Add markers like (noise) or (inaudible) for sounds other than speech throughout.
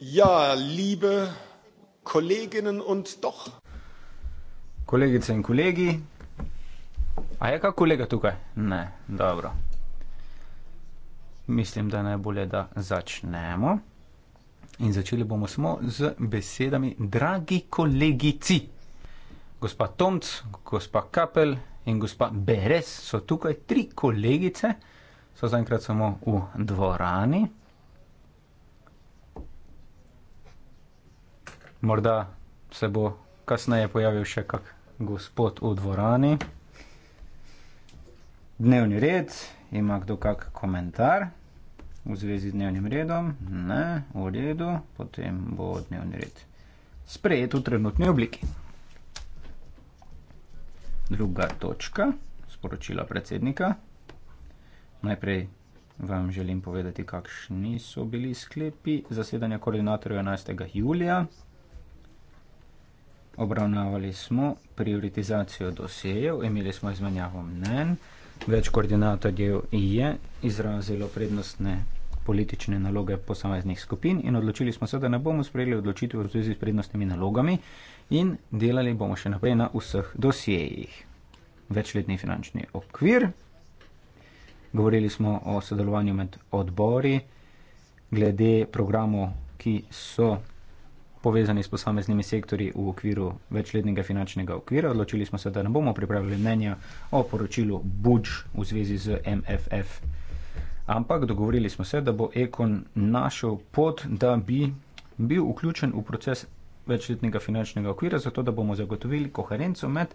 Ja, liebe Kolleginnen und doch. Kolegice in kolegi. A je kak kolega tukaj? Ne, dobro. Mislim, da je najbolje, da začnemo. In začeli bomo samo z besedami, dragi kolegici. Gospa Tomc, gospa Kapel in gospa Beres so tukaj, tri kolegice, so zaenkrat samo v dvorani. morda se bo kasneje pojavil še kak gospod v dvorani. Dnevni red, ima kdo kak komentar v zvezi z dnevnim redom? Ne, v redu, potem bo dnevni red sprejet v trenutni obliki. Druga točka, sporočila predsednika. Najprej vam želim povedati, kakšni so bili sklepi zasedanja koordinatorja 11. julija. Obravnavali smo prioritizacijo dosejev, imeli smo izmenjavo mnen, več koordinatorjev je izrazilo prednostne politične naloge posameznih skupin in odločili smo se, da ne bomo sprejeli odločitev v zvezi s prednostnimi nalogami in delali bomo še naprej na vseh dosejih. Večletni finančni okvir, govorili smo o sodelovanju med odbori glede programov, ki so povezani s posameznimi sektorji v okviru večletnega finančnega okvira. Odločili smo se, da ne bomo pripravili mnenja o poročilu Budž v zvezi z MFF. Ampak dogovorili smo se, da bo Ekon našel pot, da bi bil vključen v proces večletnega finančnega okvira, zato da bomo zagotovili koherenco med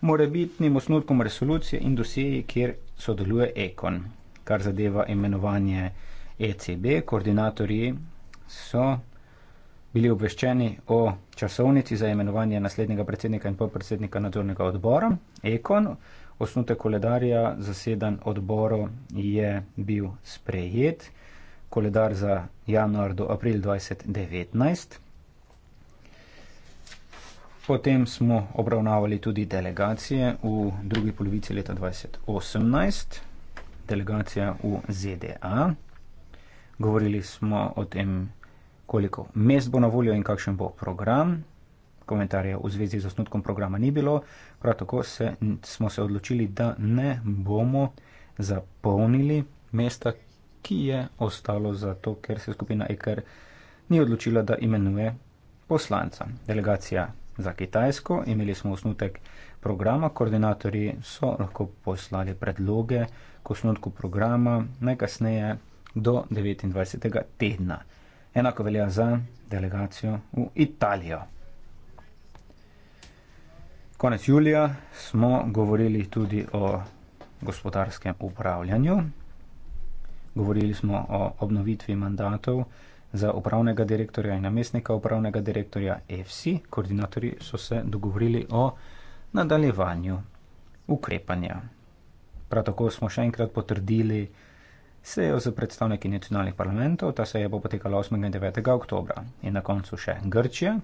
morebitnim osnutkom resolucije in dosjeji, kjer sodeluje Ekon. Kar zadeva imenovanje ECB, koordinatorji so bili obveščeni o časovnici za imenovanje naslednjega predsednika in podpredsednika nadzornega odbora, Ekon. Osnutek koledarja zasedan odboru je bil sprejet, koledar za januar do april 2019. Potem smo obravnavali tudi delegacije v drugi polovici leta 2018, delegacija v ZDA. Govorili smo o tem, koliko mest bo na voljo in kakšen bo program. Komentarjev v zvezi z osnutkom programa ni bilo, prav tako se, smo se odločili, da ne bomo zapolnili mesta, ki je ostalo zato, ker se skupina EKR ni odločila, da imenuje poslanca. Delegacija za Kitajsko, imeli smo osnutek programa, koordinatorji so lahko poslali predloge k osnutku programa najkasneje do 29. tedna. Enako velja za delegacijo v Italijo. Konec julija smo govorili tudi o gospodarskem upravljanju. Govorili smo o obnovitvi mandatov za upravnega direktorja in namestnika upravnega direktorja EFSI. Koordinatorji so se dogovorili o nadaljevanju ukrepanja. Prav tako smo še enkrat potrdili, da. Sejo z predstavniki nacionalnih parlamentov, ta seja bo potekala 8. in 9. oktobra. In na koncu še Grčija.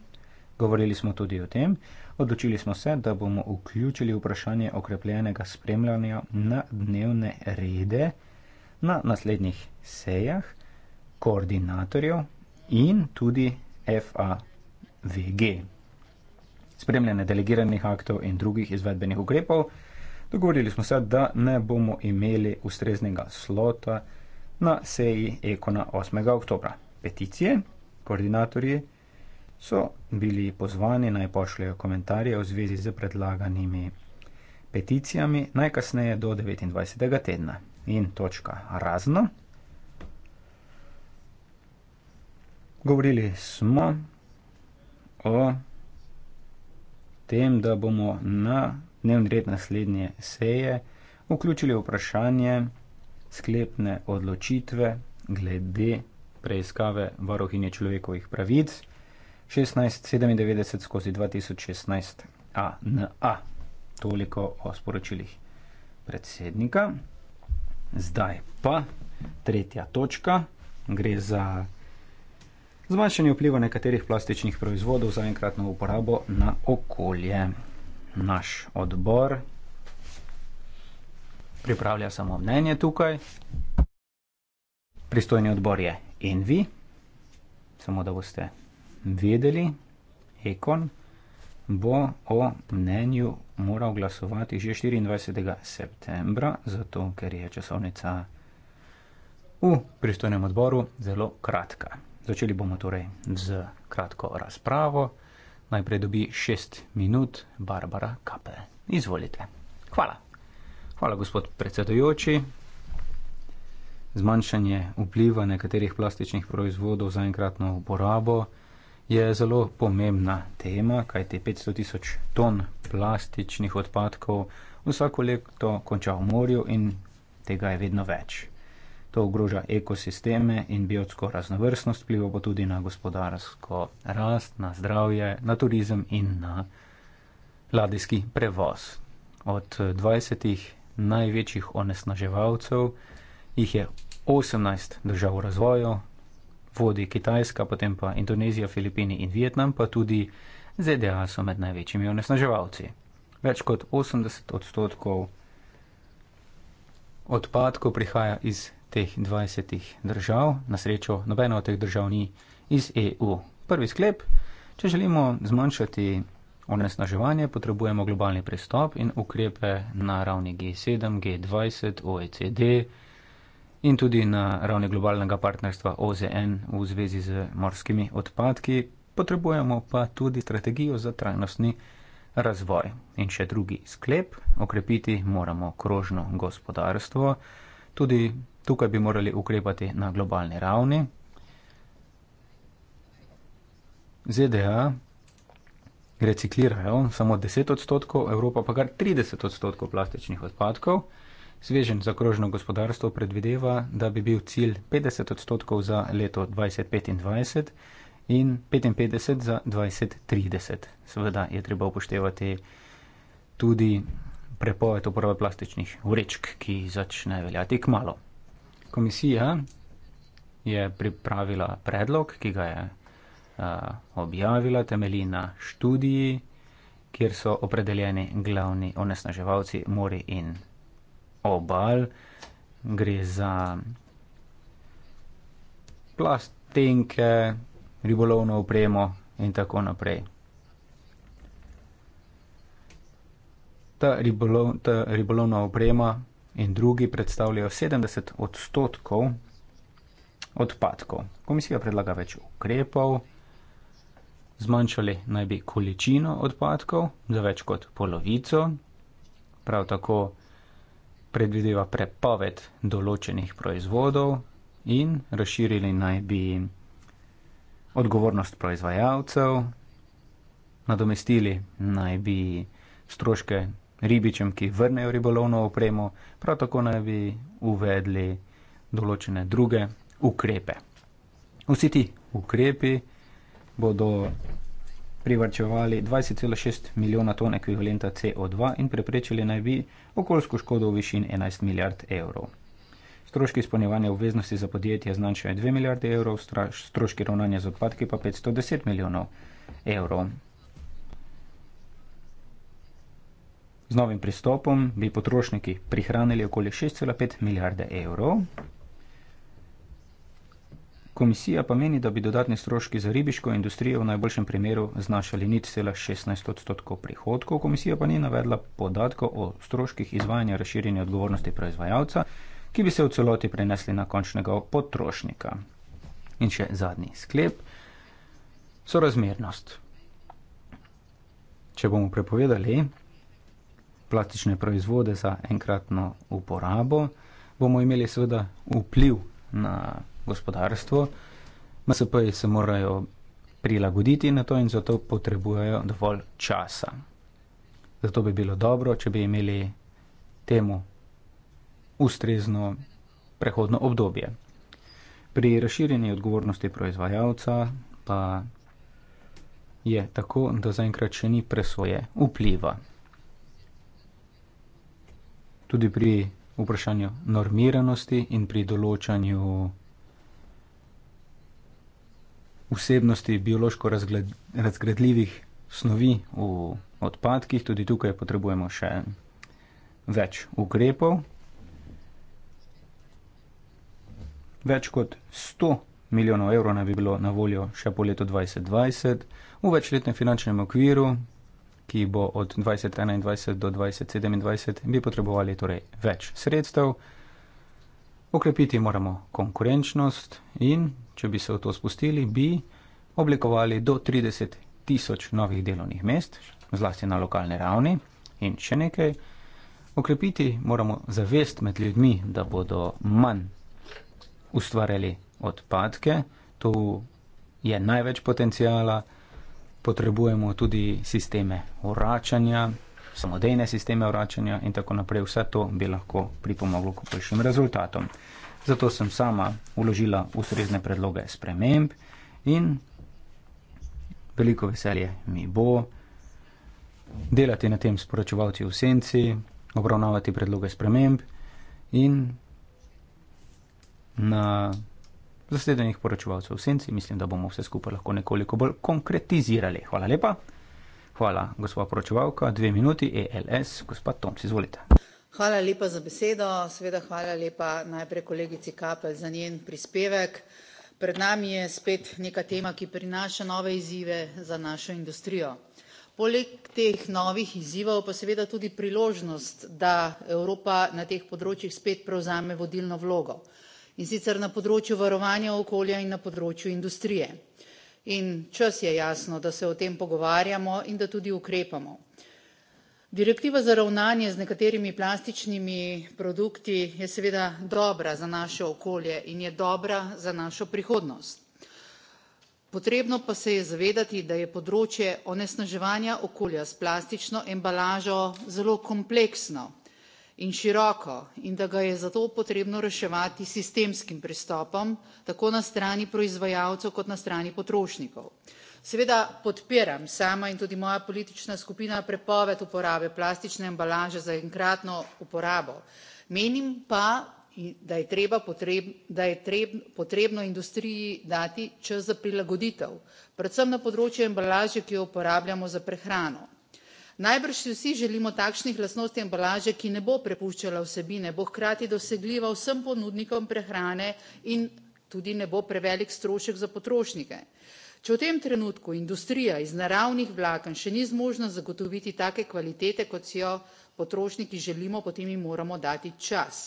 Govorili smo tudi o tem, odločili smo se, da bomo vključili vprašanje okrepljenega spremljanja na dnevne rede na naslednjih sejah koordinatorjev in tudi FAVG. Spremljanje delegiranih aktov in drugih izvedbenih ukrepov. Dogovorili smo se, da ne bomo imeli ustreznega slota na seji Ekona 8. oktober. Peticije, koordinatorji so bili pozvani naj pošljajo komentarje v zvezi z predlaganimi peticijami najkasneje do 29. tedna. In točka razno. Govorili smo o tem, da bomo na dnevni red naslednje seje vključili vprašanje sklepne odločitve glede preiskave varohinje človekovih pravic 1697 skozi 2016 ANA. Toliko o sporočilih predsednika. Zdaj pa tretja točka. Gre za zmanjšanje vpliva nekaterih plastičnih proizvodov za enkratno uporabo na okolje naš odbor, pripravlja samo mnenje tukaj. Pristojni odbor je Envi, samo da boste vedeli, Ekon bo o mnenju moral glasovati že 24. septembra, zato ker je časovnica v pristojnem odboru zelo kratka. Začeli bomo torej z kratko razpravo. Najprej dobi šest minut Barbara Kape. Izvolite. Hvala. Hvala, gospod predsedujoči. Zmanjšanje vpliva nekaterih plastičnih proizvodov za enkratno uporabo je zelo pomembna tema, kajti 500 tisoč ton plastičnih odpadkov vsako leto konča v morju in tega je vedno več. To ogroža ekosisteme in biotsko raznovrstnost, pliva pa tudi na gospodarsko rast, na zdravje, na turizem in na ladijski prevoz. Od 20 največjih onesnaževalcev jih je 18 držav v razvoju, vodi Kitajska, potem pa Indonezija, Filipini in Vietnam, pa tudi ZDA so med največjimi onesnaževalci. Več kot 80 odstotkov odpadkov prihaja iz teh 20 držav, na srečo nobena od teh držav ni iz EU. Prvi sklep, če želimo zmanjšati onesnaževanje, potrebujemo globalni pristop in ukrepe na ravni G7, G20, OECD in tudi na ravni globalnega partnerstva OZN v zvezi z morskimi odpadki, potrebujemo pa tudi strategijo za trajnostni razvoj. In še drugi sklep, okrepiti moramo krožno gospodarstvo, tudi Tukaj bi morali ukrepati na globalni ravni. ZDA reciklirajo samo 10 odstotkov, Evropa pa kar 30 odstotkov plastičnih odpadkov. Svežen za krožno gospodarstvo predvideva, da bi bil cilj 50 odstotkov za leto 2025 in 55 za 2030. Seveda je treba upoštevati tudi prepoved uporabe plastičnih vrečk, ki začne veljati k malo. Komisija je pripravila predlog, ki ga je uh, objavila, temelji na študiji, kjer so opredeljeni glavni onesnaževalci mori in obal. Gre za plastenke, ribolovno upremo in tako naprej. Ta, ribolov, ta ribolovna oprema in drugi predstavljajo 70 odstotkov odpadkov. Komisija predlaga več ukrepov, zmanjšali naj bi količino odpadkov za več kot polovico, prav tako predvideva prepoved določenih proizvodov in razširili naj bi odgovornost proizvajalcev, nadomestili naj bi stroške ribičem, ki vrnejo ribolovno opremo, prav tako naj bi uvedli določene druge ukrepe. Vsi ti ukrepi bodo privrčevali 20,6 milijona ton ekvivalenta CO2 in preprečili naj bi okoljsko škodo v višini 11 milijard evrov. Stroški izpolnjevanja obveznosti za podjetje znašajo 2 milijarde evrov, stroški ravnanja z odpadki pa 510 milijonov evrov. Z novim pristopom bi potrošniki prihranili okoli 6,5 milijarde evrov. Komisija pa meni, da bi dodatni stroški za ribiško industrijo v najboljšem primeru znašali 0,16 odstotkov prihodkov. Komisija pa ni navedla podatkov o stroških izvajanja razširjenja odgovornosti proizvajalca, ki bi se v celoti prenesli na končnega potrošnika. In še zadnji sklep. Sorazmernost. Če bomo prepovedali plastične proizvode za enkratno uporabo, bomo imeli seveda vpliv na gospodarstvo. MSP-ji se morajo prilagoditi na to in zato potrebujejo dovolj časa. Zato bi bilo dobro, če bi imeli temu ustrezno prehodno obdobje. Pri razširjeni odgovornosti proizvajalca pa je tako, da zaenkrat še ni presoje vpliva tudi pri vprašanju normiranosti in pri določanju vsebnosti biološko razgradljivih snovi v odpadkih. Tudi tukaj potrebujemo še več ukrepov. Več kot 100 milijonov evrov naj bi bilo na voljo še po letu 2020 v večletnem finančnem okviru, ki bo od 2021 do 2027, bi potrebovali torej več sredstev. Okrepiti moramo konkurenčnost in, če bi se v to spustili, bi oblikovali do 30 tisoč novih delovnih mest, zlasti na lokalni ravni in še nekaj. Okrepiti moramo zavest med ljudmi, da bodo manj ustvarjali odpadke. Tu je največ potencijala potrebujemo tudi sisteme vračanja, samodejne sisteme vračanja in tako naprej. Vse to bi lahko pripomoglo k boljšim rezultatom. Zato sem sama uložila ustrezne predloge sprememb in veliko veselje mi bo delati na tem sporočevalci v senci, obravnavati predloge sprememb in na zasedenih poročevalcev v senci. Mislim, da bomo vse skupaj lahko nekoliko bolj konkretizirali. Hvala lepa. Hvala, gospa poročevalka. Dve minuti, ELS, gospa Tomc, izvolite. Hvala lepa za besedo. Sveda hvala lepa najprej kolegici Kapelj za njen prispevek. Pred nami je spet neka tema, ki prinaša nove izzive za našo industrijo. Poleg teh novih izzivov pa seveda tudi priložnost, da Evropa na teh področjih spet prevzame vodilno vlogo in sicer na področju varovanja okolja in na področju industrije. In čas je jasno, da se o tem pogovarjamo in da tudi ukrepamo. Direktiva za ravnanje z nekaterimi plastičnimi produkti je seveda dobra za naše okolje in je dobra za našo prihodnost. Potrebno pa se je zavedati, da je področje onesnaževanja okolja s plastično embalažo zelo kompleksno in široko in da ga je zato potrebno reševati s sistemskim pristopom, tako na strani proizvajalcev kot na strani potrošnikov. Seveda podpiram sama in tudi moja politična skupina prepoved uporabe plastične embalaže za enkratno uporabo. Menim pa, da je treba potreb, da je treb, potrebno industriji dati čas za prilagoditev, predvsem na področju embalaže, ki jo uporabljamo za prehrano. Najbrž si vsi želimo takšnih lastnosti embalaže, ki ne bo prepuščala vsebine, bo hkrati dosegljiva vsem ponudnikom prehrane in tudi ne bo prevelik strošek za potrošnike. Če v tem trenutku industrija iz naravnih vlaken še ni zmožna zagotoviti take kvalitete, kot si jo potrošniki želimo, potem jim moramo dati čas.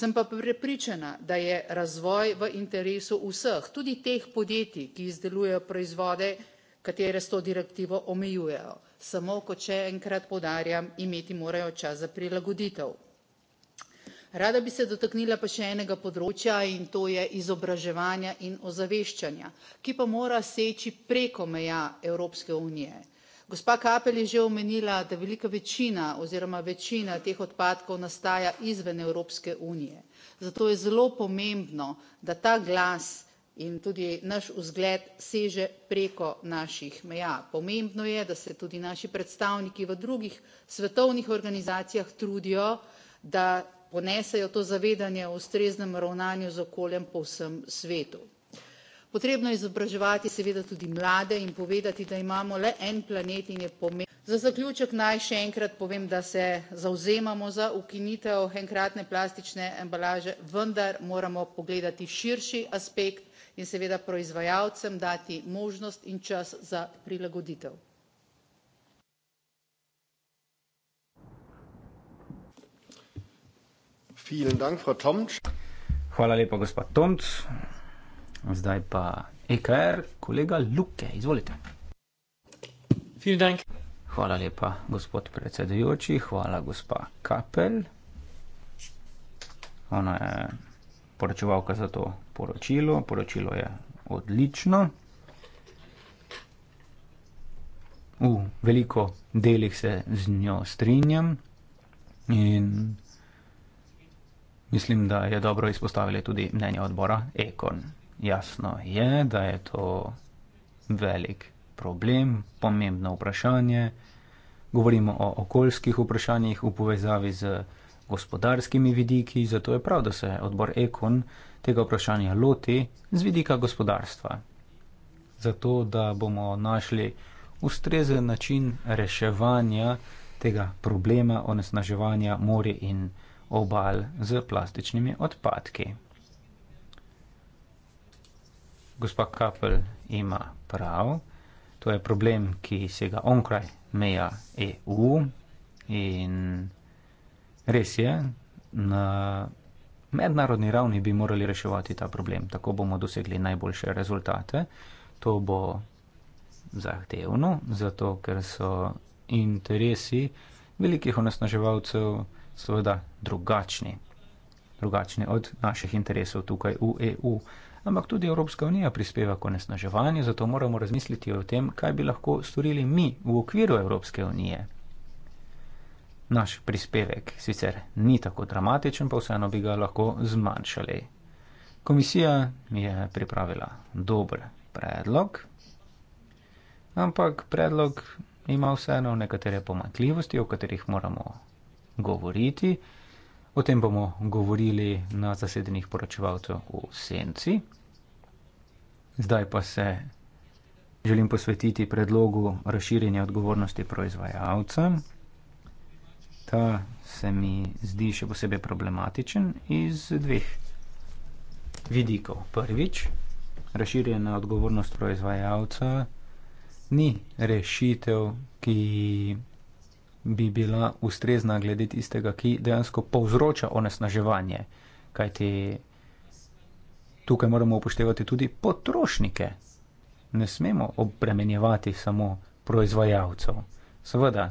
Sem pa prepričana, da je razvoj v interesu vseh, tudi teh podjetij, ki izdelujejo proizvode, katere s to direktivo omejujejo. Samo, kot še enkrat podarjam, imeti morajo čas za prilagoditev. Rada bi se dotaknila pa še enega področja in to je izobraževanja in ozaveščanja, ki pa mora seči preko meja Evropske unije. Gospa Kapel je že omenila, da velika večina oziroma večina teh odpadkov nastaja izven Evropske unije. Zato je zelo pomembno, da ta glas izobraževanja in tudi naš vzgled seže preko naših meja. Pomembno je, da se tudi naši predstavniki v drugih svetovnih organizacijah trudijo, da ponesejo to zavedanje o ustreznem ravnanju z okoljem po vsem svetu. Potrebno je izobraževati seveda tudi mlade in povedati, da imamo le en planet in je pomembno. Za zaključek naj še enkrat povem, da se zauzemamo za ukinitev enkratne plastične embalaže, vendar moramo pogledati širši aspekt in seveda proizvajalcem dati možnost in čas za prilagoditev. Hvala lepa, gospa Tomc. Zdaj pa EKR, kolega Luke, izvolite. Hvala lepa, gospod predsedujoči, hvala, gospa Kapelj. Ona je poročevalka za to poročilo. Poročilo je odlično. V veliko delih se z njo strinjam in mislim, da je dobro izpostavili tudi mnenje odbora Ekon. Jasno je, da je to velik problem, pomembno vprašanje. Govorimo o okoljskih vprašanjih v povezavi z gospodarskimi vidiki, zato je prav, da se odbor Ekon tega vprašanja loti z vidika gospodarstva. Zato, da bomo našli ustrezen način reševanja tega problema onesnaževanja morja in obal z plastičnimi odpadki. Gospa Kapel ima prav, to je problem, ki sega onkraj meja EU in Res je, na mednarodni ravni bi morali reševati ta problem, tako bomo dosegli najboljše rezultate. To bo zahtevno, zato ker so interesi velikih onesnaževalcev seveda drugačni. Drugačni od naših interesov tukaj v EU. Ampak tudi Evropska unija prispeva k onesnaževanju, zato moramo razmisliti o tem, kaj bi lahko storili mi v okviru Evropske unije. Naš prispevek sicer ni tako dramatičen, pa vseeno bi ga lahko zmanjšali. Komisija je pripravila dober predlog, ampak predlog ima vseeno nekatere pomakljivosti, o katerih moramo govoriti. O tem bomo govorili na zasedenih poročevalcev v Senci. Zdaj pa se želim posvetiti predlogu razširjenja odgovornosti proizvajalcem ta se mi zdi še posebej problematičen iz dveh vidikov. Prvič, razširjena odgovornost proizvajalca ni rešitev, ki bi bila ustrezna glede tistega, ki dejansko povzroča onesnaževanje, kajti tukaj moramo upoštevati tudi potrošnike. Ne smemo obremenjevati samo proizvajalcev. Seveda,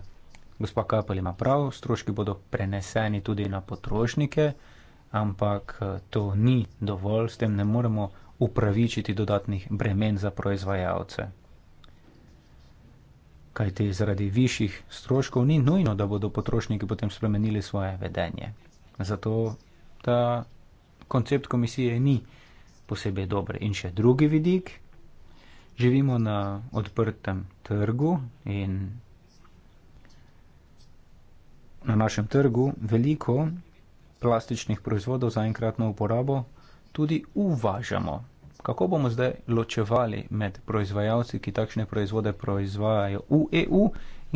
gospod Kapel ima prav, stroški bodo preneseni tudi na potrošnike, ampak eh, to ni dovolj, s tem ne moremo upravičiti dodatnih bremen za proizvajalce. Kaj te zaradi višjih stroškov ni nujno, da bodo potrošniki potem spremenili svoje vedenje. Zato ta koncept komisije ni posebej dober. In še drugi vidik, živimo na odprtem trgu in na našem trgu veliko plastičnih proizvodov za enkratno uporabo tudi uvažamo. Kako bomo zdaj ločevali med proizvajalci, ki takšne proizvode proizvajajo v EU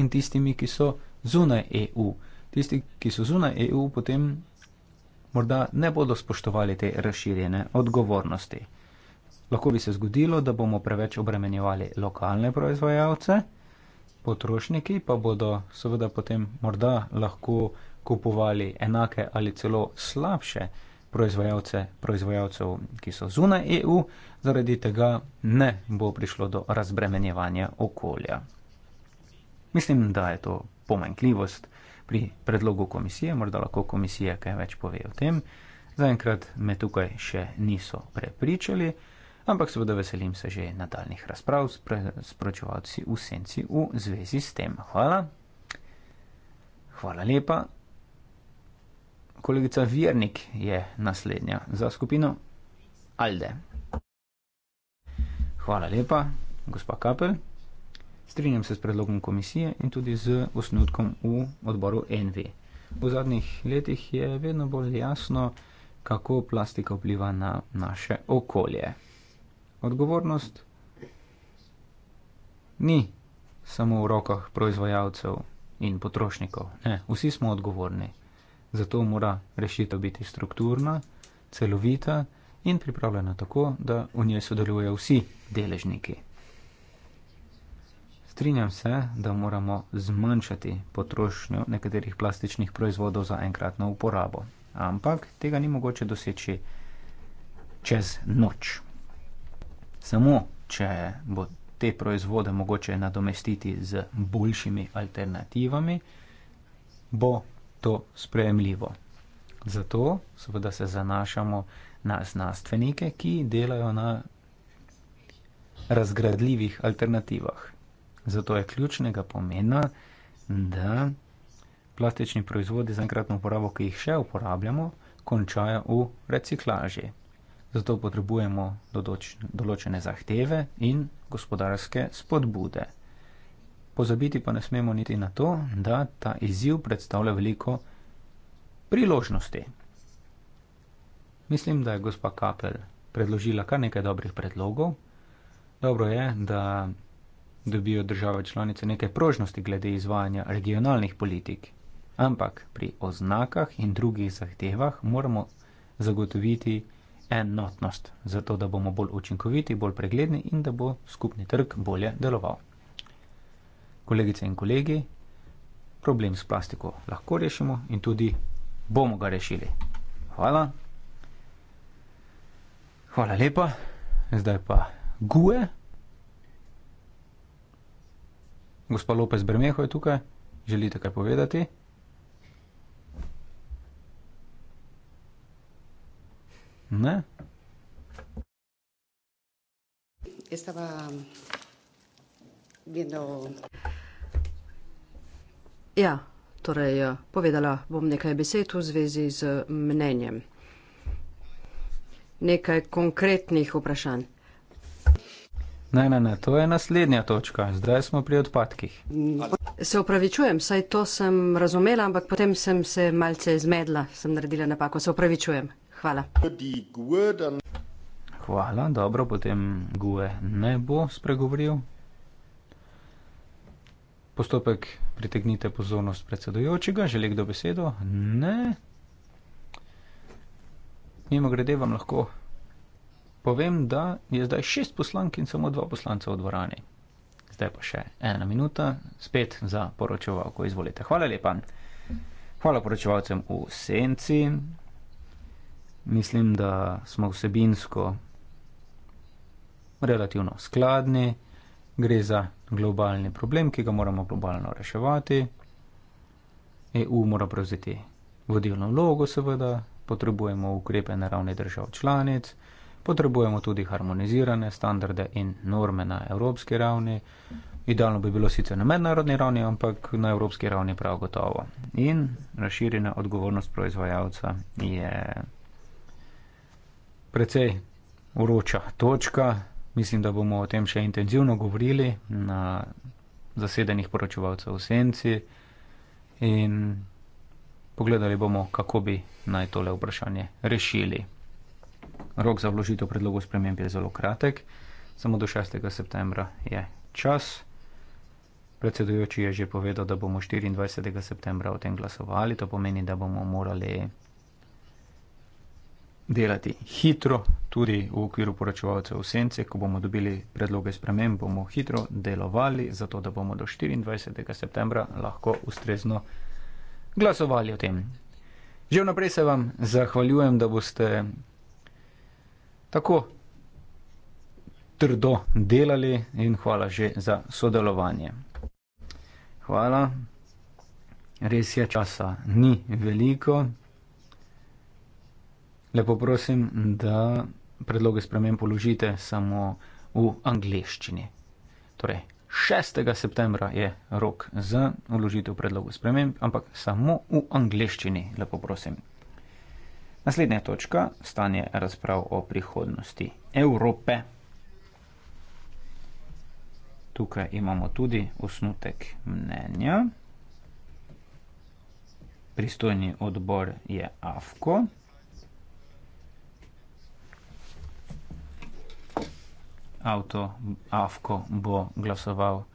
in tistimi, ki so zunaj EU? Tisti, ki so zunaj EU, potem morda ne bodo spoštovali te razširjene odgovornosti. Lahko bi se zgodilo, da bomo preveč obremenjevali lokalne proizvajalce, potrošniki pa bodo seveda potem morda lahko kupovali enake ali celo slabše proizvajalce, proizvajalcev, ki so zunaj EU, zaradi tega ne bo prišlo do razbremenjevanja okolja. Mislim, da je to pomankljivost pri predlogu komisije, morda lahko komisija kaj več pove o tem. Zaenkrat me tukaj še niso prepričali ampak seveda veselim se že nadaljnih razprav s sporočevalci v senci v zvezi s tem. Hvala. Hvala lepa. Kolegica Vjernik je naslednja za skupino Alde. Hvala lepa, gospa Kapel. Strinjam se s predlogom komisije in tudi z osnutkom v odboru NV. V zadnjih letih je vedno bolj jasno, kako plastika vpliva na naše okolje odgovornost ni samo v rokah proizvajalcev in potrošnikov. Ne, vsi smo odgovorni. Zato mora rešitev biti strukturna, celovita in pripravljena tako, da v njej sodelujo vsi deležniki. Strinjam se, da moramo zmanjšati potrošnjo nekaterih plastičnih proizvodov za enkratno uporabo, ampak tega ni mogoče doseči čez noč samo če bo te proizvode mogoče nadomestiti z boljšimi alternativami, bo to sprejemljivo. Zato seveda se zanašamo na znanstvenike, ki delajo na razgradljivih alternativah. Zato je ključnega pomena, da plastični proizvodi za enkratno uporabo, ki jih še uporabljamo, končajo v reciklaži zato potrebujemo določene zahteve in gospodarske spodbude. Pozabiti pa ne smemo niti na to, da ta izziv predstavlja veliko priložnosti. Mislim, da je gospa Kapel predložila kar nekaj dobrih predlogov. Dobro je, da dobijo države članice nekaj prožnosti glede izvajanja regionalnih politik, ampak pri oznakah in drugih zahtevah moramo zagotoviti, da enotnost, zato da bomo bolj učinkoviti, bolj pregledni in da bo skupni trg bolje deloval. Kolegice in kolegi, problem s plastiko lahko rešimo in tudi bomo ga rešili. Hvala. Hvala lepa. Zdaj pa guje. Gospa Lopez Bermeho je tukaj. Želite kaj povedati? Ne? Estaba viendo. Ja, torej, eh, povedala bom nekaj besed v zvezi z mnenjem. Nekaj konkretnih vprašanj. Ne, ne, ne, to je naslednja točka. Zdaj smo pri odpadkih. Se upravičujem, saj to sem razumela, ampak potem sem se malce zmedla, sem naredila napako. Se upravičujem. Hvala. Hvala, dobro, potem Gue ne bo spregovoril. Postopek pritegnite pozornost predsedujočega, želi kdo besedo? Ne. Mimo grede vam lahko povem, da je zdaj šest poslank in samo dva poslanca v dvorani. Zdaj pa še ena minuta, spet za poročevalko, izvolite. Hvala lepa. Hvala poročevalcem v senci mislim, da smo vsebinsko relativno skladni, gre za globalni problem, ki ga moramo globalno reševati. EU mora prevzeti vodilno vlogo, seveda, potrebujemo ukrepe na ravni držav članic, potrebujemo tudi harmonizirane standarde in norme na evropski ravni. Idealno bi bilo sicer na mednarodni ravni, ampak na evropski ravni prav gotovo. In razširjena odgovornost proizvajalca je precej vroča točka. Mislim, da bomo o tem še intenzivno govorili na zasedenih poročevalcev v Senci in pogledali bomo, kako bi naj tole vprašanje rešili. Rok za vložitev predlogov sprememb je zelo kratek, samo do 6. septembra je čas. Predsedujoči je že povedal, da bomo 24. septembra o tem glasovali, to pomeni, da bomo morali delati hitro, tudi v okviru poročevalcev v sence, ko bomo dobili predloge spremem, bomo hitro delovali, zato da bomo do 24. septembra lahko ustrezno glasovali o tem. Že vnaprej se vam zahvaljujem, da boste tako trdo delali in hvala že za sodelovanje. Hvala. Res je, časa ni veliko lepo prosim, da predloge spremem položite samo v angleščini. Torej, 6. septembra je rok za uložitev predlogu spremem, ampak samo v angleščini, lepo prosim. Naslednja točka, stanje razprav o prihodnosti Evrope. Tukaj imamo tudi osnutek mnenja. Pristojni odbor je AFKO. avto Avko bo glasoval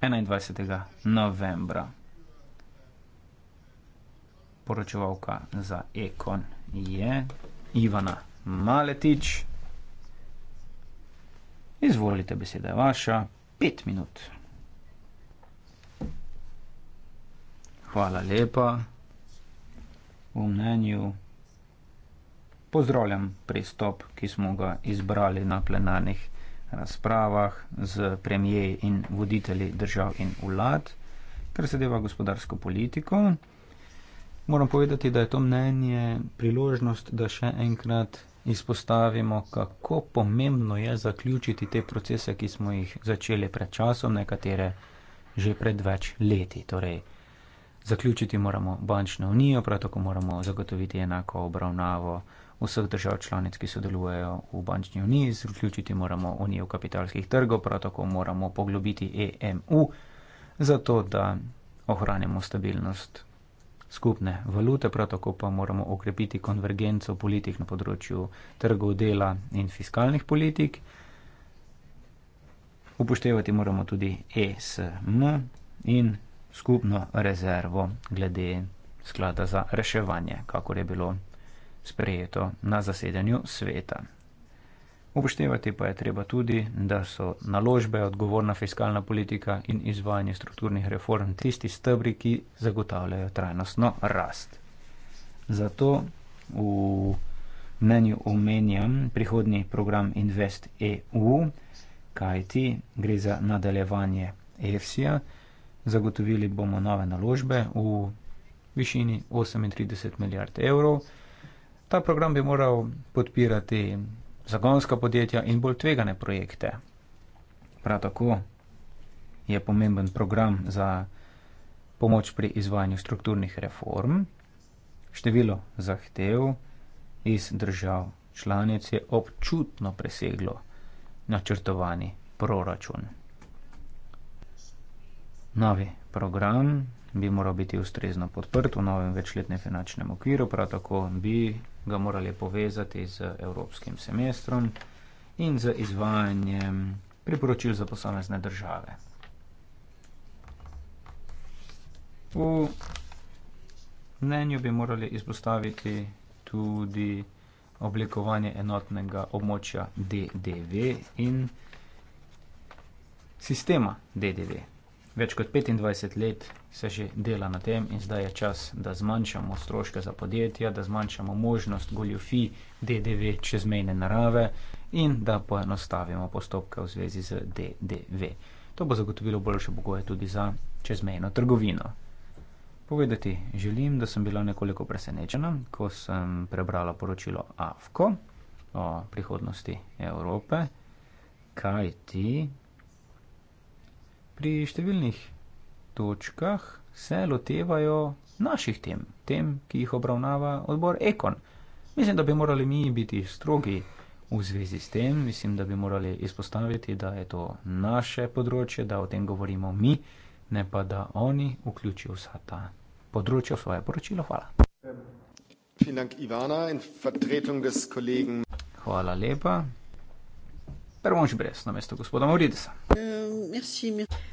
21. novembra. Poročevalka za Ekon je Ivana Maletič. Izvolite, beseda je vaša, pet minut. Hvala lepa. V mnenju pozdravljam pristop, ki smo ga izbrali na plenarnih razpravah z premijeji in voditelji držav in vlad, kar zadeva gospodarsko politiko. Moram povedati, da je to mnenje priložnost, da še enkrat izpostavimo, kako pomembno je zaključiti te procese, ki smo jih začeli pred časom, nekatere že pred več leti. Torej, zaključiti moramo bančno unijo, prav tako moramo zagotoviti enako obravnavo vseh držav članic, ki sodelujejo v bančni uniji, vključiti moramo unijo kapitalskih trgov, prav tako moramo poglobiti EMU, zato da ohranimo stabilnost skupne valute, prav tako pa moramo okrepiti konvergenco politik na področju trgov dela in fiskalnih politik. Upoštevati moramo tudi ESM in skupno rezervo glede sklada za reševanje, kakor je bilo sprejeto na zasedanju sveta. Upoštevati pa je treba tudi, da so naložbe, odgovorna fiskalna politika in izvajanje strukturnih reform tisti stebri, ki zagotavljajo trajnostno rast. Zato v mnenju omenjam prihodni program Invest EU, kajti gre za nadaljevanje EFSI-ja. Zagotovili bomo nove naložbe v višini 38 milijard evrov. Ta program bi moral podpirati zagonska podjetja in bolj tvegane projekte. Prav tako je pomemben program za pomoč pri izvajanju strukturnih reform. Število zahtev iz držav članic je občutno preseglo načrtovani proračun. Novi program bi moral biti ustrezno podprt v novem večletnem finančnem okviru, prav tako bi ga morali povezati z evropskim semestrom in z izvajanjem priporočil za posamezne države. V mnenju bi morali izpostaviti tudi oblikovanje enotnega območja DDV in sistema DDV. Več kot 25 let se že dela na tem in zdaj je čas, da zmanjšamo stroške za podjetja, da zmanjšamo možnost goljofi DDV čezmejne narave in da poenostavimo postopke v zvezi z DDV. To bo zagotovilo boljše pogoje tudi za čezmejno trgovino. Povedati želim, da sem bila nekoliko presenečena, ko sem prebrala poročilo AFKO o prihodnosti Evrope, kaj ti pri številnih točkah se lotevajo naših tem, tem, ki jih obravnava odbor Ekon. Mislim, da bi morali mi biti strogi v zvezi s tem, mislim, da bi morali izpostaviti, da je to naše področje, da o tem govorimo mi, ne pa da oni vključijo vsa ta področja v svoje poročilo. Hvala. Hvala lepa. Prvo, že brez, na mesto gospoda Mauridesa. Uh, eh, merci, merci.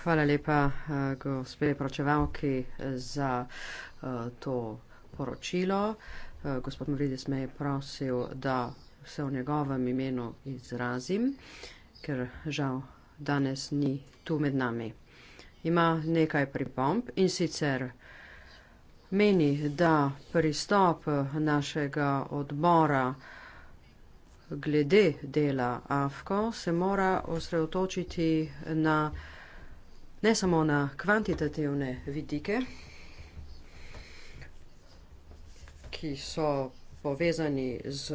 Hvala lepa, eh, gospe pročevalki, za eh, to poročilo. Eh, gospod Mavridis me je prosil, da se v njegovem imenu izrazim, ker žal danes ni tu med nami. Ima nekaj pripomp in sicer meni, da pristop našega odbora glede dela AFKO se mora osredotočiti na ne samo na kvantitativne vidike, ki so povezani z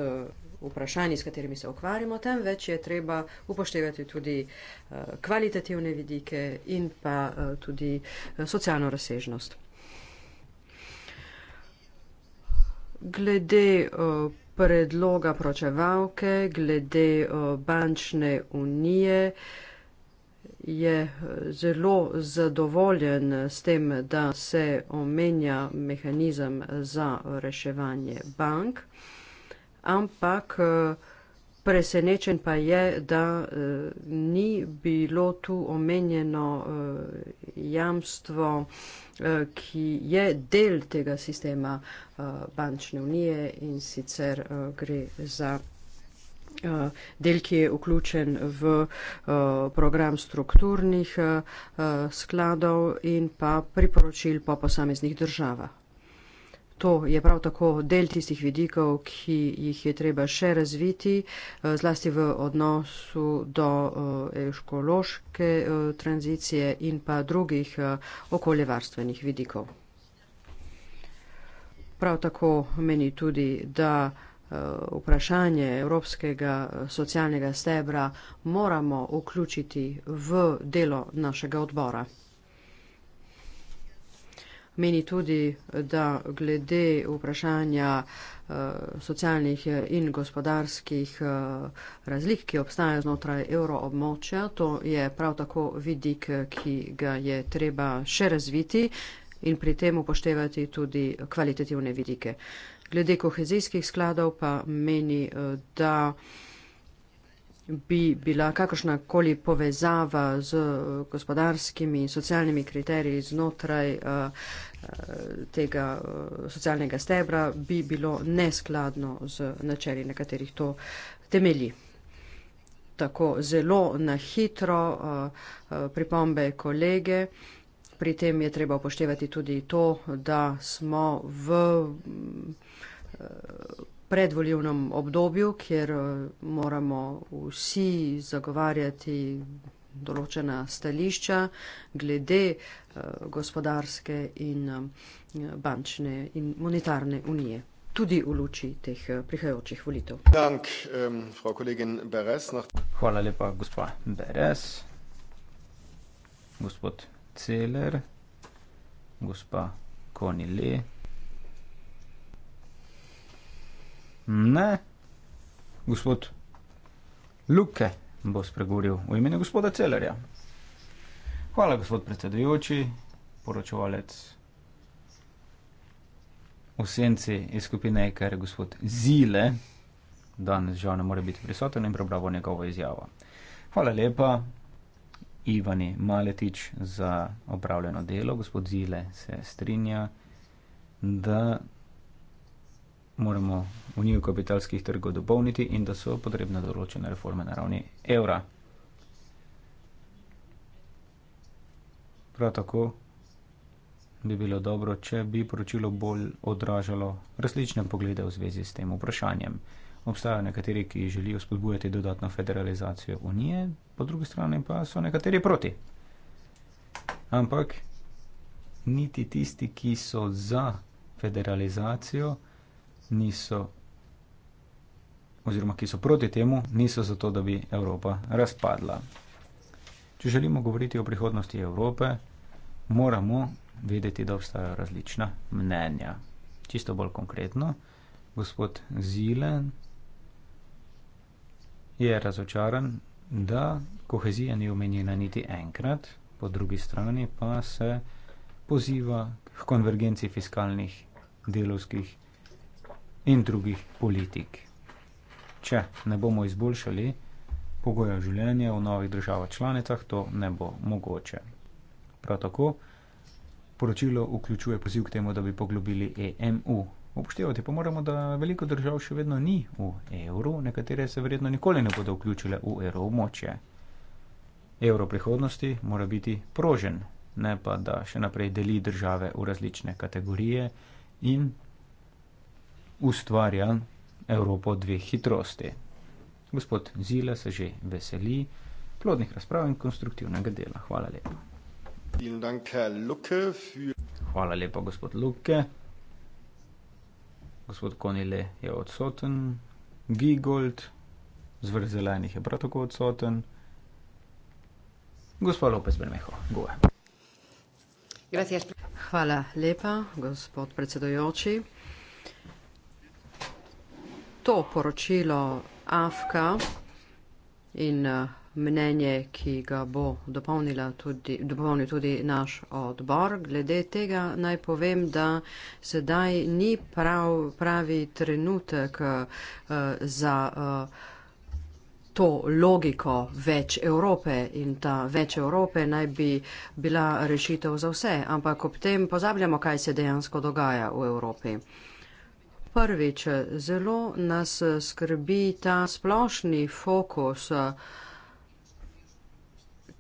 vprašanji, s katerimi se ukvarjamo, temveč je treba upoštevati tudi eh, kvalitativne vidike in pa eh, tudi eh, socialno razsežnost. Glede predloga pročevalke, glede bančne unije, je eh, zelo zadovoljen s tem, da se omenja mehanizem za reševanje bank, ampak eh, presenečen pa je, da eh, ni bilo tu omenjeno jamstvo, ki je del tega sistema bančne unije in sicer gre za Eh, del, ki je vključen v eh, program strukturnih eh, skladov in pa priporočil po posameznih državah. To je prav tako del tistih vidikov, ki jih je treba še razviti, zlasti v odnosu do ekološke tranzicije in pa drugih okoljevarstvenih vidikov. Prav tako meni tudi, da uh, Eh, vprašanje evropskega eh, socialnega stebra moramo vključiti v delo našega odbora. Meni tudi, da glede vprašanja eh, socialnih in gospodarskih razlik, ki obstajajo znotraj evroobmočja, to je prav tako vidik, ki ga je treba še razviti in pri tem upoštevati tudi kvalitativne vidike. Glede kohezijskih skladov pa meni, eh, da bi bila kakršnakoli povezava z eh, gospodarskimi in socialnimi kriteriji znotraj eh, tega socialnega stebra, bi bilo neskladno z načeli, na katerih to temelji. Tako zelo na hitro pripombe kolege. Pri tem je treba upoštevati tudi to, da smo v predvoljivnem obdobju, kjer eh, moramo vsi zagovarjati določena stališča glede eh, gospodarske in eh, bančne in monetarne unije. Tudi v luči teh prihajajočih volitev. Dank, um, Beres, no. Hvala lepa, gospa Beres, gospod Celer, gospa Konile. Ne. Gospod Luke bo spregovoril v imenu gospoda Celerja. Hvala, gospod predsedujoči, poročevalec v senci iz skupine, ker je gospod Zile danes žal ne more biti prisoten in prebral bo njegovo izjavo. Hvala lepa, Ivani Maletič, za opravljeno delo. Gospod Zile se strinja, da moramo unijo kapitalskih trgov dopolniti in da so potrebne določene reforme na ravni evra. Prav tako bi bilo dobro, če bi poročilo bolj odražalo različne poglede v zvezi s tem vprašanjem. Obstajajo nekateri, ki želijo spodbujati dodatno federalizacijo unije, po drugi strani pa so nekateri proti. Ampak niti tisti, ki so za federalizacijo, niso, oziroma ki so proti temu, niso zato, da bi Evropa razpadla. Če želimo govoriti o prihodnosti Evrope, moramo vedeti, da obstajajo različna mnenja. Čisto bolj konkretno, gospod Zilen je razočaran, da kohezija ni omenjena niti enkrat, po drugi strani pa se poziva k konvergenci fiskalnih delovskih in drugih politik. Če ne bomo izboljšali pogojev življenja v novih državah članicah, to ne bo mogoče. Prav tako poročilo vključuje poziv k temu, da bi poglobili EMU. Obštevati pa moramo, da veliko držav še vedno ni v evru, nekatere se verjetno nikoli ne bodo vključile v evro območje. Evro prihodnosti mora biti prožen, ne pa da še naprej deli države v različne kategorije in ustvarja Evropo dveh hitrosti. Gospod Zila se že veseli plodnih razprav in konstruktivnega dela. Hvala lepa. Hvala lepa, gospod Luke. Gospod Konile je odsoten, Gigold, zvrzelajnih je prav tako odsoten. Gospod Lopez Bermeho, goje. Hvala lepa, gospod predsedojoči to poročilo Afka in eh, mnenje, ki ga bo dopolnila tudi, dopolnil tudi naš odbor. Glede tega naj povem, da sedaj ni prav, pravi trenutek uh, za uh, to logiko več Evrope in ta več Evrope naj bi bila rešitev za vse, ampak ob tem pozabljamo, kaj se dejansko dogaja v Evropi. Uh, prvič, zelo nas skrbi ta splošni fokus,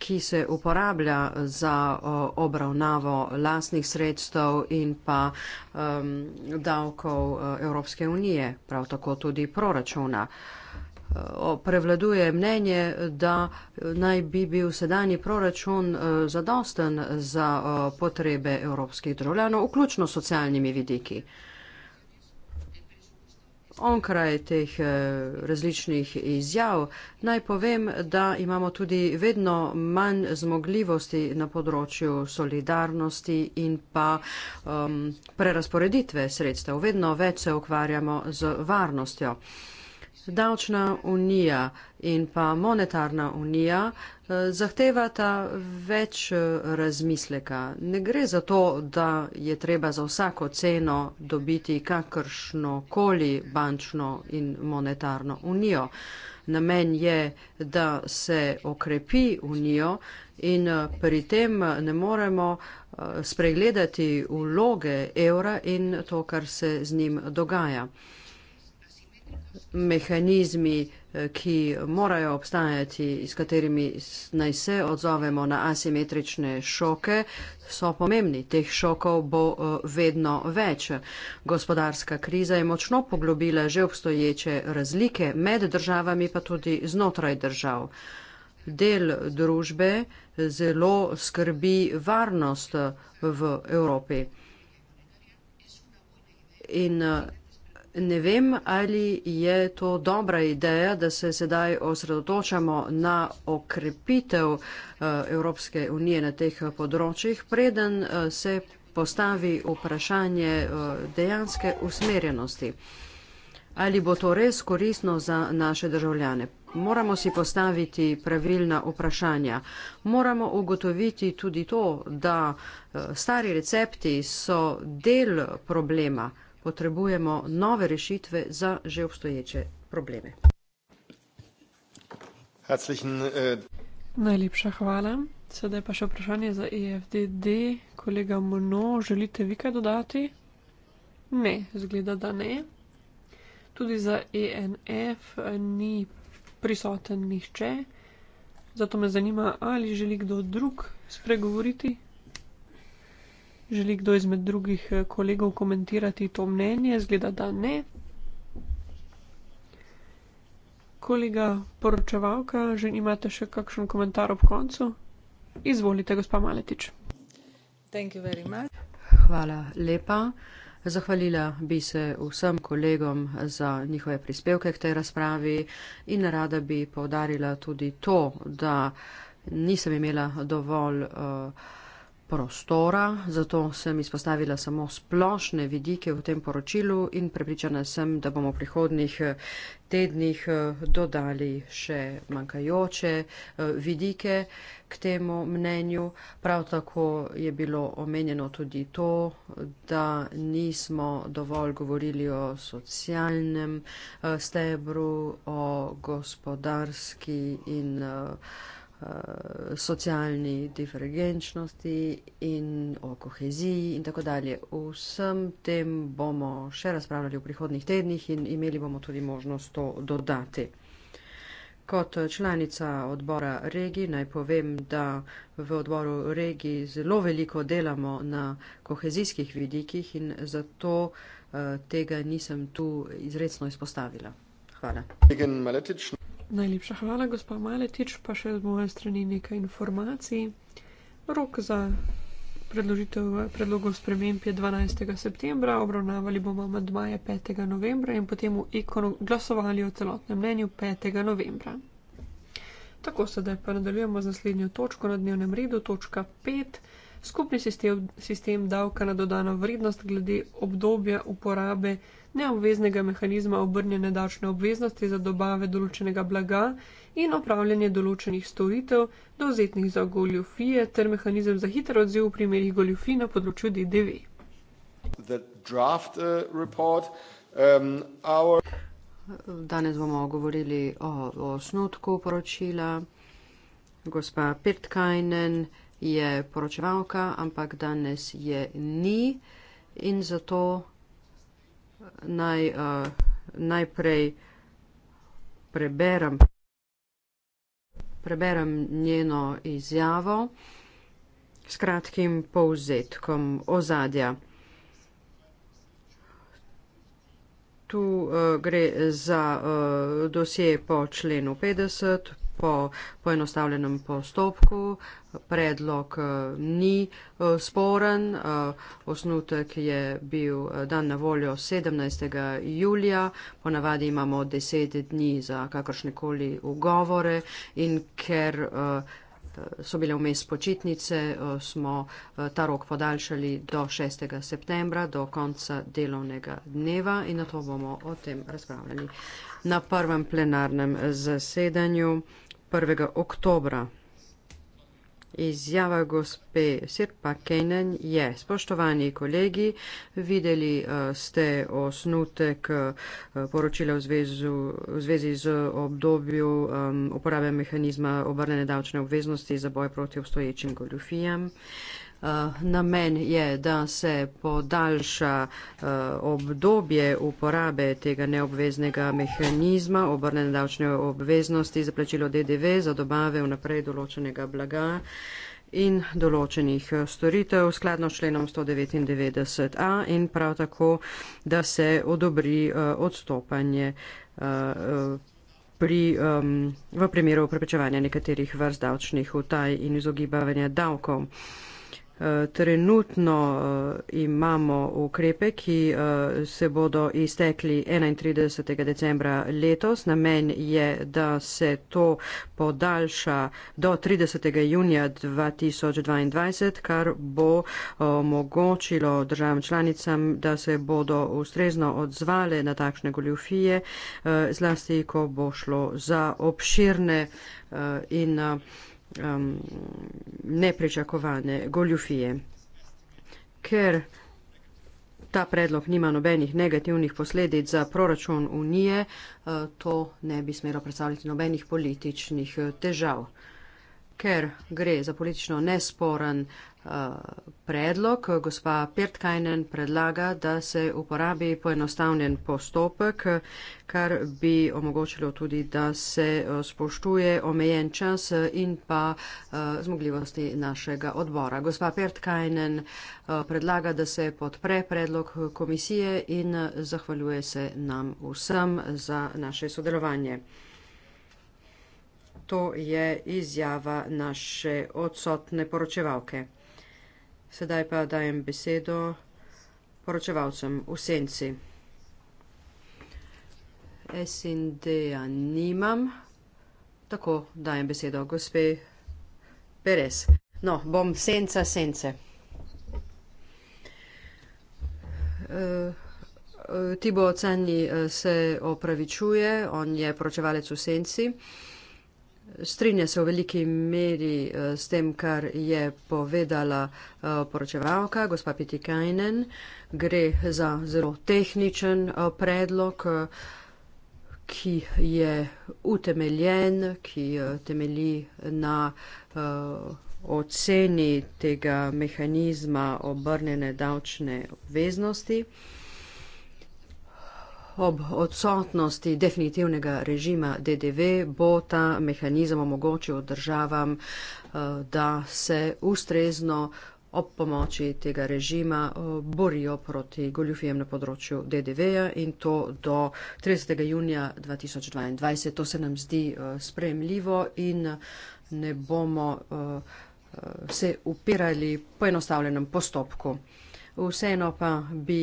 ki se uporablja za obravnavo lastnih sredstev in pa um, davkov uh, Evropske unije, prav tako tudi proračuna. Prevladuje mnenje, da naj bi bil sedajni proračun uh, zadosten za potrebe evropskih državljanov, vključno s socialnimi vidiki. Uh, onkraj teh eh, različnih izjav naj povem, da imamo tudi vedno manj zmogljivosti na področju solidarnosti in pa um, ehm, prerasporeditve sredstev. Vedno več se ukvarjamo z varnostjo. Davčna unija in pa monetarna unija eh, zahtevata več eh, razmisleka. Ne gre za to, da je treba za vsako ceno dobiti kakršno koli bančno in monetarno unijo. Namen je, da se okrepi unijo in eh, pri tem ne moremo spregledati vloge evra in to, kar se z njim dogaja mehanizmi, eh, ki morajo obstajati, s katerimi naj se odzovemo na asimetrične šoke, so pomembni. Teh šokov bo eh, vedno več. Gospodarska kriza je močno poglobila že obstoječe razlike med državami, pa tudi znotraj držav. Del družbe zelo skrbi varnost v Evropi. In eh, Ne vem, ali je to dobra ideja, da se sedaj osredotočamo na okrepitev eh, Evropske unije na teh področjih, preden eh, se postavi vprašanje eh, dejanske usmerjenosti. Ali bo to res korisno za naše državljane? Moramo si postaviti pravilna vprašanja. Moramo ugotoviti tudi to, da stari recepti so del problema potrebujemo nove rešitve za že obstoječe probleme. Eh, Najlepša hvala. Sedaj pa še vprašanje za EFDD. Kolega Mono, želite vi kaj dodati? Ne, zgleda, da ne. Tudi za ENF eh, ni prisoten nihče. Zato me zanima, ali želi kdo drug spregovoriti. Želi kdo izmed drugih eh, kolegov komentirati to mnenje? Zgleda, da ne. Kolega poročevalka, že imate še kakšen komentar ob koncu? Izvolite, gospa Maletič. Hvala lepa. Zahvalila bi se vsem kolegom za njihove prispevke k tej razpravi in rada bi povdarila tudi to, da nisem imela dovolj uh, prostora, zato sem izpostavila samo splošne vidike v tem poročilu in prepričana sem, da bomo v prihodnih eh, tednih eh, dodali še manjkajoče eh, vidike k temu mnenju. Prav tako je bilo omenjeno tudi to, da nismo dovolj govorili o socialnem stebru, o gospodarski in Eh, socialni divergenčnosti in o koheziji in tako dalje. Vsem tem bomo še razpravljali v prihodnih tednih in imeli bomo tudi možnost to dodati. Kot članica odbora regij naj povem, da v odboru regij zelo veliko delamo na kohezijskih vidikih in zato eh, tega nisem tu izredno izpostavila. Hvala. Megan Maletič, Najlepša hvala, gospod Maletič, pa še z moje strani nekaj informacij. Rok za predložitev predlogov sprememb je 12. septembra, obravnavali bomo amadmaje 5. novembra in potem v ikonu glasovali o celotnem mnenju 5. novembra. Tako sedaj pa nadaljujemo z naslednjo točko na dnevnem redu, točka 5. Skupni sistem, sistem davka na dodano vrednost glede obdobja uporabe neobveznega mehanizma obrnjene davčne obveznosti za dobave določenega blaga in opravljanje določenih storitev, dovzetnih za goljofije ter mehanizem za hiter odziv v primerih goljofij na področju DDV. Draft, uh, report, um, our... Danes bomo govorili o osnutku poročila. Gospa Pirtkajnen je poročevalka, ampak danes je ni in zato naj uh, najprej preberem, preberem njeno izjavo s kratkim povzetkom ozadja. Tu uh, gre za uh, dosje po členu 50, po poenostavljenem postopku, predlog eh, ni eh, sporen, eh, osnutek je bil dan na voljo 17. julija, ponavadi imamo 10 dni za kakršnekoli ugovore in ker so bile vmes počitnice, smo ta rok podaljšali do 6. septembra, do konca delovnega dneva in na to bomo o tem razpravljali na prvem plenarnem zasedanju. 1. oktobra. Izjava gospe Sirpa Kenen je, spoštovani kolegi, videli eh, ste osnutek eh, poročila v zvezi, v zvezi z obdobju ehm, uporabe mehanizma obrnene davčne obveznosti za boj proti obstoječim goljufijam. Eh, namen je, da se podaljša eh, obdobje uporabe tega neobveznega mehanizma obrnene davčne obveznosti za plačilo DDV za dobave vnaprej določenega blaga in določenih eh, storitev skladno s členom 199a in prav tako, da se odobri odstopanje pri, v primeru preprečevanja nekaterih vrst davčnih utaj in izogibavanja davkov. Eh, trenutno eh, imamo ukrepe, ki eh, se bodo iztekli 31. decembra letos. Namen je, da se to podaljša do 30. junija 2022, kar bo omogočilo državam članicam, da se bodo ustrezno odzvale na takšne goljufije, zlasti, ko bo šlo za obširne in um, neprečakovane goljufije. Ker ta predlog nima nobenih negativnih posledic za proračun unije, uh, to ne bi smelo predstavljati nobenih političnih uh, težav. Ker gre za politično nesporen uh, Eh, predlog. Gospa Pertkajnen predlaga, da se uporabi poenostavljen postopek, kar bi omogočilo tudi, da se eh, spoštuje omejen čas in pa eh, zmogljivosti našega odbora. Gospa Pertkajnen predlaga, da se podpre predlog komisije in zahvaljuje se nam vsem za naše sodelovanje. To je izjava naše odsotne poročevalke. Sedaj pa dajem besedo poročevalcem v senci. SND-ja nimam, tako dajem besedo gospe Perez. No, bom senca sence. Eh, eh, Tibo Cajnli eh, se opravičuje, on je poročevalec v senci strinja se v veliki meri eh, s tem, kar je povedala eh, poročevalka, gospa Piti Kajnen. Gre za zelo tehničen eh, predlog, ki je utemeljen, ki temeli na oceni tega mehanizma obrnjene davčne obveznosti. Ob odsotnosti definitivnega režima DDV bo ta mehanizem omogočil državam, eh, da se ustrezno ob pomoči tega režima eh, borijo proti goljufijem na področju DDV-ja in to do 30. junija 2022. To se nam zdi eh, spremljivo in ne bomo se upirali poenostavljenem postopku. Vseeno pa bi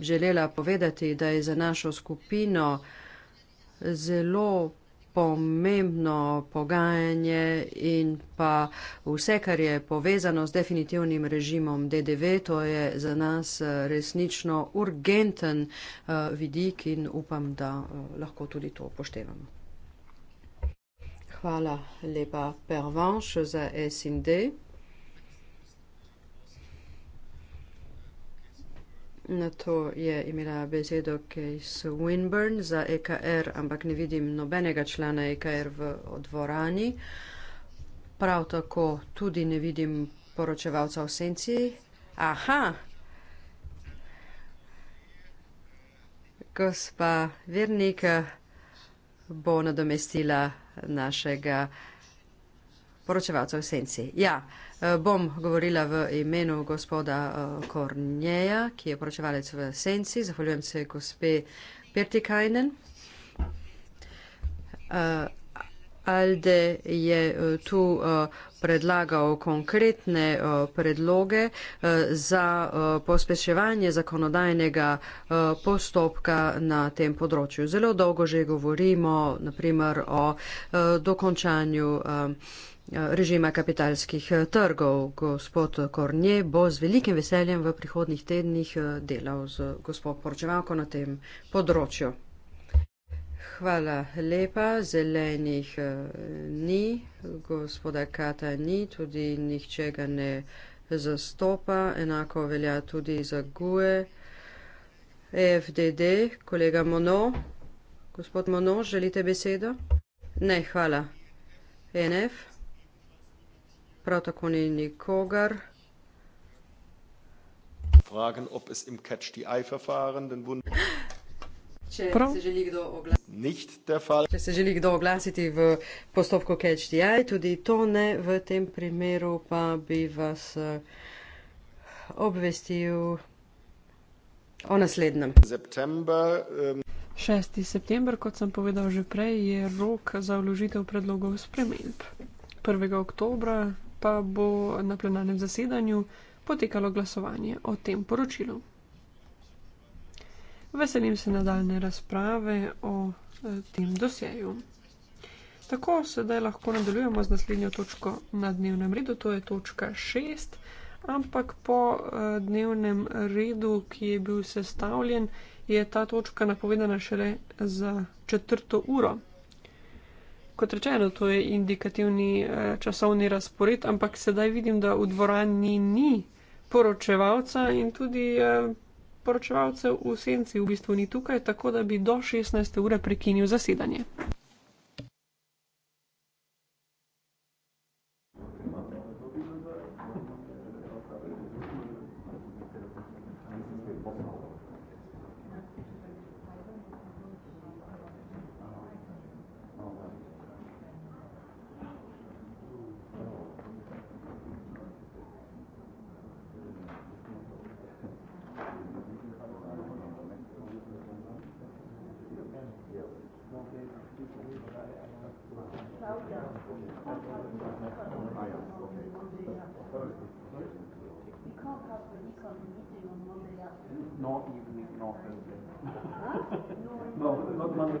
želela povedati, da je za našo skupino zelo pomembno pogajanje in pa vse, kar je povezano s definitivnim režimom DDV, to je za nas resnično urgenten eh, vidik in upam, da eh, lahko tudi to upoštevamo. Hvala lepa, Pervanš za SND. Na to je imela besedo Case Winburn za EKR, ampak ne vidim nobenega člana EKR v dvorani. Prav tako tudi ne vidim poročevalca v senci. Aha! Gospa Vernik bo nadomestila našega poročevalca v senci. Ja. Eh, bom govorila v imenu gospoda eh, Kornjeja, ki je poročevalec v Senci. Zahvaljujem se gospe Pertikajnen. Eh, Alde je tu predlagal konkretne predloge za pospeševanje zakonodajnega postopka na tem področju. Zelo dolgo že govorimo, naprimer, o dokončanju režima kapitalskih eh, trgov. Gospod Kornje bo z velikim veseljem v prihodnih tednih eh, delal z gospod Porčevalko na tem področju. Hvala lepa, zelenih eh, ni, gospoda Kata ni, tudi nihče ga ne zastopa, enako velja tudi za GUE, e FDD, kolega Mono, gospod Mono, želite besedo? Ne, hvala. E NF? prav tako ni nikogar. Fragen, ob es im Catch the Eye Verfahren den Wund. Če se želi kdo oglasiti v postopku KHDI, tudi to ne, v tem primeru pa bi vas eh, obvestil o naslednjem. September, um... Ehm, 6. september, kot sem povedal že prej, je rok za vložitev predlogov sprememb. 1. oktobra pa bo na plenarnem zasedanju potekalo glasovanje o tem poročilu. Veselim se nadaljne razprave o eh, tem dosjeju. Tako sedaj lahko nadaljujemo z naslednjo točko na dnevnem redu, to je točka 6, ampak po eh, dnevnem redu, ki je bil sestavljen, je ta točka napovedana šele za četrto uro kot rečeno, to je indikativni eh, časovni razpored, ampak sedaj vidim, da v dvorani ni poročevalca in tudi eh, poročevalcev v senci v bistvu ni tukaj, tako da bi do 16. ure prekinil zasedanje. Not evening, (laughs) not Thursday. Huh? no, not Monday.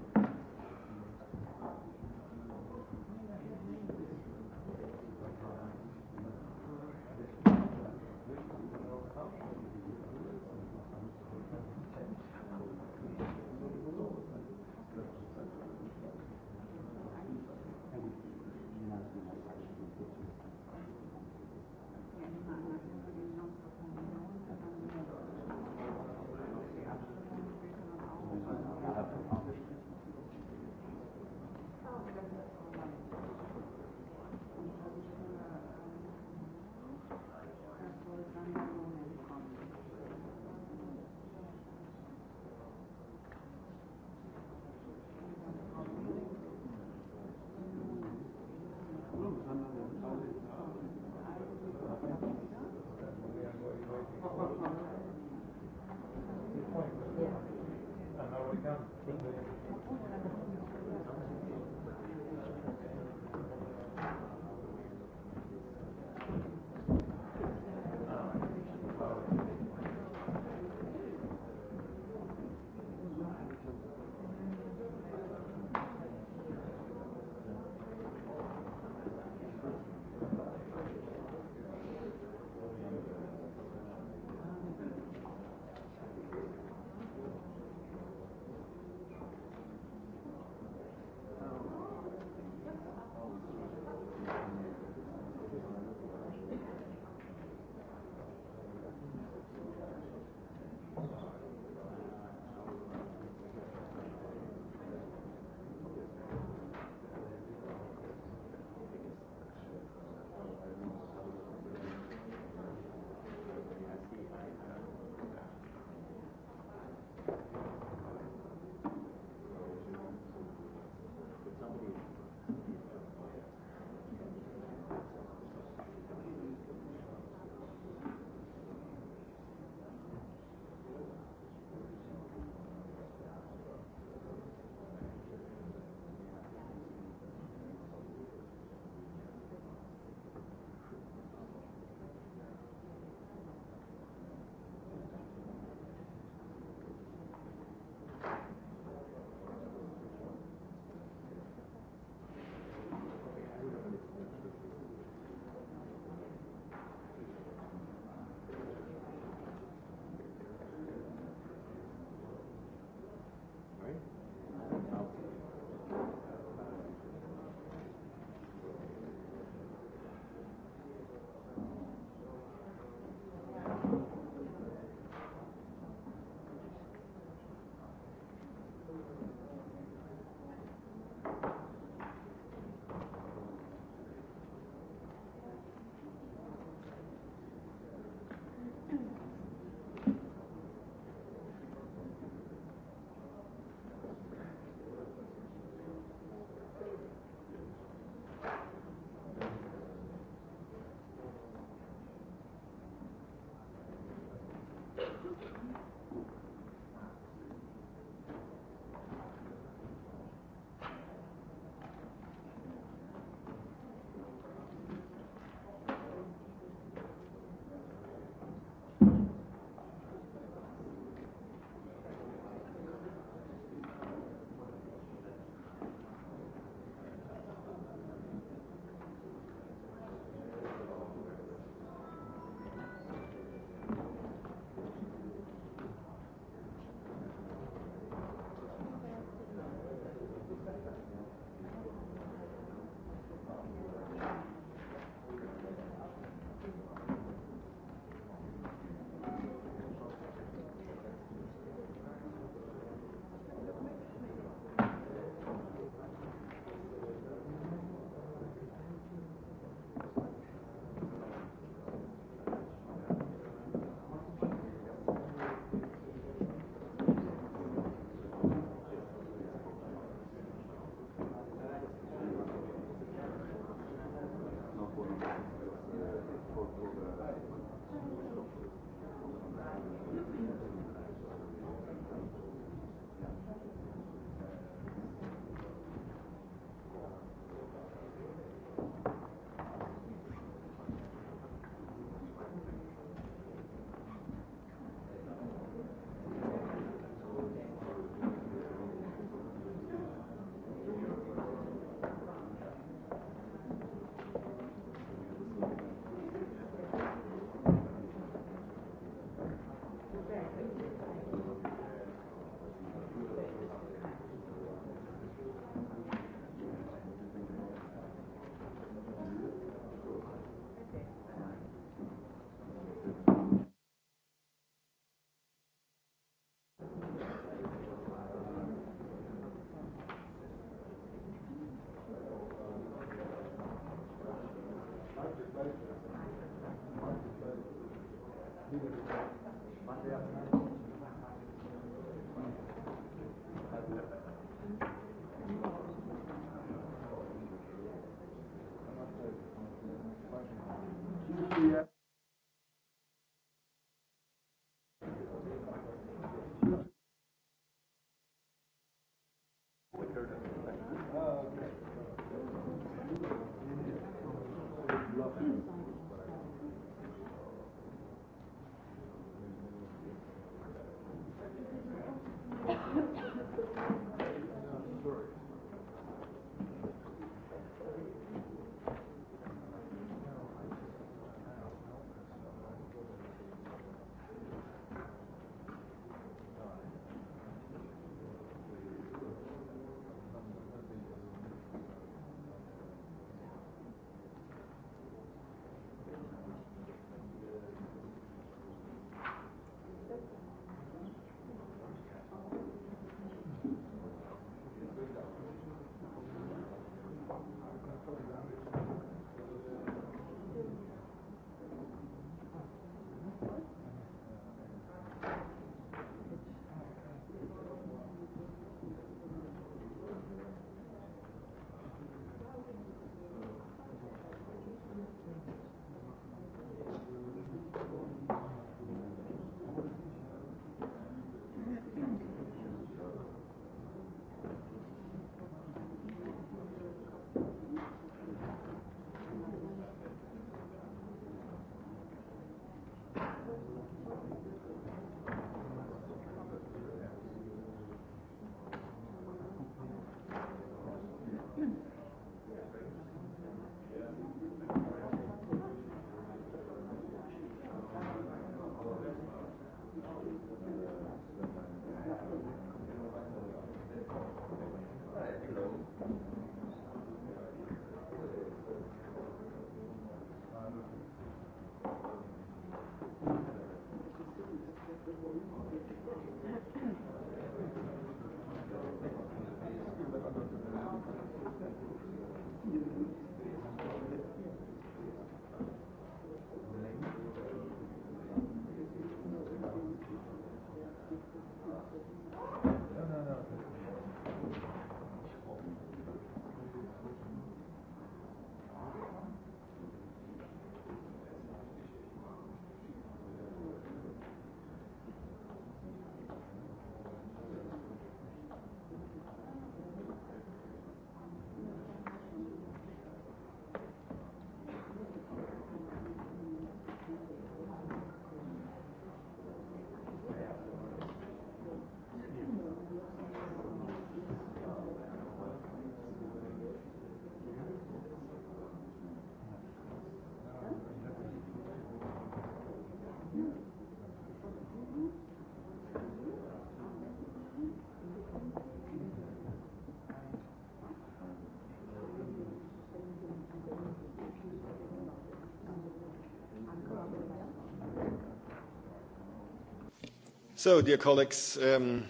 Um,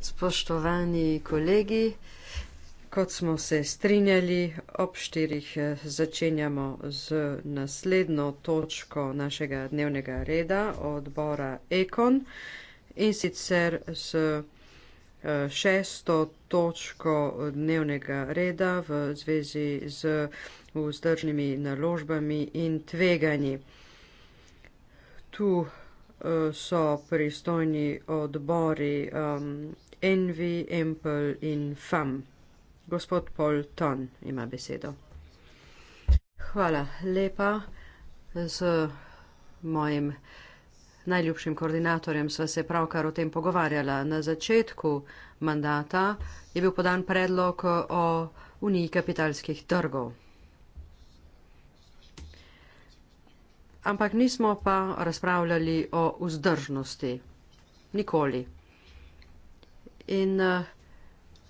Spoštovani kolegi, kot smo se strinjali, ob štirih eh, začenjamo z naslednjo točko našega dnevnega reda odbora Ekon in sicer s eh, šesto točko dnevnega reda v zvezi z vzdržnimi naložbami in tveganji. Tu so pristojni odbori um, Envi, Empel in FAM. Gospod Pol Ton ima besedo. Hvala lepa. Z mojim najljubšim koordinatorjem sva se pravkar o tem pogovarjala. Na začetku mandata je bil podan predlog o uniji kapitalskih trgov. ampak nismo pa razpravljali o vzdržnosti. Nikoli. In uh,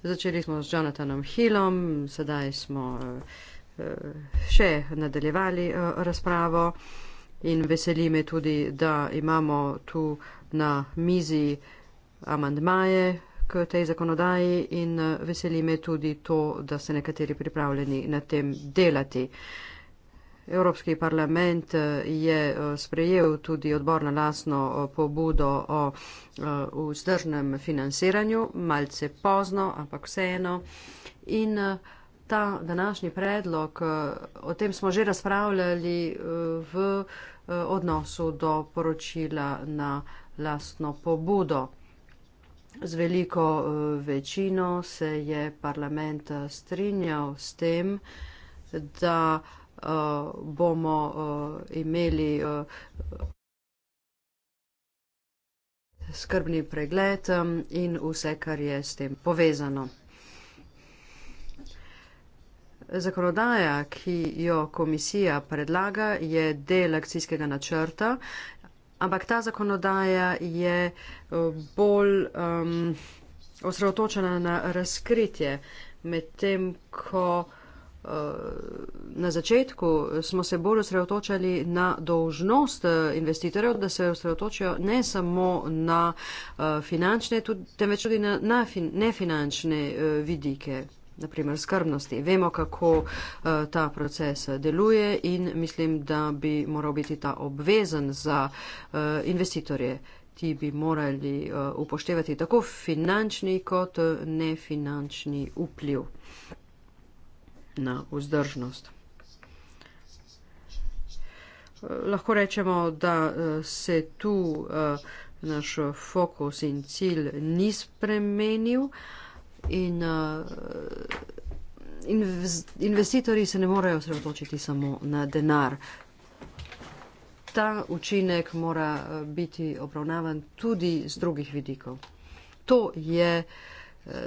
začeli smo s Jonathanom Hillom, sedaj smo uh, še nadaljevali uh, razpravo in veseli me tudi, da imamo tu na mizi amandmaje k tej zakonodaji in uh, veseli me tudi to, da se nekateri pripravljeni na tem delati. Uh, Evropski parlament eh, je eh, sprejel tudi odbor na lasno eh, pobudo o vzdržnem financiranju, malce pozno, ampak vseeno. In ta današnji predlog, o tem smo že razpravljali v odnosu do poročila na lasno pobudo. Z veliko večino se je parlament strinjal s tem, da uh, bomo uh, imeli uh, skrbni pregled um, in vse, kar je s tem povezano. Zakonodaja, ki jo komisija predlaga, je del akcijskega načrta, ampak ta zakonodaja je bolj um, osredotočena na razkritje, medtem ko Eh, na začetku smo se bolj osredotočali na dolžnost eh, investitorjev, da se osredotočijo ne samo na eh, finančne, tudi, temveč tudi na, na fin, nefinančne vidike, naprimer skrbnosti. Vemo, kako ta proces deluje in mislim, da bi moral biti ta obvezen za investitorje. Ti bi morali upoštevati tako finančni kot nefinančni vpliv na vzdržnost. Lahko rečemo, da eh, se tu eh, naš fokus in cilj ni spremenil in eh, investitorji se ne morejo sredotočiti samo na denar. Ta učinek mora biti obravnavan tudi z drugih vidikov. To je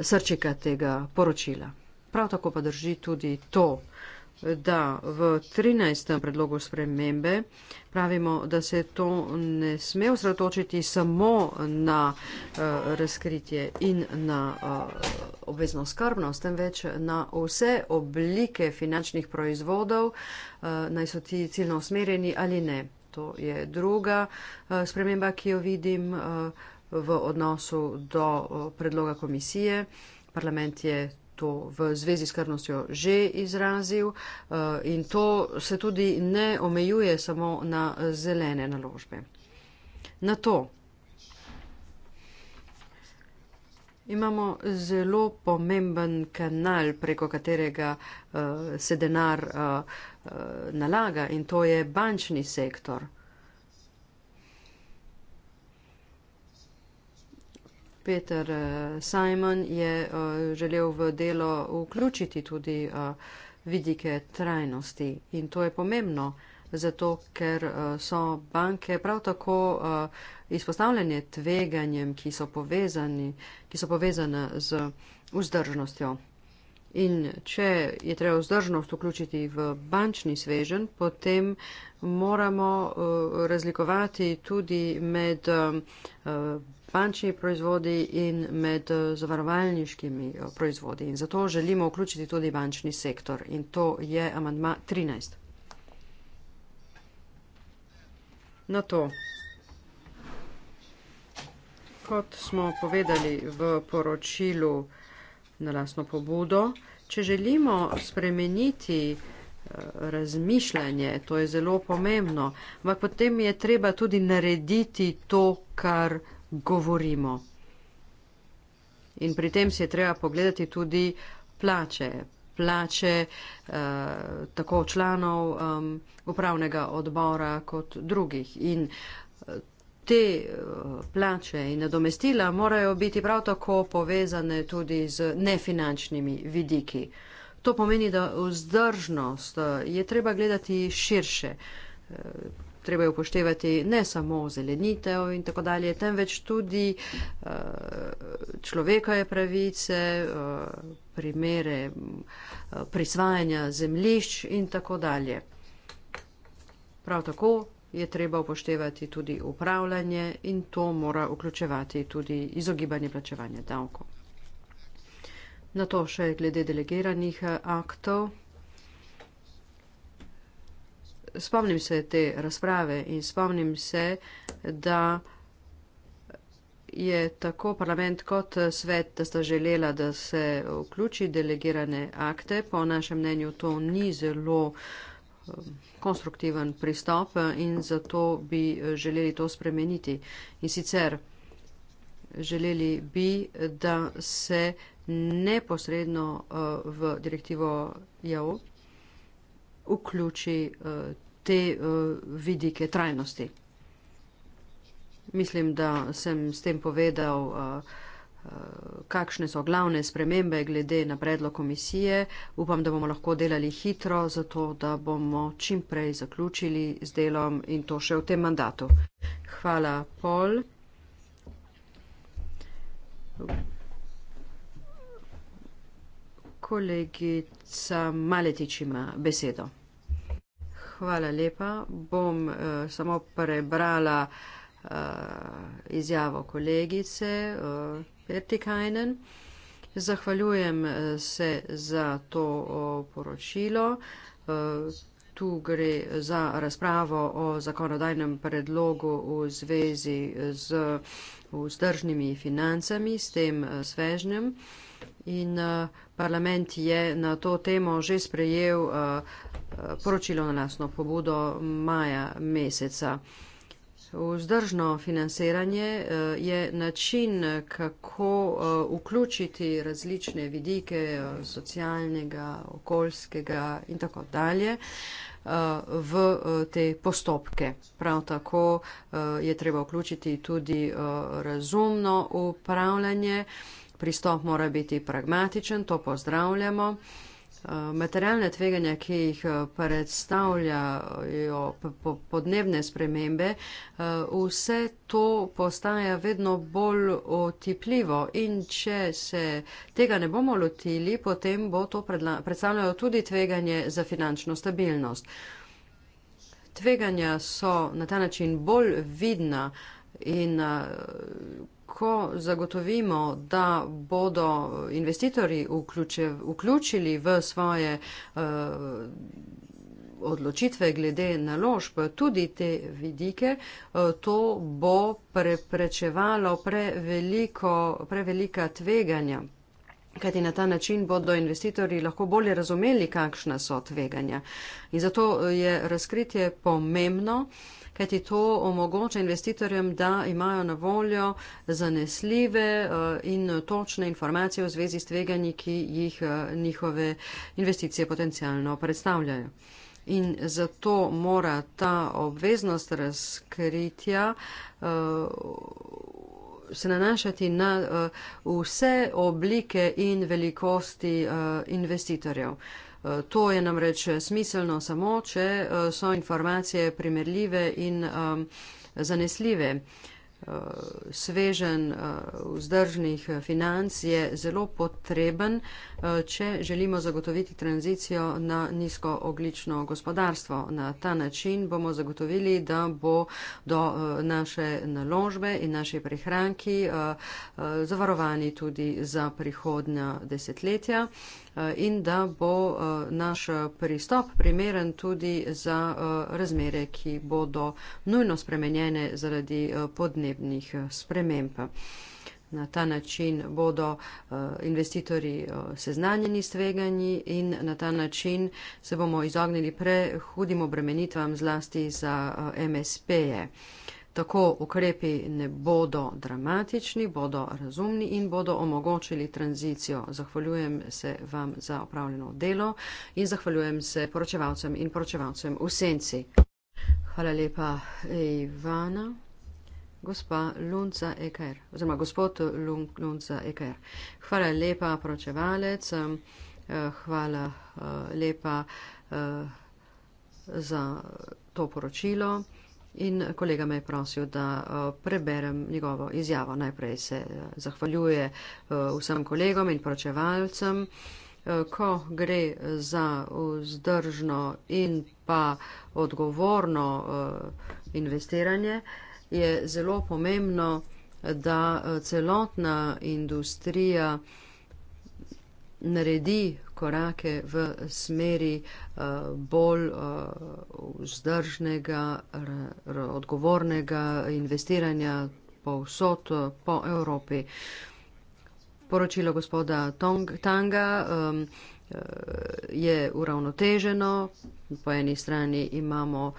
srčika tega poročila. Prav tako pa drži tudi to, da v 13. predlogu spremembe pravimo, da se to ne sme osredotočiti samo na uh, razkritje in na uh, obvezno skrbnost, temveč na vse oblike finančnih proizvodov, uh, naj so ti ciljno usmerjeni ali ne. To je druga uh, sprememba, ki jo vidim. Uh, v odnosu do predloga komisije. Parlament je to v zvezi s krvnostjo že izrazil eh, in to se tudi ne omejuje samo na zelene naložbe. Na to imamo zelo pomemben kanal, preko katerega eh, se denar eh, nalaga in to je bančni sektor. Peter eh, Simon je eh, želel v delo vključiti tudi eh, vidike trajnosti in to je pomembno, zato ker so banke prav tako izpostavljene tveganjem, ki so, povezani, ki so povezane z vzdržnostjo. In če je treba vzdržnost vključiti v bančni svežen, potem moramo uh, razlikovati tudi med uh, bančni proizvodi in med eh, zavarovalniškimi eh, proizvodi. In zato želimo vključiti tudi bančni sektor. In to je amantma 13. Na to. Kot smo povedali v poročilu na lasno pobudo, če želimo spremeniti eh, razmišljanje, to je zelo pomembno, ampak potem je treba tudi narediti to, kar govorimo. In pri tem si je treba pogledati tudi plače, plače eh, tako članov eh, upravnega odbora kot drugih. In eh, te eh, plače in nadomestila morajo biti prav tako povezane tudi z nefinančnimi vidiki. To pomeni, da vzdržnost eh, je treba gledati širše treba je upoštevati ne samo zelenitev in tako dalje, temveč tudi eh, človekove pravice, eh, primere eh, prisvajanja zemlišč in tako dalje. Prav tako je treba upoštevati tudi upravljanje in to mora vključevati tudi izogibanje plačevanja davkov. Na to še glede delegiranih aktov spomnim se te razprave in spomnim se, da je tako parlament kot svet, da sta želela, da se vključi delegirane akte. Po našem mnenju to ni zelo um, konstruktiven pristop in zato bi želeli to spremeniti. In sicer želeli bi, da se neposredno uh, v direktivo JAOP vključi eh, te eh, vidike trajnosti. Mislim, da sem s tem povedal, eh, kakšne so glavne spremembe glede na predlog komisije. Upam, da bomo lahko delali hitro, zato da bomo čim prej zaključili z delom in to še v tem mandatu. Hvala, Pol. Kolegica Maletič ima besedo hvala lepa. Bom uh, samo prebrala uh, izjavo kolegice uh, eh, Pertikajnen. Zahvaljujem se za to poročilo. Tu gre za razpravo o zakonodajnem predlogu v zvezi z vzdržnimi financami, s tem svežnjem. In parlament je na to temo že sprejel poročilo na lasno pobudo maja meseca. Vzdržno financiranje eh, je način, kako eh, vključiti različne vidike eh, socialnega, okoljskega in tako dalje v te postopke. Prav tako je treba vključiti tudi razumno upravljanje. Pristop mora biti pragmatičen, to pozdravljamo. Eh, materialne tveganja, ki jih eh, predstavljajo podnebne spremembe, eh, vse to postaja vedno bolj otipljivo in če se tega ne bomo lotili, potem bo to predstavljalo tudi tveganje za finančno stabilnost. Tveganja so na ta način bolj vidna in ko zagotovimo, da bodo investitorji vključe, vključili v svoje uh, odločitve glede naložb tudi te vidike, uh, to bo preprečevalo preveliko, prevelika tveganja. Kajti na ta način bodo investitorji lahko bolje razumeli, kakšna so tveganja. In zato je razkritje pomembno. Uh, kajti to omogoča investitorjem, da imajo na voljo zanesljive eh, in točne informacije v zvezi s tveganji, ki jih eh, njihove investicije potencialno predstavljajo. In zato mora ta obveznost razkritja eh, se nanašati na vse oblike in velikosti investitorjev. To je namreč smiselno samo, če eh, so informacije primerljive in eh, zanesljive. Eh, Svežen vzdržnih financ je zelo potreben, če želimo zagotoviti tranzicijo na nizkooglično gospodarstvo. Na ta način bomo zagotovili, da bo do eh, naše naložbe in naši prihranki eh, eh, zavarovani tudi za prihodnja desetletja in da bo naš pristop primeren tudi za razmere, ki bodo nujno spremenjene zaradi podnebnih sprememb. Na ta način bodo eh, investitorji eh, seznanjeni s tveganji in na ta način se bomo izognili prehudim obremenitvam zlasti za eh, MSP-je. Tako ukrepi ne bodo dramatični, bodo razumni in bodo omogočili tranzicijo. Zahvaljujem se vam za opravljeno delo in zahvaljujem se poročevalcem in poročevalcem v senci. Hvala lepa, Ivana. Gospa Lunca Eker, oziroma gospod Lunca Eker. Hvala lepa, poročevalec. Eh, hvala eh, lepa eh, za to poročilo. In kolega me je prosil, da preberem njegovo izjavo. Najprej se zahvaljuje vsem kolegom in poročevalcem. Ko gre za vzdržno in pa odgovorno investiranje, je zelo pomembno, da eh, celotna industrija naredi korake v smeri eh, bolj eh, vzdržnega, odgovornega investiranja povsod po Evropi. Poročilo gospoda Tanga ehm, je uravnoteženo, po eni strani imamo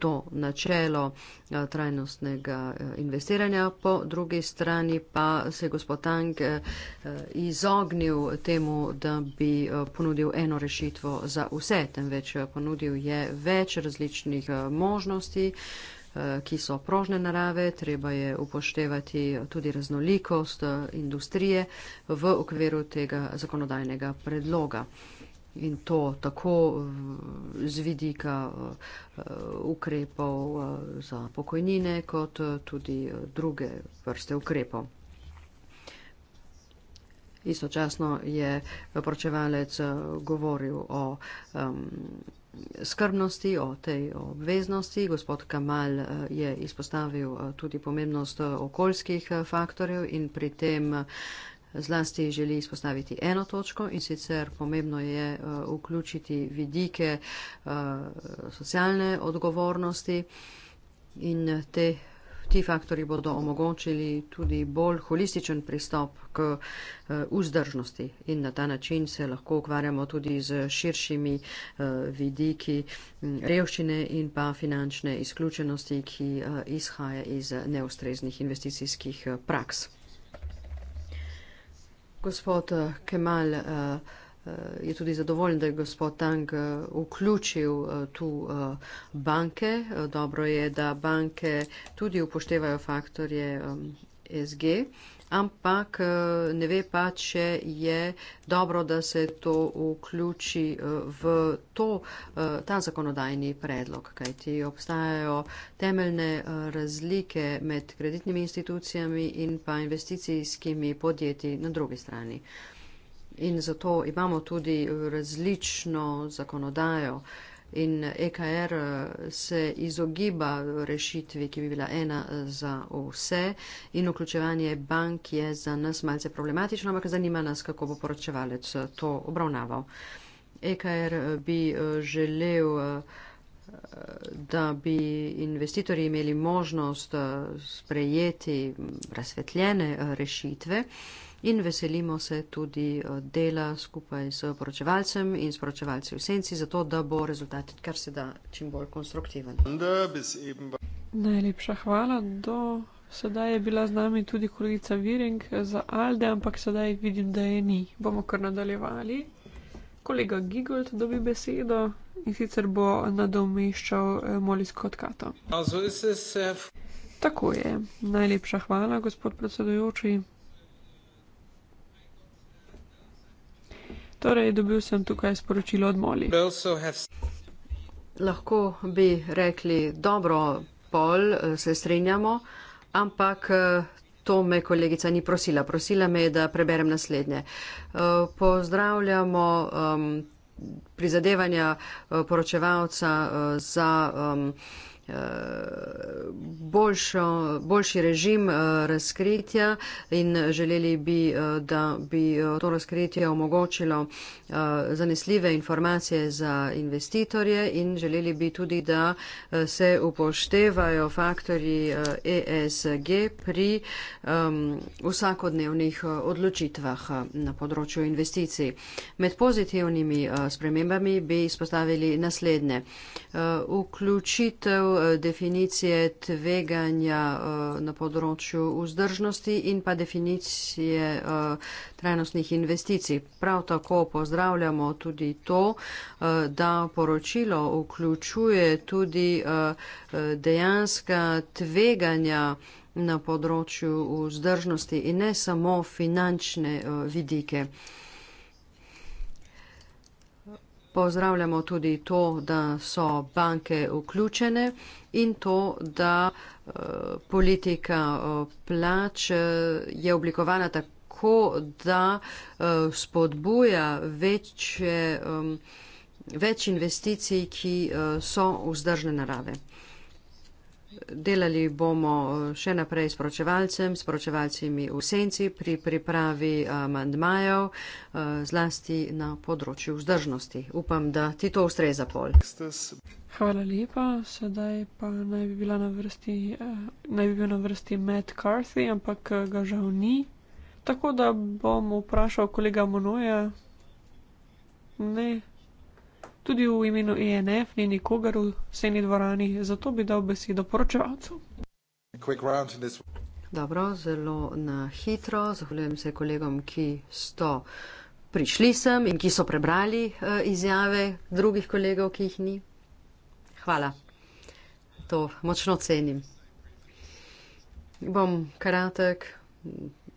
to načelo eh, trajnostnega eh, investiranja, po drugi strani pa se je gospod Tank eh, izognil temu, da bi ponudil eno rešitvo za vse, temveč ponudil je več različnih možnosti ki so prožne narave, treba je upoštevati tudi raznolikost industrije v okviru tega zakonodajnega predloga. In to tako z vidika eh, ukrepov eh, za pokojnine, kot eh, tudi druge vrste ukrepov. Istočasno je poročevalec govoril o um, skrbnosti, o tej obveznosti. Gospod Kamal je izpostavil tudi pomembnost okoljskih faktorjev in pri tem uh, zlasti želi izpostaviti eno točko in sicer pomembno je eh, vključiti vidike eh, socialne odgovornosti in te, ti faktori bodo omogočili tudi bolj holističen pristop k eh, vzdržnosti in na ta način se lahko ukvarjamo tudi z širšimi vidiki revščine in pa finančne izključenosti, ki izhaja iz neustreznih investicijskih praks. Gospod eh, Kemal eh, eh, je tudi zadovoljen, da je gospod Tang vključil tu banke. Dobro je, da banke tudi upoštevajo faktorje SG ampak eh, ne ve pa, če je dobro, da se to vključi eh, v to, eh, ta zakonodajni predlog, kajti obstajajo temeljne razlike med kreditnimi institucijami in pa investicijskimi podjetji na drugi strani. In zato imamo tudi različno zakonodajo in EKR eh, se izogiba rešitvi, ki bi bila ena eh, za vse in vključevanje bank je za nas malce problematično, ampak zanima nas, kako bo poročevalec eh, to obravnaval. EKR bi želel, da bi investitorji imeli možnost sprejeti razsvetljene rešitve in veselimo se tudi eh, dela skupaj s poročevalcem in s poročevalci v senci, zato da bo rezultat kar se da čim bolj konstruktiven. Najlepša hvala. Do sedaj je bila z nami tudi kolegica Viring eh, za Alde, ampak sedaj vidim, da je ni. Bomo kar nadaljevali. Kolega Gigolt dobi besedo in sicer bo nadomeščal eh, Molisko odkato. Tako je. Najlepša hvala, gospod predsedujoči. Torej, dobil sem tukaj sporočilo od Moli. Lahko bi rekli, dobro, pol eh, se strinjamo, ampak eh, to me kolegica ni prosila. Prosila me je, da preberem naslednje. Eh, pozdravljamo prizadevanja poročevalca za boljšo, boljši režim eh, razkritja in želeli bi, eh, da bi eh, to razkritje omogočilo zanesljive informacije za investitorje in želeli bi tudi, da se upoštevajo faktori ESG e pri ehm, vsakodnevnih odločitvah na področju investicij. Med pozitivnimi spremembami bi izpostavili naslednje. Vključitev Eh, definicije tveganja eh, na področju vzdržnosti in pa definicije eh, trajnostnih investicij. Prav tako pozdravljamo tudi to, da poročilo vključuje tudi dejanska tveganja na področju vzdržnosti in ne samo finančne vidike. Pozdravljamo tudi to, da so banke vključene in to, da eh, politika eh, plač eh, je oblikovana tako, da spodbuja večje, več investicij, ki so vzdržne narave. Delali bomo eh, še naprej s pročevalcem, s pročevalcimi v senci pri pripravi eh, mandmajev, eh, zlasti na področju vzdržnosti. Upam, da ti to ustreza pol. Hvala lepa. Sedaj pa naj bi, bila na vrsti, naj bi bil na vrsti Matt Carthy, ampak ga žal ni. Tako da bom vprašal kolega Monoja. Ne. Tudi v imenu INF e ni nikogar v seni dvorani, zato bi dal besedo poročevalcu. Dobro, zelo na hitro. Zahvaljujem se kolegom, ki so prišli sem in ki so prebrali eh, izjave drugih kolegov, ki jih ni. Hvala. To močno cenim. Bom kratek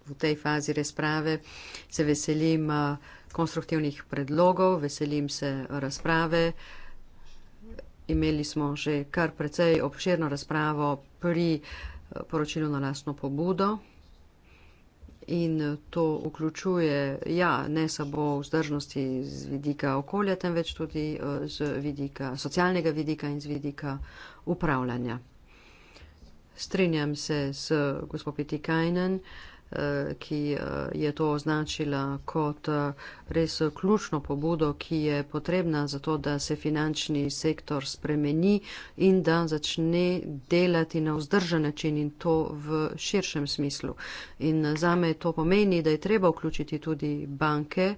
v tej fazi razprave. Se veselim. Uh, konstruktivnih predlogov, veselim se razprave. Imeli smo že kar precej obširno razpravo pri eh, poročilu na lastno pobudo in eh, to vključuje ja, ne samo vzdržnosti z vidika okolja, temveč tudi eh, z vidika socialnega vidika in z vidika upravljanja. Strinjam se s gospod Petikajnen. Uh, Eh, ki eh, je to označila kot eh, res ključno pobudo, ki je potrebna za to, da se finančni sektor spremeni in da začne delati na vzdržen način in to v širšem smislu. In za me to pomeni, da je treba vključiti tudi banke.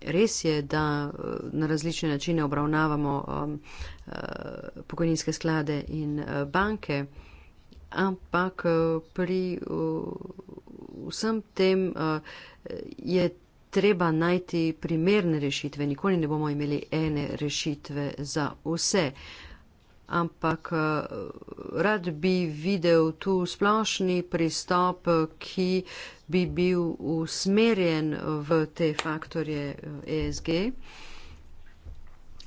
Res je, da na različne načine obravnavamo um, uh, pokojninske sklade in uh, banke ampak eh, pri eh, vsem tem eh, je treba najti primerne rešitve. Nikoli ne bomo imeli ene rešitve za vse. Ampak rad bi videl tu splošni pristop, ki bi bil usmerjen v te faktorje ESG. E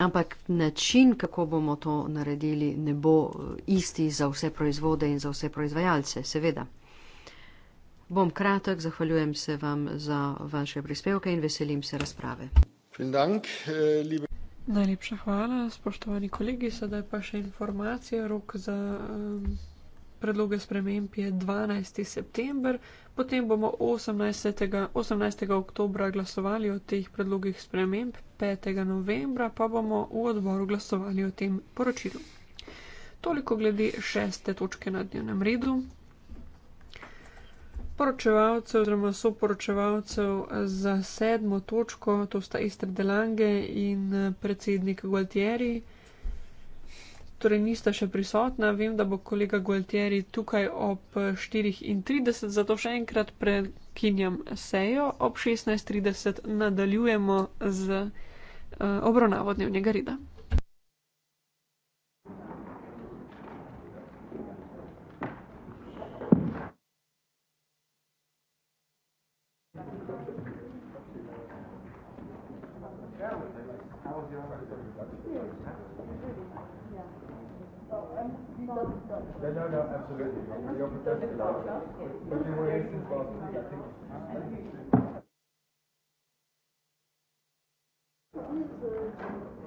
Ampak način, kako bomo to naredili, ne bo eh, isti za vse proizvode in za vse proizvajalce, seveda. Bom kratek, zahvaljujem se vam za vaše prispevke in veselim se razprave. Eh, Najlepša hvala, spoštovani kolegi. Sedaj pa še informacija, rok za. Um predloge sprememb je 12. september, potem bomo 18. 18. oktobra glasovali o teh predlogih sprememb, 5. novembra pa bomo v odboru glasovali o tem poročilu. Toliko glede šeste točke na dnevnem redu. Poročevalcev oziroma soporočevalcev za sedmo točko, to sta Ester Delange in predsednik Gualtieri torej nista še prisotna. Vem, da bo kolega Gualtieri tukaj ob 4.30, zato še enkrat prekinjam sejo. Ob 16.30 nadaljujemo z eh, obravnavo dnevnega reda. Thank you. No, no, no, absolutely. Your professor loves it. But you were asking for I think. Thank you.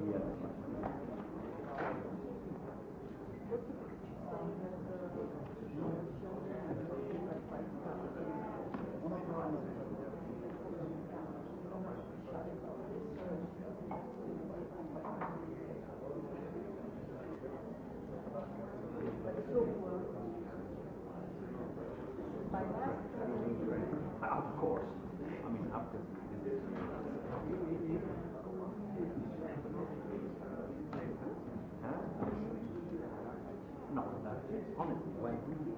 Yeah. of course. I mean, up to. No, that's no, honestly, why?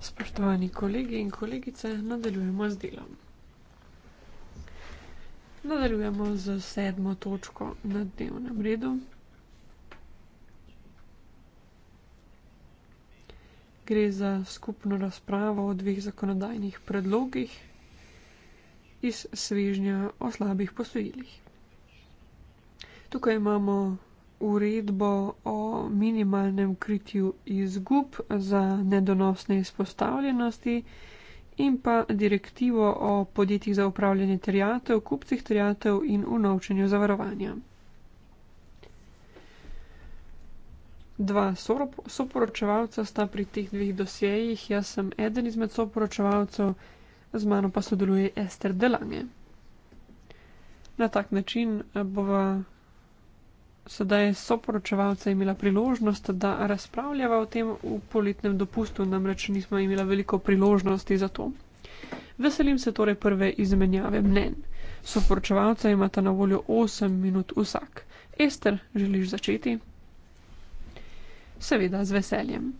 Spoštovani kolegi in kolegice, nadaljujemo z delom. Nadaljujemo z sedmo točko na dnevnem redu. Gre za skupno razpravo o dveh zakonodajnih predlogih iz svežnja o slabih posojilih. Tukaj imamo uredbo o minimalnem kritju izgub za nedonosne izpostavljenosti in pa direktivo o podjetjih za upravljanje terjatev, kupcih terjatev in unovčenju zavarovanja. Dva soporočevalca sta pri teh dveh dosjejih, jaz sem eden izmed soporočevalcev, z mano pa sodeluje Ester Delange. Na tak način bova sedaj soporočevalca imela priložnost, da razpravljava o tem v poletnem dopustu, namreč nismo imela veliko priložnosti za to. Veselim se torej prve izmenjave mnen. Soporočevalca imata na voljo 8 minut vsak. Ester, želiš začeti? Seveda, z veseljem.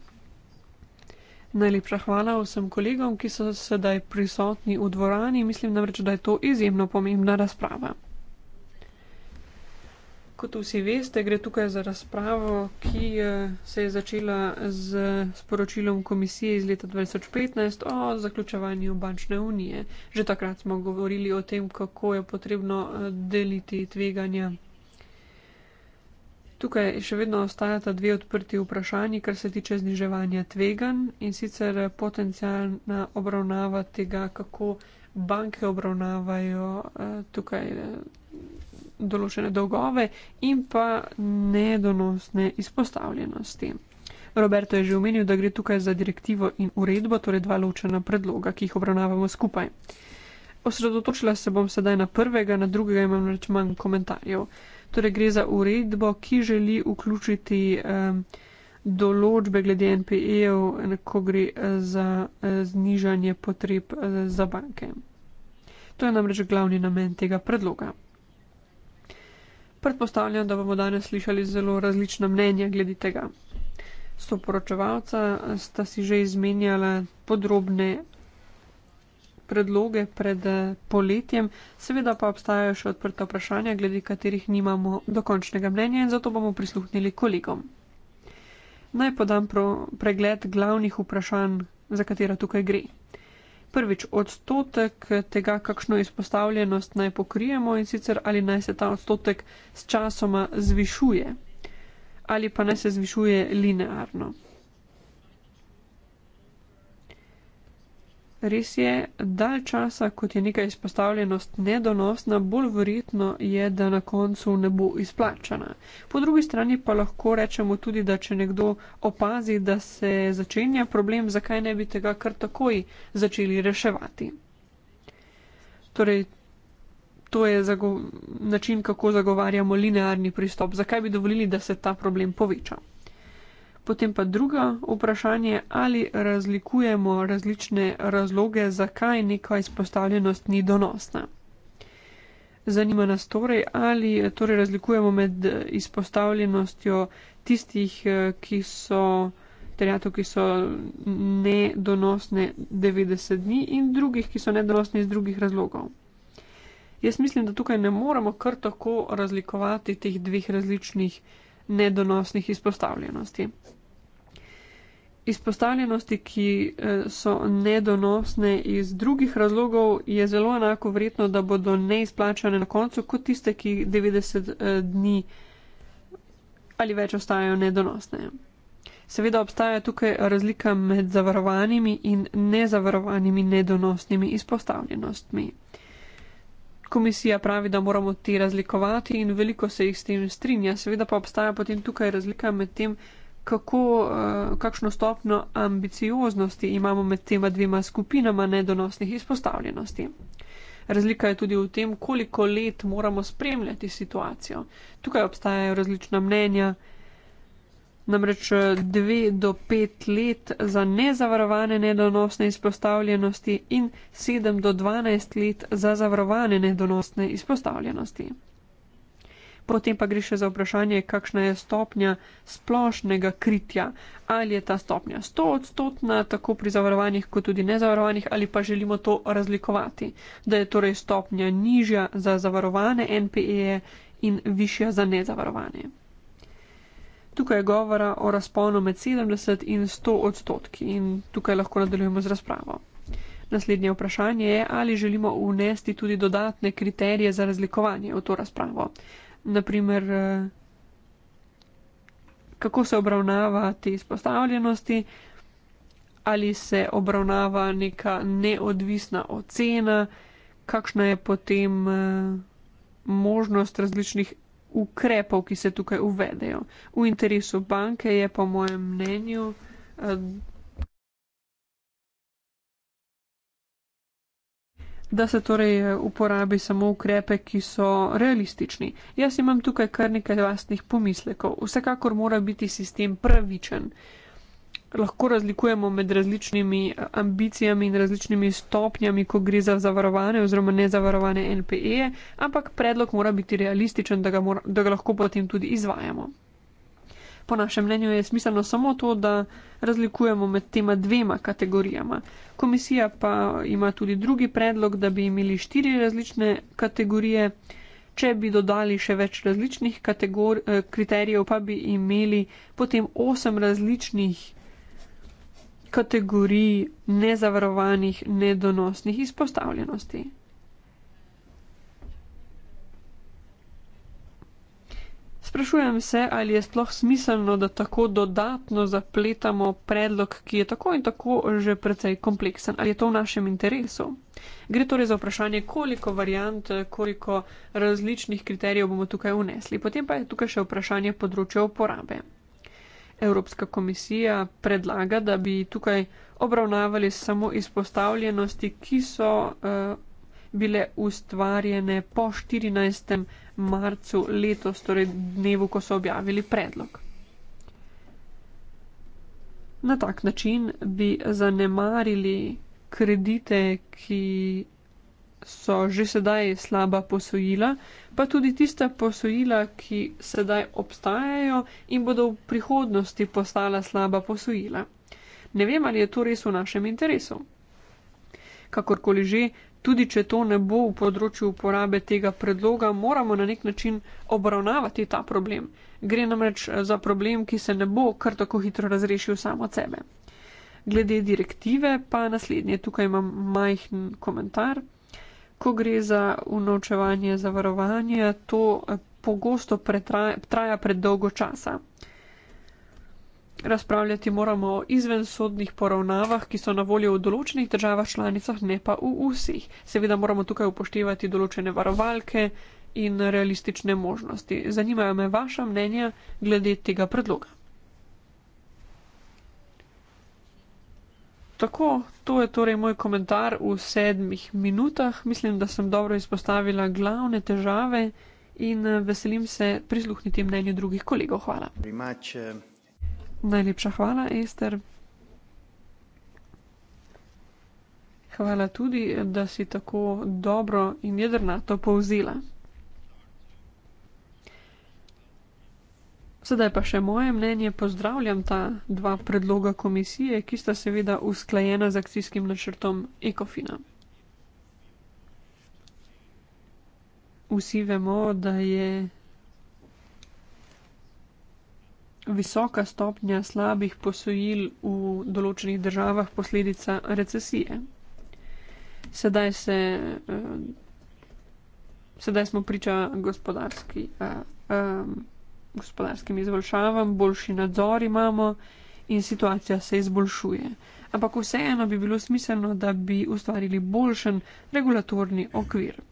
Najlepša hvala vsem kolegom, ki so sedaj prisotni v dvorani. Mislim namreč, da je to izjemno pomembna razprava. Kot vsi veste, gre tukaj za razpravo, ki eh, se je začela z sporočilom komisije iz leta 2015 o zaključevanju bančne unije. Že takrat smo govorili o tem, kako je potrebno eh, deliti tveganja. Tukaj še vedno ostajata dve odprti vprašanji, kar se tiče zniževanja tvegan in sicer eh, potencijalna obravnava tega, kako banke obravnavajo tukaj določene dolgove in pa nedonosne izpostavljenosti. Roberto je že omenil, da gre tukaj za direktivo in uredbo, torej dva ločena predloga, ki jih obravnavamo skupaj. Osredotočila se bom sedaj na prvega, na drugega imam reč manj komentarjev. Torej gre za uredbo, ki želi vključiti um, določbe glede NPE-ev, ko gre eh, za uh, znižanje potreb uh, za banke. To je namreč glavni namen tega predloga predpostavljam, da bomo danes slišali zelo različna mnenja glede tega. So poročevalca, sta si že izmenjala podrobne predloge pred eh, poletjem, seveda pa obstajajo še odprta vprašanja, glede katerih nimamo dokončnega mnenja in zato bomo prisluhnili kolegom. Naj podam pregled glavnih vprašanj, za katera tukaj gre prvič odstotek tega, kakšno izpostavljenost naj pokrijemo in sicer ali naj se ta odstotek s časoma zvišuje ali pa naj se zvišuje linearno. Res je, dalj časa, kot je neka izpostavljenost nedonosna, bolj verjetno je, da na koncu ne bo izplačana. Po drugi strani pa lahko rečemo tudi, da če nekdo opazi, da se začenja problem, zakaj ne bi tega kar takoj začeli reševati. Torej, to je način, kako zagovarjamo linearni pristop. Zakaj bi dovolili, da se ta problem poveča? Potem pa druga vprašanje, ali razlikujemo različne razloge, zakaj neka izpostavljenost ni donosna. Zanima nas torej, ali torej razlikujemo med izpostavljenostjo tistih, eh, ki so terjatov, ki so nedonosne 90 dni in drugih, ki so nedonosne iz drugih razlogov. Jaz mislim, da tukaj ne moramo kar tako razlikovati teh dveh različnih nedonosnih izpostavljenosti izpostavljenosti, ki eh, so nedonosne iz drugih razlogov, je zelo enako vredno, da bodo neizplačane na koncu, kot tiste, ki 90 eh, dni ali več ostajajo nedonosne. Seveda obstaja tukaj razlika med zavarovanimi in nezavarovanimi nedonosnimi izpostavljenostmi. Komisija pravi, da moramo te razlikovati in veliko se jih s tem strinja. Seveda pa obstaja potem tukaj razlika med tem, kako, eh, kakšno stopno ambicioznosti imamo med tema dvima skupinama nedonosnih izpostavljenosti. Razlika je tudi v tem, koliko let moramo spremljati situacijo. Tukaj obstajajo različna mnenja, namreč eh, dve do pet let za nezavarovane nedonosne izpostavljenosti in sedem do dvanajst let za zavarovane nedonosne izpostavljenosti potem pa gre še za vprašanje, kakšna je stopnja splošnega kritja. Ali je ta stopnja 100 odstotna, tako pri zavarovanih, kot tudi nezavarovanih, ali pa želimo to razlikovati, da je torej stopnja nižja za zavarovane NPE in višja za nezavarovane. Tukaj je govora o razponu med 70 in 100 odstotki in tukaj lahko nadaljujemo z razpravo. Naslednje vprašanje je, ali želimo unesti tudi dodatne kriterije za razlikovanje v to razpravo naprimer, eh, kako se obravnava te izpostavljenosti, ali se obravnava neka neodvisna ocena, kakšna je potem eh, možnost različnih ukrepov, ki se tukaj uvedejo. V interesu banke je, po mojem mnenju, eh, da se torej eh, uporabi samo ukrepe, ki so realistični. Jaz imam tukaj kar nekaj vlastnih pomislekov. Vsekakor mora biti sistem pravičen. Lahko razlikujemo med različnimi eh, ambicijami in različnimi stopnjami, ko gre za zavarovane oziroma nezavarovane NPE, -e, ampak predlog mora biti realističen, da ga, mora, da ga lahko potem tudi izvajamo. Po našem mnenju je smiselno samo to, da razlikujemo med tema dvema kategorijama. Komisija pa ima tudi drugi predlog, da bi imeli štiri različne kategorije. Če bi dodali še več različnih kategor, eh, kriterijev, pa bi imeli potem osem različnih kategorij nezavarovanih nedonosnih izpostavljenosti. Sprašujem se, ali je sploh smiselno, da tako dodatno zapletamo predlog, ki je tako in tako že precej kompleksen. Ali je to v našem interesu? Gre torej za vprašanje, koliko variant, koliko različnih kriterijev bomo tukaj unesli. Potem pa je tukaj še vprašanje področja uporabe. Evropska komisija predlaga, da bi tukaj obravnavali samo izpostavljenosti, ki so uh, bile ustvarjene po 14 marcu letos, torej dnevu, ko so objavili predlog. Na tak način bi zanemarili kredite, ki so že sedaj slaba posojila, pa tudi tista posojila, ki sedaj obstajajo in bodo v prihodnosti postala slaba posojila. Ne vem, ali je to res v našem interesu. Kakorkoli že, tudi če to ne bo v področju uporabe tega predloga, moramo na nek način obravnavati ta problem. Gre namreč eh, za problem, ki se ne bo kar tako hitro razrešil samo od sebe. Glede direktive pa naslednje, tukaj imam majhen komentar. Ko gre za unovčevanje zavarovanja, to eh, pogosto pretraja, traja predolgo časa. Razpravljati moramo o izvensodnih poravnavah, ki so na voljo v določenih državah članicah, ne pa v vseh. Seveda moramo tukaj upoštevati določene varovalke in realistične možnosti. Zanimajo me vaša mnenja glede tega predloga. Tako, to je torej moj komentar v sedmih minutah. Mislim, da sem dobro izpostavila glavne težave in veselim se prisluhniti mnenju drugih kolegov. Hvala. Primače. Najlepša hvala, Ester. Hvala tudi, da si tako dobro in jedrnato povzela. Sedaj pa še moje mnenje. Pozdravljam ta dva predloga komisije, ki sta seveda usklajena z akcijskim načrtom Ekofina. Vsi vemo, da je visoka stopnja slabih posojil v določenih državah posledica recesije. Sedaj, se, uh, sedaj smo priča gospodarski, uh, um, gospodarskim izboljšavam, boljši nadzor imamo in situacija se izboljšuje. Ampak vseeno bi bilo smiselno, da bi ustvarili boljšen regulatorni okvir.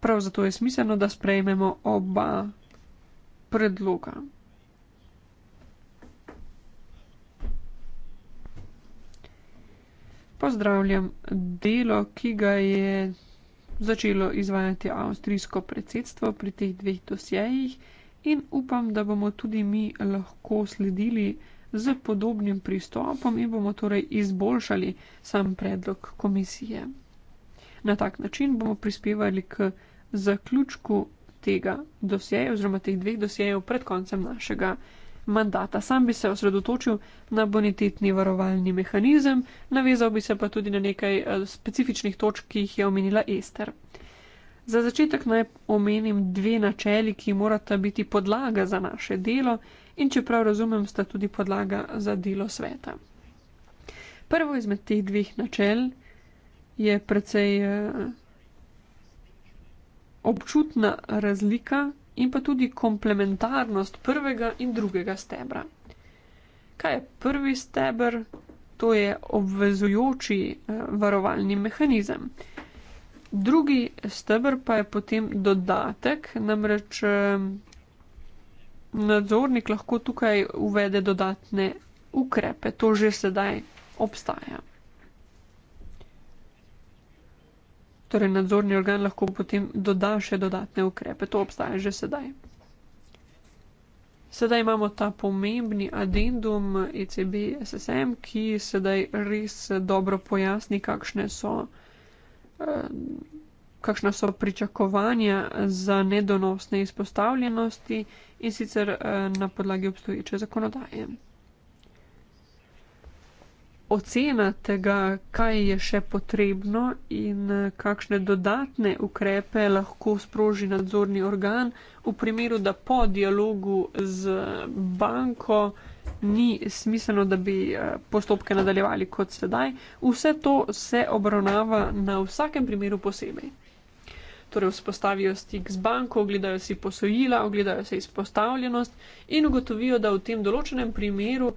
Prav zato je smiselno, da sprejmemo oba predloga. Pozdravljam delo, ki ga je začelo izvajati avstrijsko predsedstvo pri teh dveh dosjejih in upam, da bomo tudi mi lahko sledili z podobnim pristopom in bomo torej izboljšali sam predlog komisije. Na tak način bomo prispevali k zaključku tega dosjeja oziroma teh dveh dosjejev pred koncem našega mandata. Sam bi se osredotočil na bonitetni varovalni mehanizem, navezal bi se pa tudi na nekaj eh, specifičnih točk, ki jih je omenila Ester. Za začetek naj omenim dve načeli, ki morata biti podlaga za naše delo in čeprav razumem, sta tudi podlaga za delo sveta. Prvo izmed teh dveh načel je precej eh, občutna razlika in pa tudi komplementarnost prvega in drugega stebra. Kaj je prvi steber? To je obvezujoči eh, varovalni mehanizem. Drugi steber pa je potem dodatek, namreč eh, nadzornik lahko tukaj uvede dodatne ukrepe, to že sedaj obstaja. Torej, nadzorni organ lahko potem doda še dodatne ukrepe, to obstaja že sedaj. Sedaj imamo ta pomembni addendum ECB-SSM, ki sedaj res dobro pojasni, kakšne so, eh, kakšna so pričakovanja za nedonosne izpostavljenosti in sicer eh, na podlagi obstoječe zakonodaje ocena tega, kaj je še potrebno in eh, kakšne dodatne ukrepe lahko sproži nadzorni organ, v primeru, da po dialogu z eh, banko ni smiselno, da bi eh, postopke nadaljevali kot sedaj, vse to se obravnava na vsakem primeru posebej. Torej, vzpostavijo stik z banko, ogledajo si posojila, ogledajo si izpostavljenost in ugotovijo, da v tem določenem primeru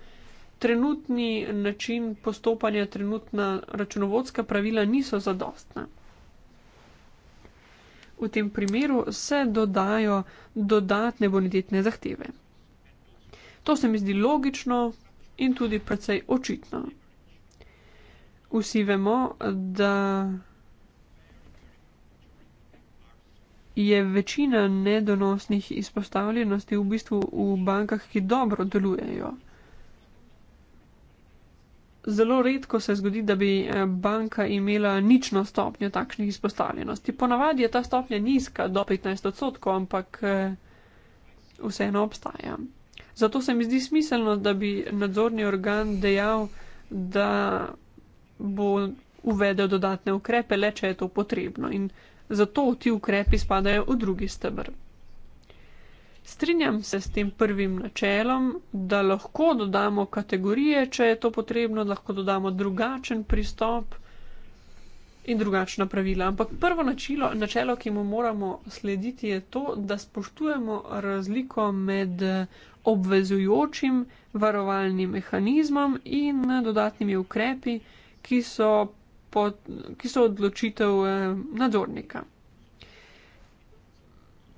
trenutni način postopanja, trenutna računovodska pravila niso zadostna. V tem primeru se dodajo dodatne bonitetne zahteve. To se mi zdi logično in tudi precej očitno. Vsi vemo, da je večina nedonosnih izpostavljenosti v bistvu v bankah, ki dobro delujejo zelo redko se zgodi, da bi eh, banka imela nično stopnjo takšnih izpostavljenosti. Ponavadi je ta stopnja nizka, do 15 odstotkov, ampak eh, vseeno obstaja. Zato se mi zdi smiselno, da bi nadzorni organ dejal, da bo uvedel dodatne ukrepe, le če je to potrebno. In zato ti ukrepi spadajo v drugi stebr. Strinjam se s tem prvim načelom, da lahko dodamo kategorije, če je to potrebno, da lahko dodamo drugačen pristop in drugačna pravila. Ampak prvo načelo, načelo, ki mu moramo slediti, je to, da spoštujemo razliko med obvezujočim varovalnim mehanizmom in dodatnimi ukrepi, ki so, pod, ki so odločitev eh, nadzornika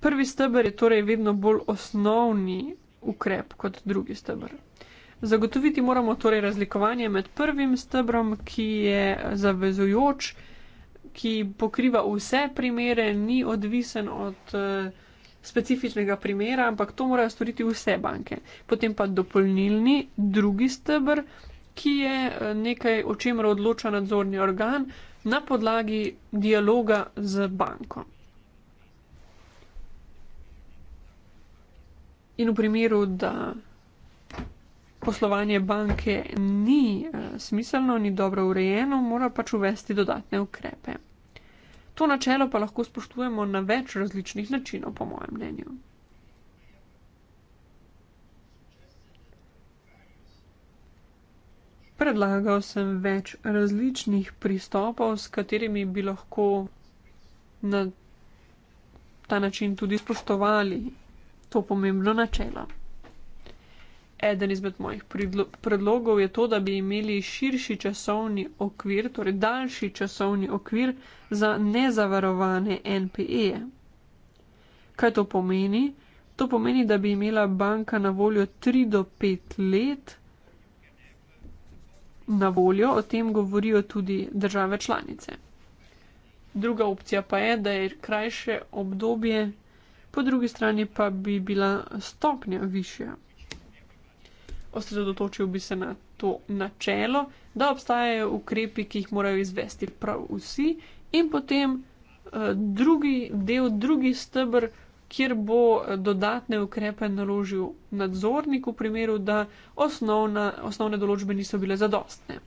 prvi stebr je torej vedno bolj osnovni ukrep kot drugi stebr. Zagotoviti moramo torej razlikovanje med prvim stebrom, ki je zavezujoč, ki pokriva vse primere, ni odvisen od eh, specifičnega primera, ampak to morajo storiti vse banke. Potem pa dopolnilni drugi stebr, ki je eh, nekaj, o čemer odloča nadzorni organ na podlagi dialoga z banko. In v primeru, da poslovanje banke ni eh, smiselno, ni dobro urejeno, mora pač uvesti dodatne ukrepe. To načelo pa lahko spoštujemo na več različnih načinov, po mojem mnenju. Predlagal sem več različnih pristopov, s katerimi bi lahko na ta način tudi spoštovali to pomembno načelo. Eden izmed mojih predlogov je to, da bi imeli širši časovni okvir, torej daljši časovni okvir za nezavarovane NPE. Kaj to pomeni? To pomeni, da bi imela banka na voljo 3 do 5 let na voljo, o tem govorijo tudi države članice. Druga opcija pa je, da je krajše obdobje po drugi strani pa bi bila stopnja višja. Osredotočil bi se na to načelo, da obstajajo ukrepi, ki jih morajo izvesti prav vsi, in potem eh, drugi del, drugi stebr, kjer bo eh, dodatne ukrepe naložil nadzornik v primeru, da osnovna, osnovne določbe niso bile zadostne.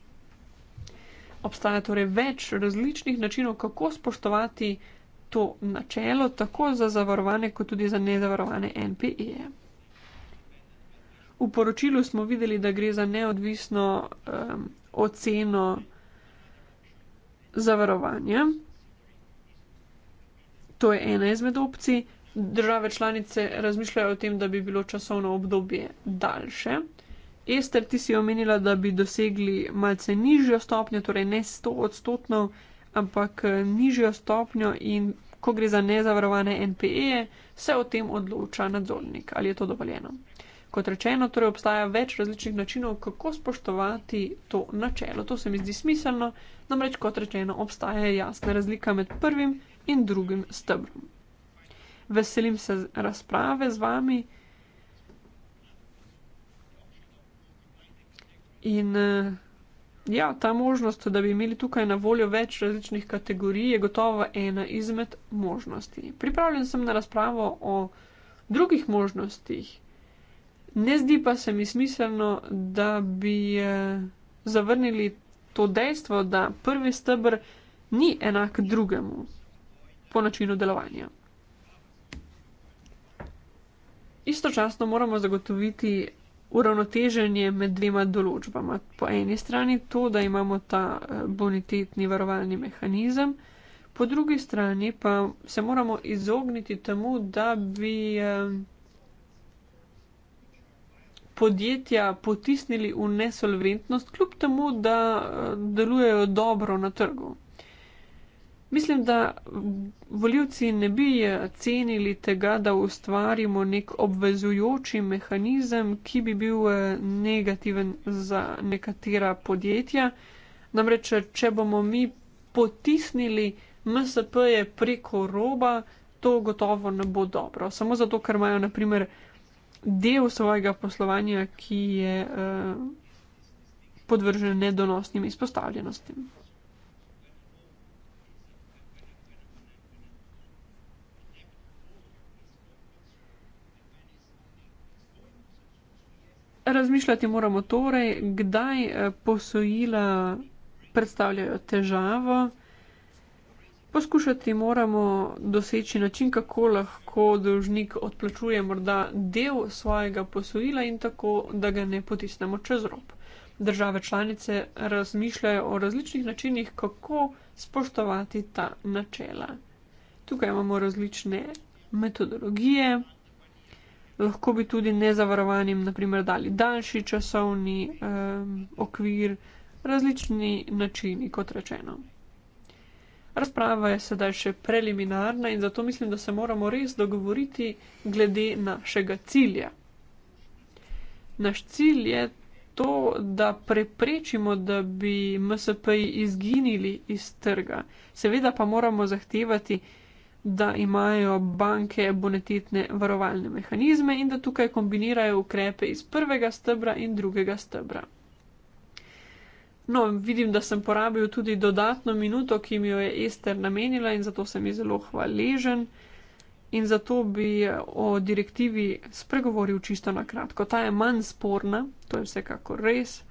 Obstaja torej več različnih načinov, kako spoštovati eh, to načelo tako za zavarovane kot tudi za nezavarovane NPE. -je. V poročilu smo videli, da gre za neodvisno um, oceno zavarovanja. To je ena izmed opcij. Države članice razmišljajo o tem, da bi bilo časovno obdobje daljše. Ester, ti si omenila, da bi dosegli malce nižjo stopnjo, torej ne 100 odstotno, ampak nižjo stopnjo in ko gre za nezavarovane NPE, se o tem odloča nadzornik, ali je to dovoljeno. Kot rečeno, torej obstaja več različnih načinov, kako spoštovati to načelo. To se mi zdi smiselno, namreč kot rečeno, obstaja jasna razlika med prvim in drugim stebrom. Veselim se razprave z vami in uh, ja, ta možnost, da bi imeli tukaj na voljo več različnih kategorij, je gotovo ena izmed možnosti. Pripravljen sem na razpravo o drugih možnostih. Ne zdi pa se mi smiselno, da bi eh, zavrnili to dejstvo, da prvi stebr ni enak drugemu po načinu delovanja. Istočasno moramo zagotoviti uravnoteženje med dvema določbama. Po eni strani to, da imamo ta eh, bonitetni varovalni mehanizem, po drugi strani pa se moramo izogniti temu, da bi eh, podjetja potisnili v nesolventnost, kljub temu, da eh, delujejo dobro na trgu. Mislim, da voljivci ne bi cenili tega, da ustvarimo nek obvezujoči mehanizem, ki bi bil eh, negativen za nekatera podjetja. Namreč, če bomo mi potisnili MSP-je preko roba, to gotovo ne bo dobro. Samo zato, ker imajo naprimer del svojega poslovanja, ki je eh, podvržen nedonosnim izpostavljenostim. Razmišljati moramo torej, kdaj eh, posojila predstavljajo težavo. Poskušati moramo doseči način, kako lahko dolžnik odplačuje morda del svojega posojila in tako, da ga ne potisnemo čez rob. Države članice razmišljajo o različnih načinih, kako spoštovati ta načela. Tukaj imamo različne metodologije lahko bi tudi nezavarovanim, naprimer, dali daljši časovni um, okvir, različni načini, kot rečeno. Razprava je sedaj še preliminarna in zato mislim, da se moramo res dogovoriti glede našega cilja. Naš cilj je to, da preprečimo, da bi MSP-ji izginili iz trga. Seveda pa moramo zahtevati, da da imajo banke bonitetne varovalne mehanizme in da tukaj kombinirajo ukrepe iz prvega stebra in drugega stebra. No, vidim, da sem porabil tudi dodatno minuto, ki mi jo je Ester namenila in zato sem ji zelo hvaležen in zato bi o direktivi spregovoril čisto na kratko. Ta je manj sporna, to je vsekakor res.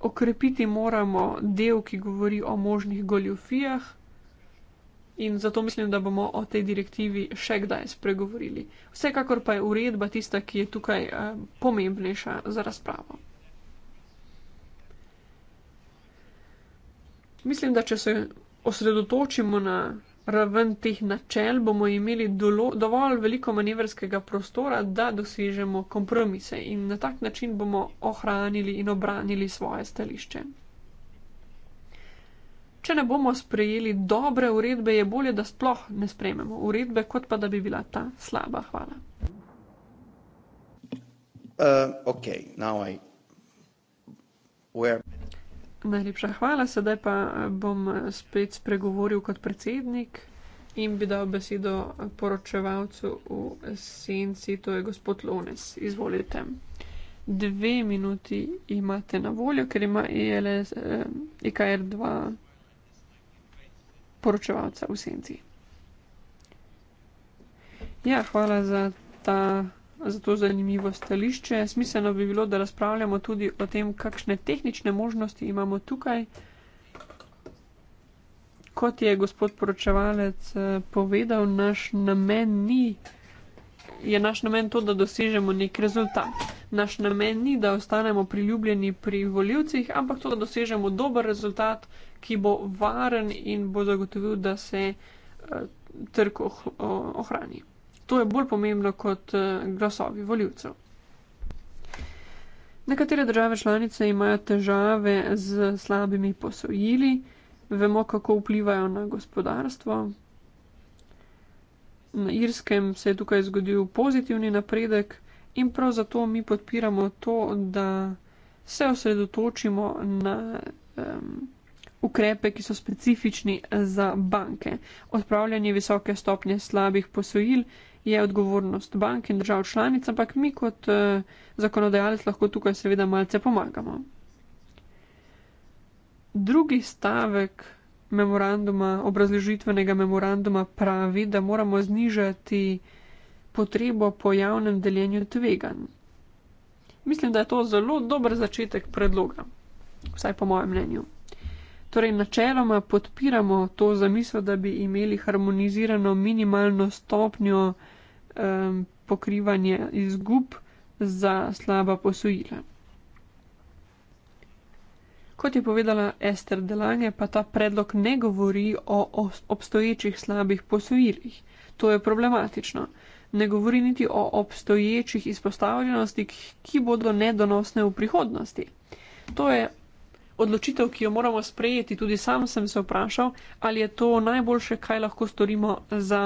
Okrepiti moramo del, ki govori o možnih goljufijah in zato mislim, da bomo o tej direktivi še kdaj spregovorili. Vsekakor pa je uredba tista, ki je tukaj eh, pomembnejša za razpravo. Mislim, da če se osredotočimo na raven teh načel, bomo imeli dovolj veliko manevrskega prostora, da dosežemo kompromise in na tak način bomo ohranili in obranili svoje stališče. Če ne bomo sprejeli dobre uredbe, je bolje, da sploh ne sprejmemo uredbe, kot pa da bi bila ta slaba. Hvala. Uh, okay. I... Where... Najlepša hvala. Sedaj pa bom spet spregovoril kot predsednik in bi dal besedo poročevalcu v senci, to je gospod Lones. Izvolite. Dve minuti imate na voljo, ker ima IKR e eh, e 2 poročevalca v senci. Ja, hvala za, ta, za to zanimivo stališče. Smiselno bi bilo, da razpravljamo tudi o tem, kakšne tehnične možnosti imamo tukaj. Kot je gospod poročevalec eh, povedal, naš namen ni, je naš namen to, da dosežemo nek rezultat. Naš namen ni, da ostanemo priljubljeni pri voljivcih, ampak to, da dosežemo dober rezultat, ki bo varen in bo zagotovil, da se eh, trg ohrani. To je bolj pomembno kot eh, glasovi voljivcev. Nekatere države članice imajo težave z slabimi posojili, vemo, kako vplivajo na gospodarstvo. Na Irskem se je tukaj zgodil pozitivni napredek in prav zato mi podpiramo to, da se osredotočimo na um, ukrepe, ki so specifični eh, za banke. Odpravljanje visoke stopnje slabih posojil je odgovornost bank in držav članic, ampak mi kot eh, zakonodajalec lahko tukaj seveda malce pomagamo. Drugi stavek memoranduma, obrazložitvenega memoranduma pravi, da moramo znižati potrebo po javnem deljenju tveganj. Mislim, da je to zelo dober začetek predloga, vsaj po mojem mnenju. Torej, načeloma podpiramo to zamisel, da bi imeli harmonizirano minimalno stopnjo um, pokrivanja izgub za slaba posojila. Kot je povedala Ester Delange, pa ta predlog ne govori o obstoječih slabih posojilih. To je problematično. Ne govori niti o obstoječih izpostavljenosti, ki bodo nedonosne v prihodnosti. To je odločitev, ki jo moramo sprejeti, tudi sam sem se vprašal, ali je to najboljše, kaj lahko storimo za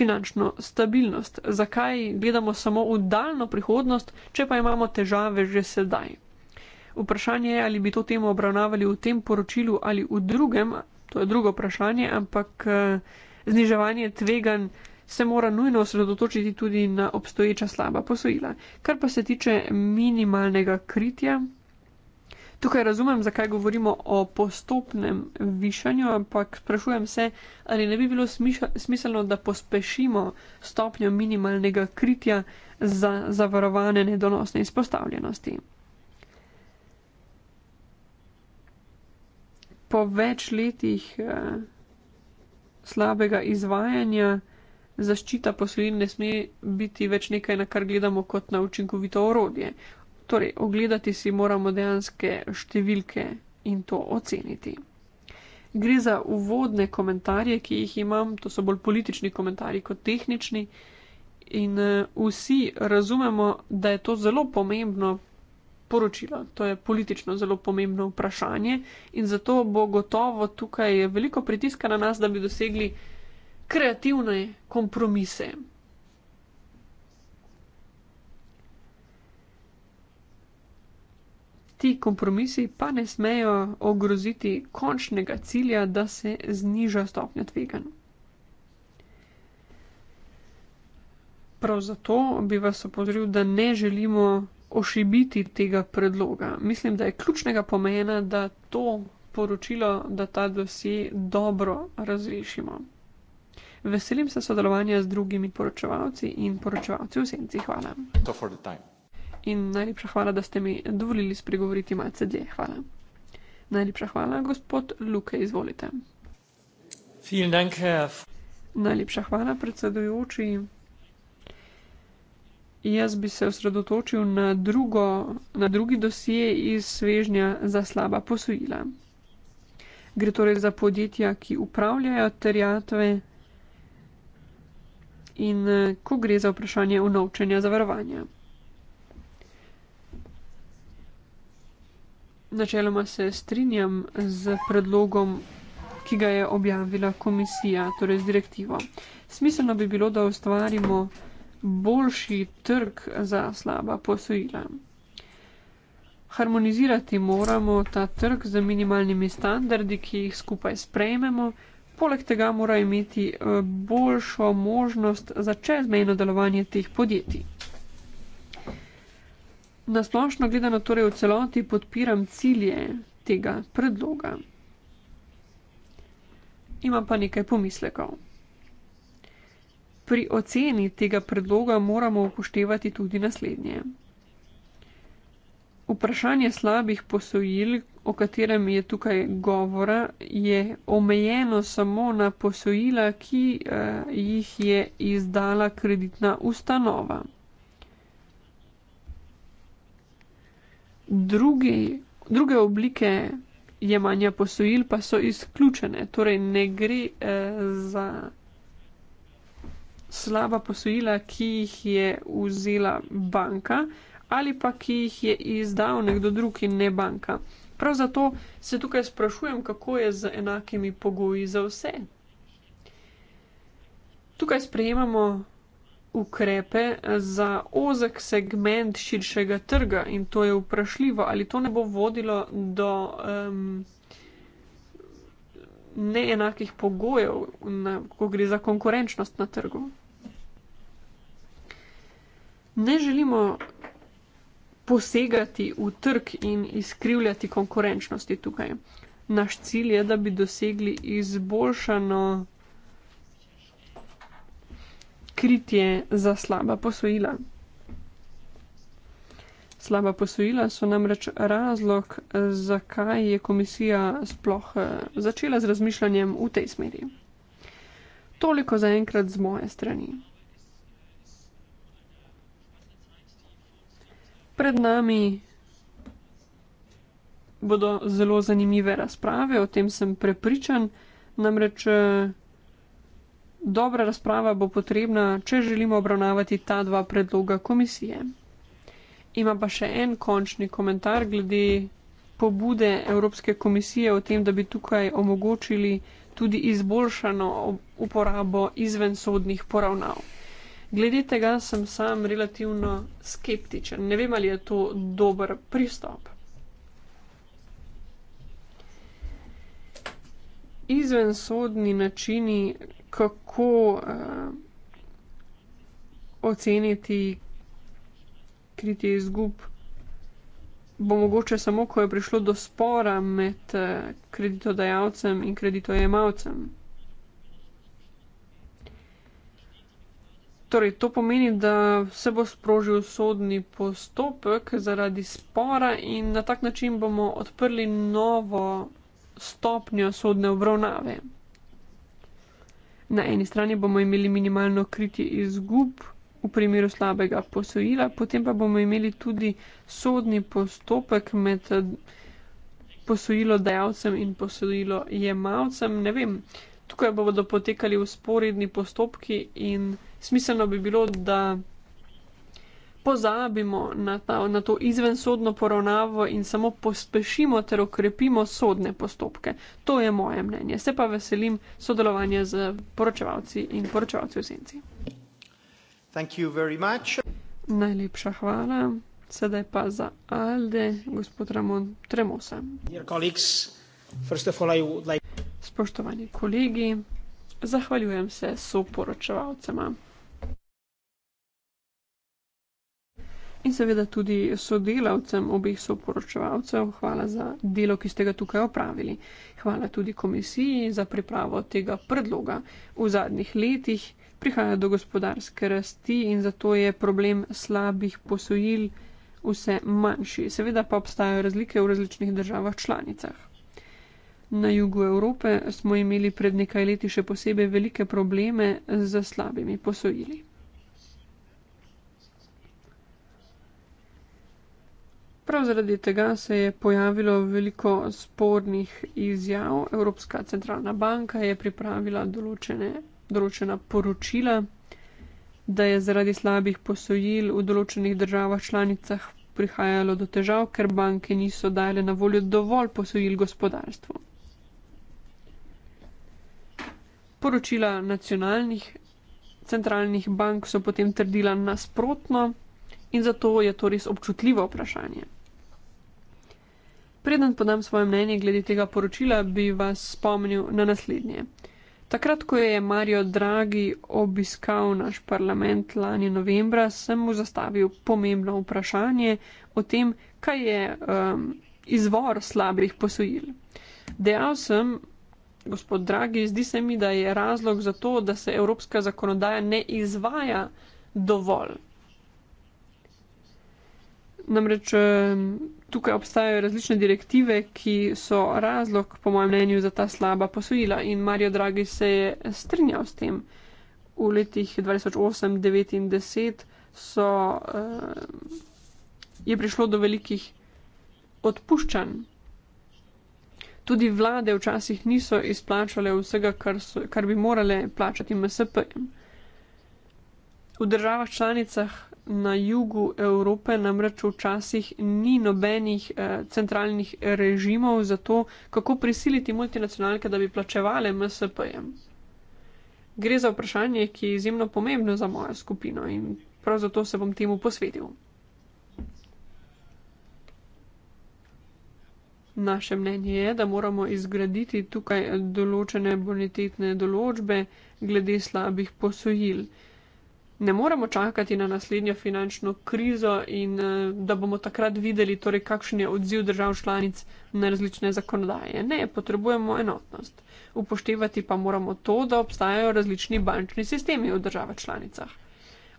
finančno stabilnost. Zakaj gledamo samo v daljno prihodnost, če pa imamo težave že sedaj? Vprašanje je, ali bi to temo obravnavali v tem poročilu ali v drugem, to je drugo vprašanje, ampak eh, zniževanje tvegan se mora nujno osredotočiti tudi na obstoječa slaba posojila. Kar pa se tiče minimalnega kritja, Tukaj razumem, zakaj govorimo o postopnem višanju, ampak sprašujem se, ali ne bi bilo smiselno, da pospešimo stopnjo minimalnega kritja za zavarovane nedonosne izpostavljenosti. Po več letih eh, slabega izvajanja zaščita posojil ne sme biti več nekaj, na kar gledamo kot na učinkovito orodje. Torej, ogledati si moramo dejanske številke in to oceniti. Gre za uvodne komentarje, ki jih imam, to so bolj politični komentarji kot tehnični, in eh, vsi razumemo, da je to zelo pomembno poročilo, to je politično zelo pomembno vprašanje in zato bo gotovo tukaj veliko pritiska na nas, da bi dosegli kreativne kompromise. ti kompromisi pa ne smejo ogroziti končnega cilja, da se zniža stopnja tveganj. Prav zato bi vas opozoril, da ne želimo ošibiti tega predloga. Mislim, da je ključnega pomena, da to poročilo, da ta dosje dobro razrešimo. Veselim se sodelovanja z drugimi poročevalci in poročevalci v senci. Hvala. To for the time in najlepša hvala, da ste mi dovolili spregovoriti malce dlje. Hvala. Najlepša hvala, gospod Luke, izvolite. Dank, najlepša hvala, predsedujoči. Jaz bi se osredotočil na, drugo, na drugi dosije iz svežnja za slaba posojila. Gre torej za podjetja, ki upravljajo terjatve in eh, ko gre za vprašanje unovčenja zavarovanja. načeloma se strinjam z predlogom, ki ga je objavila komisija, torej z direktivo. Smiselno bi bilo, da ustvarimo boljši trg za slaba posojila. Harmonizirati moramo ta trg z minimalnimi standardi, ki jih skupaj sprejmemo, poleg tega mora imeti eh, boljšo možnost za čezmejno delovanje teh podjetij. Na splošno gledano, torej v celoti podpiram cilje tega predloga. Imam pa nekaj pomislekov. Pri oceni tega predloga moramo upoštevati tudi naslednje. Vprašanje slabih posojil, o katerem je tukaj govora, je omejeno samo na posojila, ki eh, jih je izdala kreditna ustanova. drugi, druge oblike jemanja posojil pa so izključene, torej ne gre eh, za slaba posojila, ki jih je vzela banka ali pa ki jih je izdal nekdo drug in ne banka. Prav zato se tukaj sprašujem, kako je z enakimi pogoji za vse. Tukaj sprejemamo ukrepe za ozek segment širšega trga in to je vprašljivo, ali to ne bo vodilo do um, neenakih pogojev, na, ko gre za konkurenčnost na trgu. Ne želimo posegati v trg in izkrivljati konkurenčnosti tukaj. Naš cilj je, da bi dosegli izboljšano kritje za slaba posojila. Slaba posojila so namreč razlog, zakaj je komisija sploh eh, začela z razmišljanjem v tej smeri. Toliko za enkrat z moje strani. Pred nami bodo zelo zanimive razprave, o tem sem prepričan, namreč. Eh, Dobra razprava bo potrebna, če želimo obravnavati ta dva predloga komisije. Ima pa še en končni komentar glede pobude Evropske komisije o tem, da bi tukaj omogočili tudi izboljšano uporabo izvensodnih poravnav. Glede tega sem sam relativno skeptičen. Ne vem, ali je to dober pristop. Izvensodni načini kako uh, oceniti kritje izgub, bo mogoče samo, ko je prišlo do spora med uh, kreditodajalcem in kreditojemalcem. Torej, to pomeni, da se bo sprožil sodni postopek zaradi spora in na tak način bomo odprli novo stopnjo sodne obravnave. Na eni strani bomo imeli minimalno kritje izgub v primeru slabega posojila, potem pa bomo imeli tudi sodni postopek med eh, posojilo dajalcem in posojilo jemalcem. Ne vem, tukaj bodo potekali usporedni postopki in smiselno bi bilo, da pozabimo na, ta, na to izvensodno poravnavo in samo pospešimo ter okrepimo sodne postopke. To je moje mnenje. Se pa veselim sodelovanja z poročevalci in poročevalci v senci. Najlepša hvala. Sedaj pa za Alde, gospod Ramon Tremosa. Spoštovani kolegi, zahvaljujem se soporočevalcema. in seveda tudi sodelavcem obeh soporočevalcev, hvala za delo, ki ste ga tukaj opravili. Hvala tudi komisiji za pripravo tega predloga. V zadnjih letih prihaja do gospodarske rasti in zato je problem slabih posojil vse manjši. Seveda pa obstajajo razlike v različnih državah članicah. Na jugu Evrope smo imeli pred nekaj leti še posebej velike probleme z slabimi posojili. Prav zaradi tega se je pojavilo veliko spornih izjav. Evropska centralna banka je pripravila določene, določena poročila, da je zaradi slabih posojil v določenih državah članicah prihajalo do težav, ker banke niso dale na voljo dovolj posojil gospodarstvu. Poročila nacionalnih centralnih bank so potem trdila nasprotno in zato je to res občutljivo vprašanje. Preden podam svoje mnenje glede tega poročila, bi vas spomnil na naslednje. Takrat, ko je Mario Draghi obiskal naš parlament lani novembra, sem mu zastavil pomembno vprašanje o tem, kaj je um, izvor slabih posojil. Dejal sem, gospod Draghi, zdi se mi, da je razlog za to, da se evropska zakonodaja ne izvaja dovolj. Namreč um, tukaj obstajajo različne direktive, ki so razlog, po mojem mnenju, za ta slaba posojila in Mario Draghi se je strinjal s tem. V letih 2008, 2009 uh, je prišlo do velikih odpuščanj. Tudi vlade včasih niso izplačale vsega, kar, so, kar bi morale plačati MSP. -jem. V državah članicah na jugu Evrope namreč včasih ni nobenih eh, centralnih režimov za to, kako prisiliti multinacionalke, da bi plačevale MSP-jem. Gre za vprašanje, ki je izjemno pomembno za mojo skupino in prav zato se bom temu posvetil. Naše mnenje je, da moramo izgraditi tukaj določene bonitetne določbe glede slabih posojil ne moremo čakati na naslednjo finančno krizo in eh, da bomo takrat videli, torej, kakšen je odziv držav članic na različne zakonodaje. Ne, potrebujemo enotnost. Upoštevati pa moramo to, da obstajajo različni bančni sistemi v državah članicah.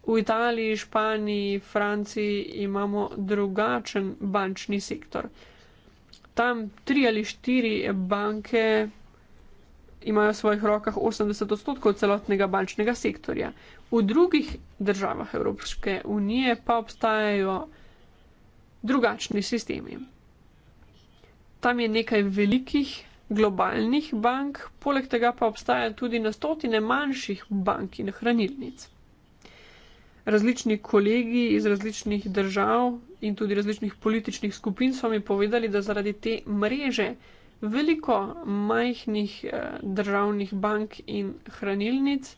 V Italiji, Španiji, Franciji imamo drugačen bančni sektor. Tam tri ali štiri banke imajo v svojih rokah 80 odstotkov celotnega bančnega sektorja. V drugih državah Evropske unije pa obstajajo drugačni sistemi. Tam je nekaj velikih globalnih bank, poleg tega pa obstaja tudi na stotine manjših bank in hranilnic. Različni kolegi iz različnih držav in tudi različnih političnih skupin so mi povedali, da zaradi te mreže veliko majhnih eh, državnih bank in hranilnic.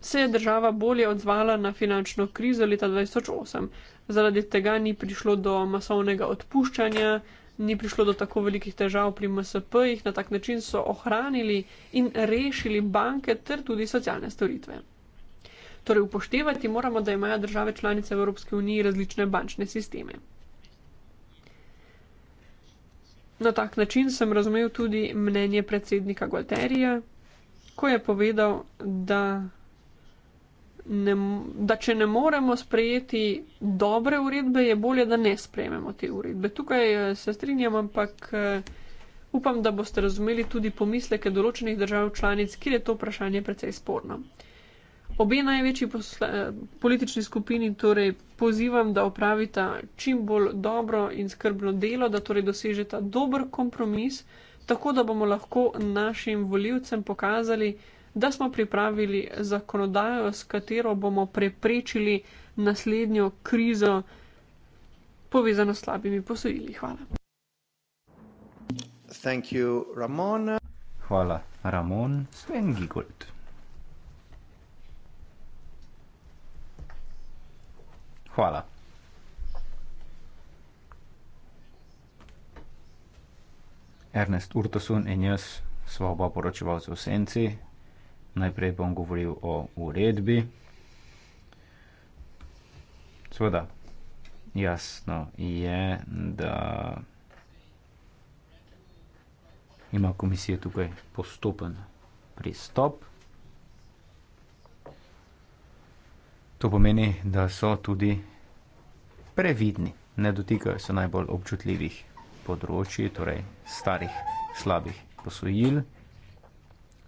Se je država bolje odzvala na finančno krizo leta 2008. Zaradi tega ni prišlo do masovnega odpuščanja, ni prišlo do tako velikih težav pri MSP-jih, na tak način so ohranili in rešili banke ter tudi socialne storitve. Torej, upoštevati moramo, da imajo države članice Evropske unije različne bančne sisteme. Na tak način sem razumel tudi mnenje predsednika Gualterija, ko je povedal, da, ne, da če ne moremo sprejeti dobre uredbe, je bolje, da ne sprejmemo te uredbe. Tukaj eh, se strinjam, ampak eh, upam, da boste razumeli tudi pomisleke določenih držav članic, kjer je to vprašanje precej sporno. Obe največji posle, eh, politični skupini torej pozivam, da opravita čim bolj dobro in skrbno delo, da torej dosežeta dober kompromis, tako da bomo lahko našim voljivcem pokazali, da smo pripravili zakonodajo, s katero bomo preprečili naslednjo krizo povezano s slabimi posojili. Hvala. Thank you, Ramon. Hvala, Ramon Svengigold. Hvala. Ernest Urtosun in jaz smo oba poročevalca v senci. Najprej bom govoril o uredbi. Sveda, jasno je, da ima komisija tukaj postopen pristop. To pomeni, da so tudi previdni, ne dotikajo se najbolj občutljivih področji, torej starih, slabih posojil.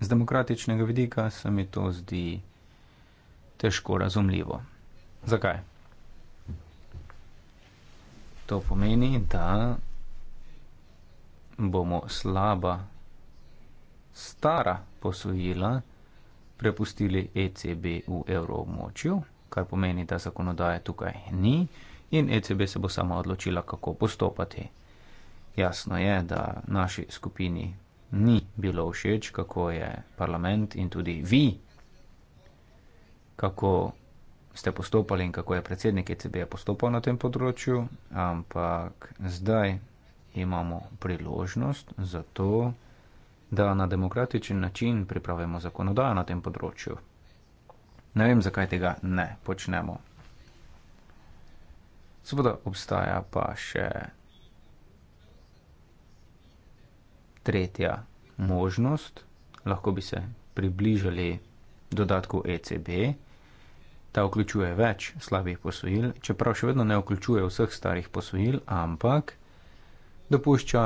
Z demokratičnega vidika se mi to zdi težko razumljivo. Zakaj? To pomeni, da bomo slaba, stara posojila prepustili ECB v evroobmočju kar pomeni, da zakonodaje tukaj ni in ECB se bo sama odločila, kako postopati. Jasno je, da naši skupini ni bilo všeč, kako je parlament in tudi vi, kako ste postopali in kako je predsednik ECB postopal na tem področju, ampak zdaj imamo priložnost za to, da na demokratičen način pripravimo zakonodajo na tem področju. Ne vem, zakaj tega ne počnemo. Seveda obstaja pa še tretja možnost, lahko bi se približali dodatku ECB. Ta vključuje več slabih posojil, čeprav še vedno ne vključuje vseh starih posojil, ampak dopušča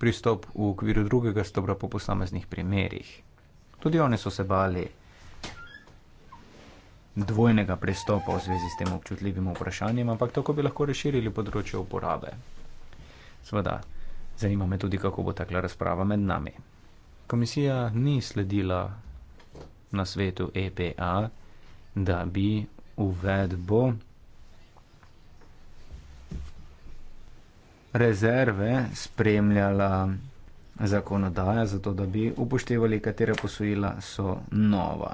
pristop v okviru drugega stopra po posameznih primerih. Tudi oni so se bali dvojnega pristopa v zvezi s tem občutljivim vprašanjem, ampak tako bi lahko reširili področje uporabe. Sveda, zanima me tudi, kako bo takla razprava med nami. Komisija ni sledila na svetu EPA, da bi uvedbo rezerve spremljala zakonodaja, zato da bi upoštevali, katera posojila so nova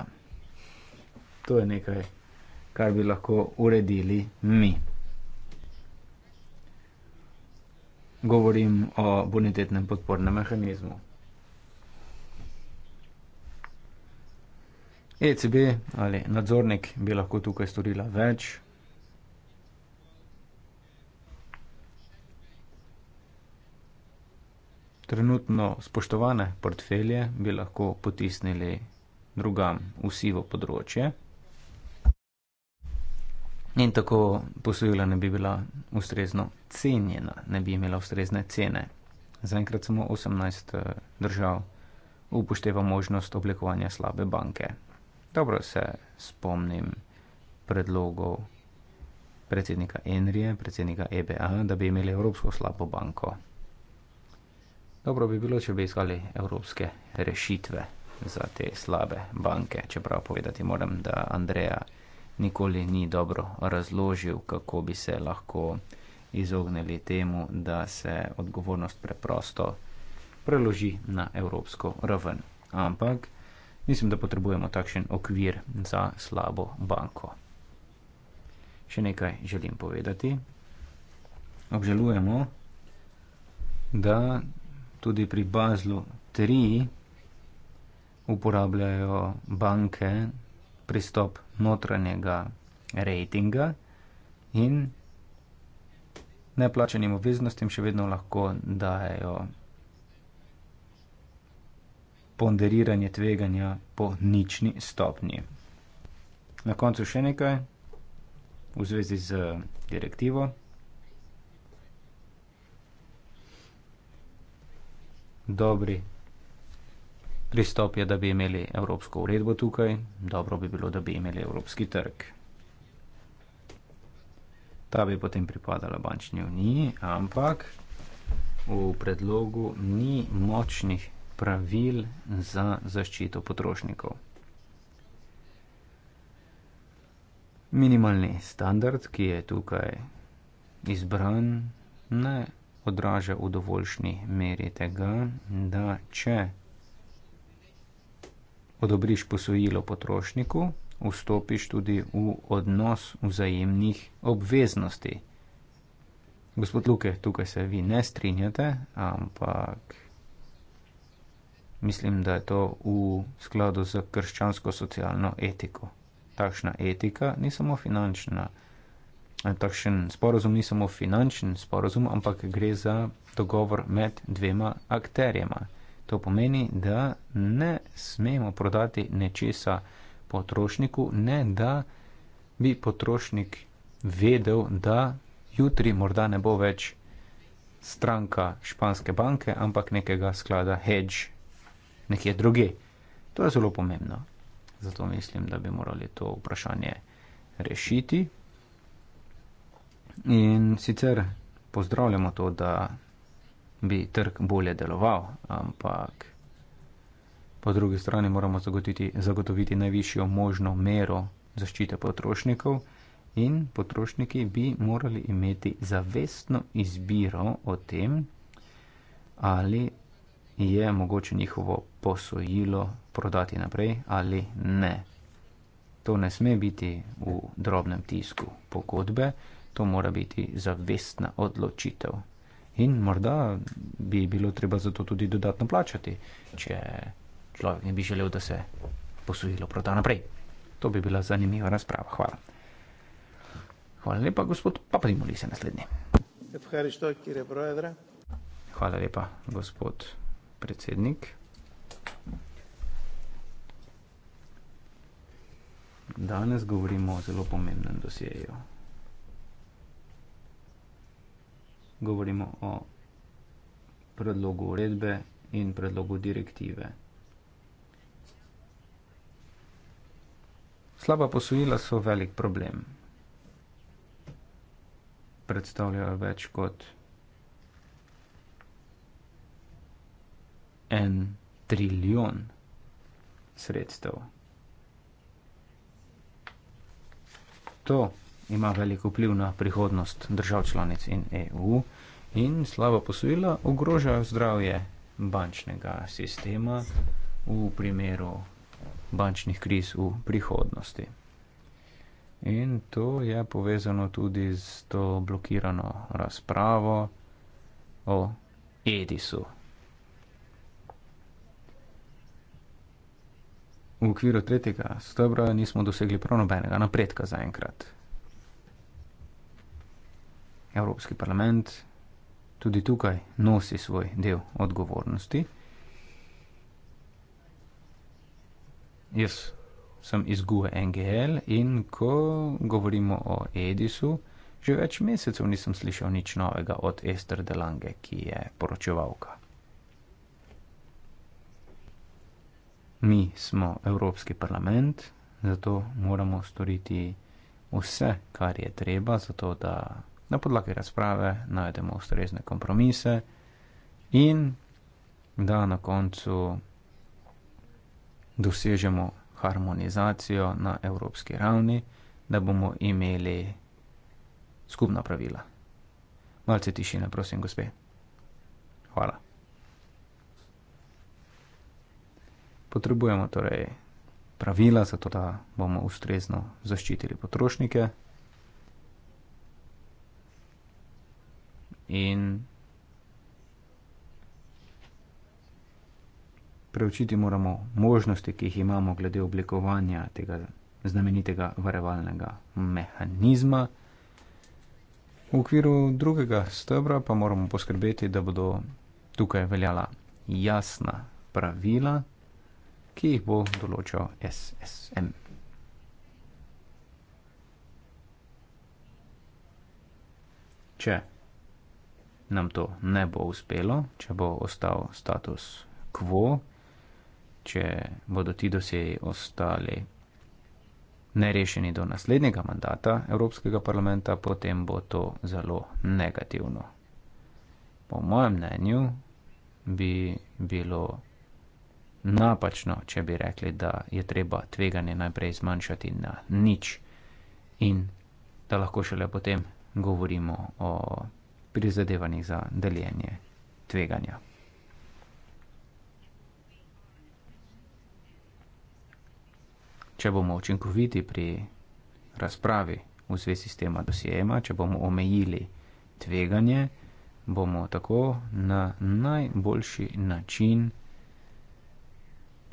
to je nekaj, kar bi lahko uredili mi. Govorim o bonitetnem podpornem mehanizmu. ECB ali nadzornik bi lahko tukaj storila več. Trenutno spoštovane portfelje bi lahko potisnili drugam v sivo področje. In tako posojila ne bi bila ustrezno cenjena, ne bi imela ustrezne cene. Zaenkrat samo 18 eh, držav upošteva možnost oblikovanja slabe banke. Dobro se spomnim predlogov predsednika Enrije, predsednika EBA, da bi imeli Evropsko slabo banko. Dobro bi bilo, če bi iskali evropske rešitve za te slabe banke, čeprav povedati moram, da Andreja nikoli ni dobro razložil, kako bi se lahko izognili temu, da se odgovornost preprosto preloži na evropsko raven. Ampak mislim, da potrebujemo takšen okvir za slabo banko. Še nekaj želim povedati. Obžalujemo, da tudi pri Bazlu 3 uporabljajo banke pristop notranjega rejtinga in neplačenim obveznostim še vedno lahko dajo ponderiranje tveganja po nični stopnji. Na koncu še nekaj v zvezi z direktivo. Dobri Pristop je, da bi imeli evropsko uredbo tukaj, dobro bi bilo, da bi imeli evropski trg. Ta bi potem pripadala bančni uniji, ampak v predlogu ni močnih pravil za zaščito potrošnikov. Minimalni standard, ki je tukaj izbran, ne odraža v dovoljšni meri tega, da če odobriš posojilo potrošniku, vstopiš tudi v odnos vzajemnih obveznosti. Gospod Luke, tukaj se vi ne strinjate, ampak mislim, da je to v skladu z krščansko socialno etiko. Takšna etika ni samo finančna, eh, takšen sporozum ni samo finančen sporozum, ampak gre za dogovor med dvema akterjema. To pomeni, da ne smemo prodati nečesa potrošniku, ne da bi potrošnik vedel, da jutri morda ne bo več stranka španske banke, ampak nekega sklada hedge nekje druge. To je zelo pomembno. Zato mislim, da bi morali to vprašanje rešiti. In sicer pozdravljamo to, da bi trg bolje deloval, ampak po drugi strani moramo zagotoviti, zagotoviti najvišjo možno mero zaščite potrošnikov in potrošniki bi morali imeti zavestno izbiro o tem, ali je mogoče njihovo posojilo prodati naprej ali ne. To ne sme biti v drobnem tisku pogodbe, to mora biti zavestna odločitev. In morda bi bilo treba za to tudi dodatno plačati, če človek ne bi želel, da se posojilo proda naprej. To bi bila zanimiva razprava. Hvala. Hvala lepa, gospod Papadimoli, se naslednji. Hvala lepa, gospod predsednik. Danes govorimo o zelo pomembnem dosjeju. govorimo o predlogu uredbe in predlogu direktive. Slaba posojila so velik problem. Predstavljajo več kot en trilijon sredstev. To, ima veliko vpliv na prihodnost držav članic in EU in slaba posojila ogrožajo zdravje bančnega sistema v primeru bančnih kriz v prihodnosti. In to je povezano tudi s to blokirano razpravo o Edisu. V okviru tretjega stebra nismo dosegli prav nobenega napredka zaenkrat. Evropski parlament tudi tukaj nosi svoj del odgovornosti. Jaz sem izguje NGL in ko govorimo o Edisu, že več mesecev nisem slišal nič novega od Ester Delange, ki je poročevalka. Mi smo Evropski parlament, zato moramo storiti vse, kar je treba, zato da na podlagi razprave najdemo ustrezne kompromise in da na koncu dosežemo harmonizacijo na evropski ravni, da bomo imeli skupna pravila. Malce tišine, prosim, gospe. Hvala. Potrebujemo torej pravila, zato da bomo ustrezno zaščitili potrošnike. in preučiti moramo možnosti, ki jih imamo glede oblikovanja tega znamenitega varevalnega mehanizma. V okviru drugega stebra pa moramo poskrbeti, da bodo tukaj veljala jasna pravila, ki jih bo določal SSM. Če nam to ne bo uspelo, če bo ostal status quo, če bodo ti dosjeji ostali nerešeni do naslednjega mandata Evropskega parlamenta, potem bo to zelo negativno. Po mojem mnenju bi bilo napačno, če bi rekli, da je treba tveganje najprej zmanjšati na nič in da lahko šele potem govorimo o prizadevanjih za deljenje tveganja. Če bomo učinkoviti pri razpravi v zvezi s tema dosjema, če bomo omejili tveganje, bomo tako na najboljši način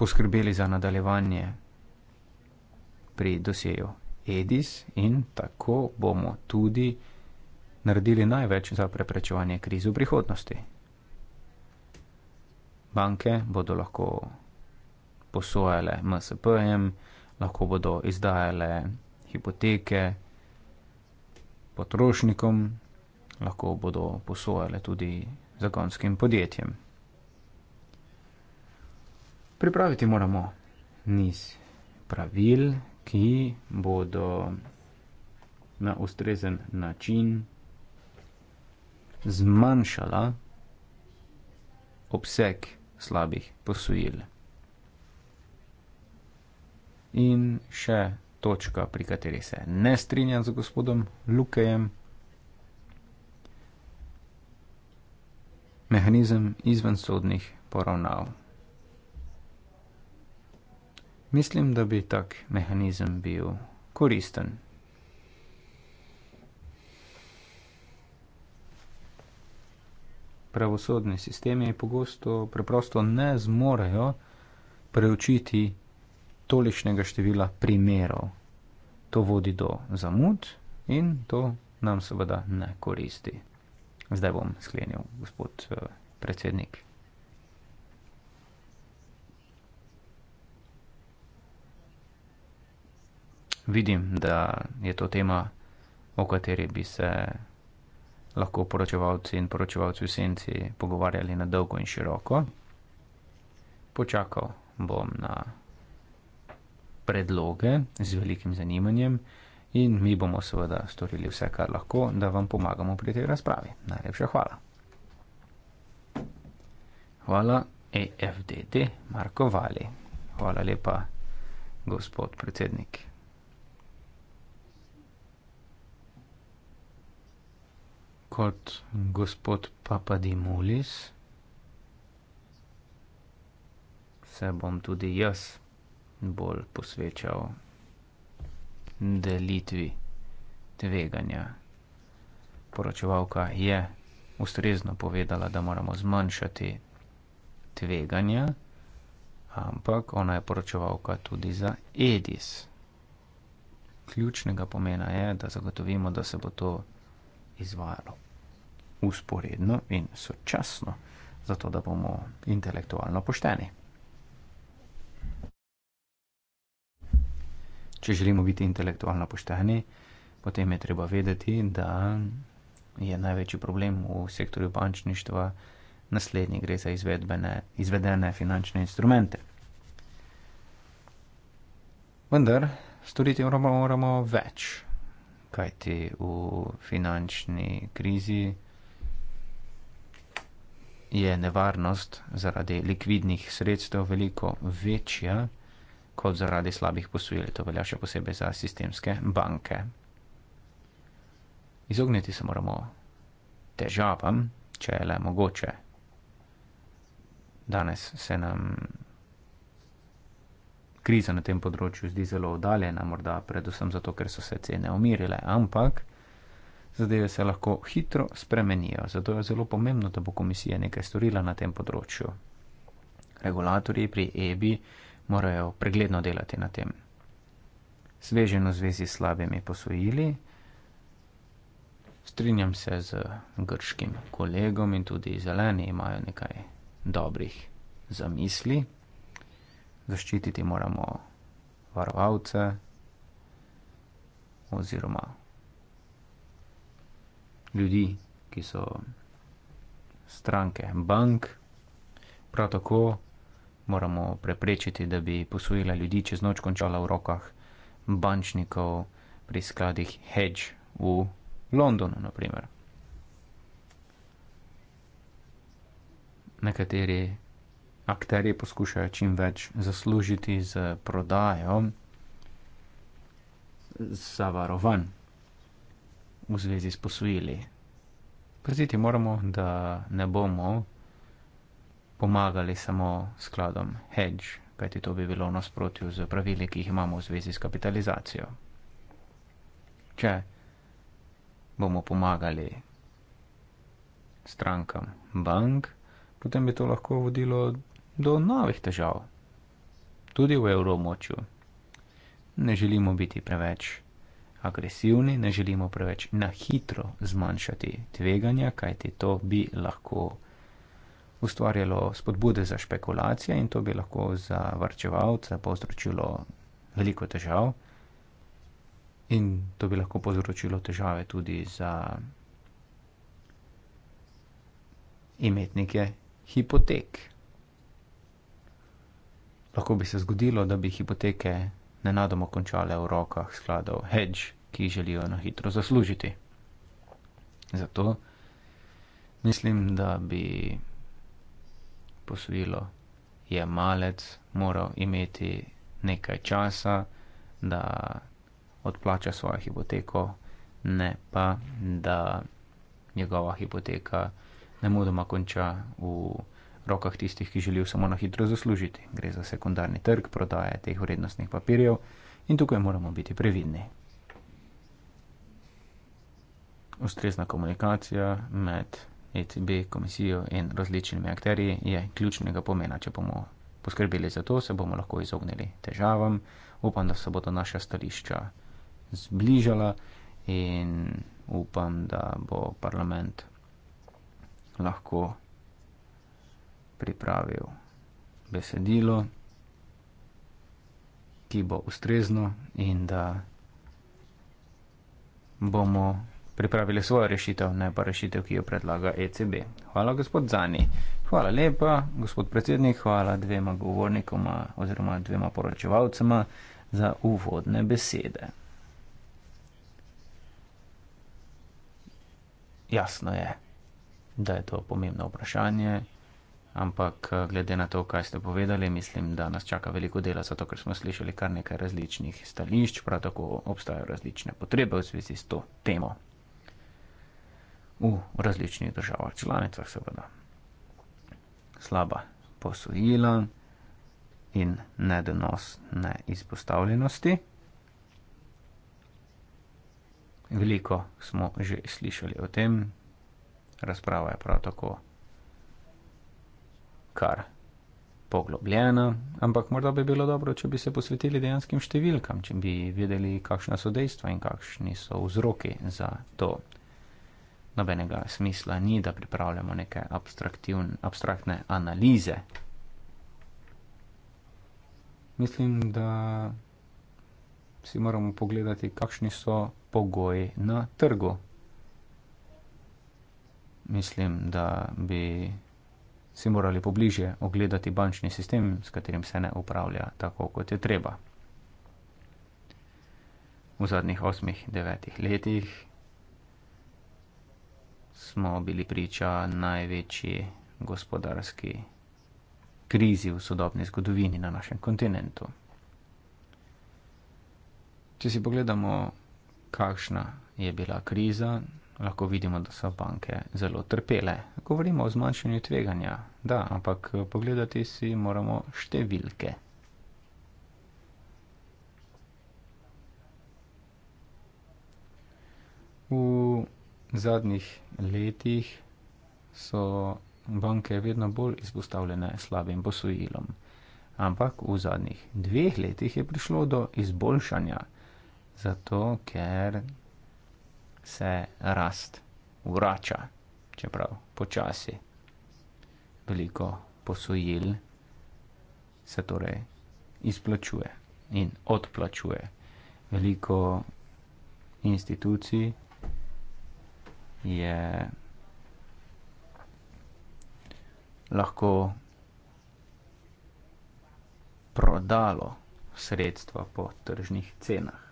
poskrbeli za nadaljevanje pri dosjeju EDIS in tako bomo tudi naredili največ za preprečevanje krize v prihodnosti. Banke bodo lahko posojale MSP-jem, lahko bodo izdajale hipoteke potrošnikom, lahko bodo posojale tudi zagonskim podjetjem. Pripraviti moramo niz pravil, ki bodo na ustrezen način zmanjšala obseg slabih posojil. In še točka, pri kateri se ne strinjam z gospodom Lukejem. Mehanizem izvensodnih poravnav. Mislim, da bi tak mehanizem bil koristen. pravosodni sistemi pogosto preprosto ne zmorejo preučiti tolišnega števila primerov. To vodi do zamud in to nam seveda ne koristi. Zdaj bom sklenil, gospod eh, predsednik. Vidim, da je to tema, o kateri bi se lahko poročevalci in poročevalci v senci pogovarjali na dolgo in široko. Počakal bom na predloge z velikim zanimanjem in mi bomo seveda storili vse, kar lahko, da vam pomagamo pri tej razpravi. Najlepša hvala. Hvala, AFDD, e Marko Vali. Hvala lepa, gospod predsednik. kot gospod Papadimulis, se bom tudi jaz bolj posvečal delitvi tveganja. Poročevalka je ustrezno povedala, da moramo zmanjšati tveganja, ampak ona je poročevalka tudi za Edis. Ključnega pomena je, da zagotovimo, da se bo to izvajalo usporedno in sočasno, zato da bomo intelektualno pošteni. Če želimo biti intelektualno pošteni, potem je treba vedeti, da je največji problem v sektorju bančništva naslednji, gre za izvedene finančne instrumente. Vendar storiti moramo več, kajti v finančni krizi je nevarnost zaradi likvidnih sredstev veliko večja kot zaradi slabih posojil. To velja še posebej za sistemske banke. Izogniti se moramo težavam, če je le mogoče. Danes se nam kriza na tem področju zdi zelo oddaljena, morda predvsem zato, ker so se cene umirile, ampak zadeve se lahko hitro spremenijo. Zato je zelo pomembno, da bo komisija nekaj storila na tem področju. Regulatorji pri EBI morajo pregledno delati na tem. Sveženo v zvezi s slabimi posojili. Strinjam se z grškim kolegom in tudi zeleni imajo nekaj dobrih zamisli. Zaščititi moramo varovalce oziroma ljudi, ki so stranke bank. Prav tako moramo preprečiti, da bi posojila ljudi čez noč končala v rokah bančnikov pri skladih Hedge v Londonu, naprimer. Nekateri akteri poskušajo čim več zaslužiti z prodajo zavarovanj v zvezi s posojili. Preziti moramo, da ne bomo pomagali samo skladom hedge, kajti to bi bilo nasprotju z pravili, ki jih imamo v zvezi s kapitalizacijo. Če bomo pomagali strankam bank, potem bi to lahko vodilo do novih težav, tudi v evromočju. Ne želimo biti preveč agresivni, ne želimo preveč na hitro zmanjšati tveganja, kajti to bi lahko ustvarjalo spodbude za špekulacije in to bi lahko za varčevalca povzročilo veliko težav. In to bi lahko povzročilo težave tudi za imetnike hipotek. Lahko bi se zgodilo, da bi hipoteke nenadoma končale v rokah skladov Hedge, ki želijo na hitro zaslužiti. Zato mislim, da bi posojilo jemalec moral imeti nekaj časa, da odplača svojo hipoteko, ne pa, da njegova hipoteka ne mudoma konča v rokah tistih, ki želijo samo na hitro zaslužiti. Gre za sekundarni trg prodaje teh vrednostnih papirjev in tukaj moramo biti previdni. Ustrezna komunikacija med ECB, komisijo in različnimi akterji je ključnega pomena. Če bomo poskrbeli za to, se bomo lahko izognili težavam. Upam, da se bodo naša stališča zbližala in upam, da bo parlament lahko pripravil besedilo, ki bo ustrezno in da bomo pripravili svojo rešitev, ne pa rešitev, ki jo predlaga ECB. Hvala, gospod Zani. Hvala lepa, gospod predsednik. Hvala dvema govornikoma oziroma dvema poročevalcema za uvodne besede. Jasno je, da je to pomembno vprašanje ampak eh, glede na to, kaj ste povedali, mislim, da nas čaka veliko dela, zato ker smo slišali kar nekaj različnih stališč, prav tako obstajajo različne potrebe v zvezi s to temo. V različnih državah članicah seveda. Slaba posojila in nedonos neizpostavljenosti. Veliko smo že slišali o tem, razprava je prav tako kar poglobljena, ampak morda bi bilo dobro, če bi se posvetili dejanskim številkam, če bi vedeli, kakšna so dejstva in kakšni so vzroki za to. Nobenega smisla ni, da pripravljamo neke abstraktne analize. Mislim, da si moramo pogledati, kakšni so pogoji na trgu. Mislim, da bi si morali pobliže ogledati bančni sistem, s katerim se ne upravlja tako, kot je treba. V zadnjih osmih, devetih letih smo bili priča največji gospodarski krizi v sodobni zgodovini na našem kontinentu. Če si pogledamo, kakšna je bila kriza, lahko vidimo, da so banke zelo trpele. Govorimo o zmanjšanju tveganja, da, ampak eh, pogledati si moramo številke. V zadnjih letih so banke vedno bolj izpostavljene slabim posojilom. Ampak v zadnjih dveh letih je prišlo do izboljšanja, zato ker se rast vrača, čeprav počasi. Veliko posojil se torej izplačuje in odplačuje. Veliko institucij je lahko prodalo sredstva po tržnih cenah.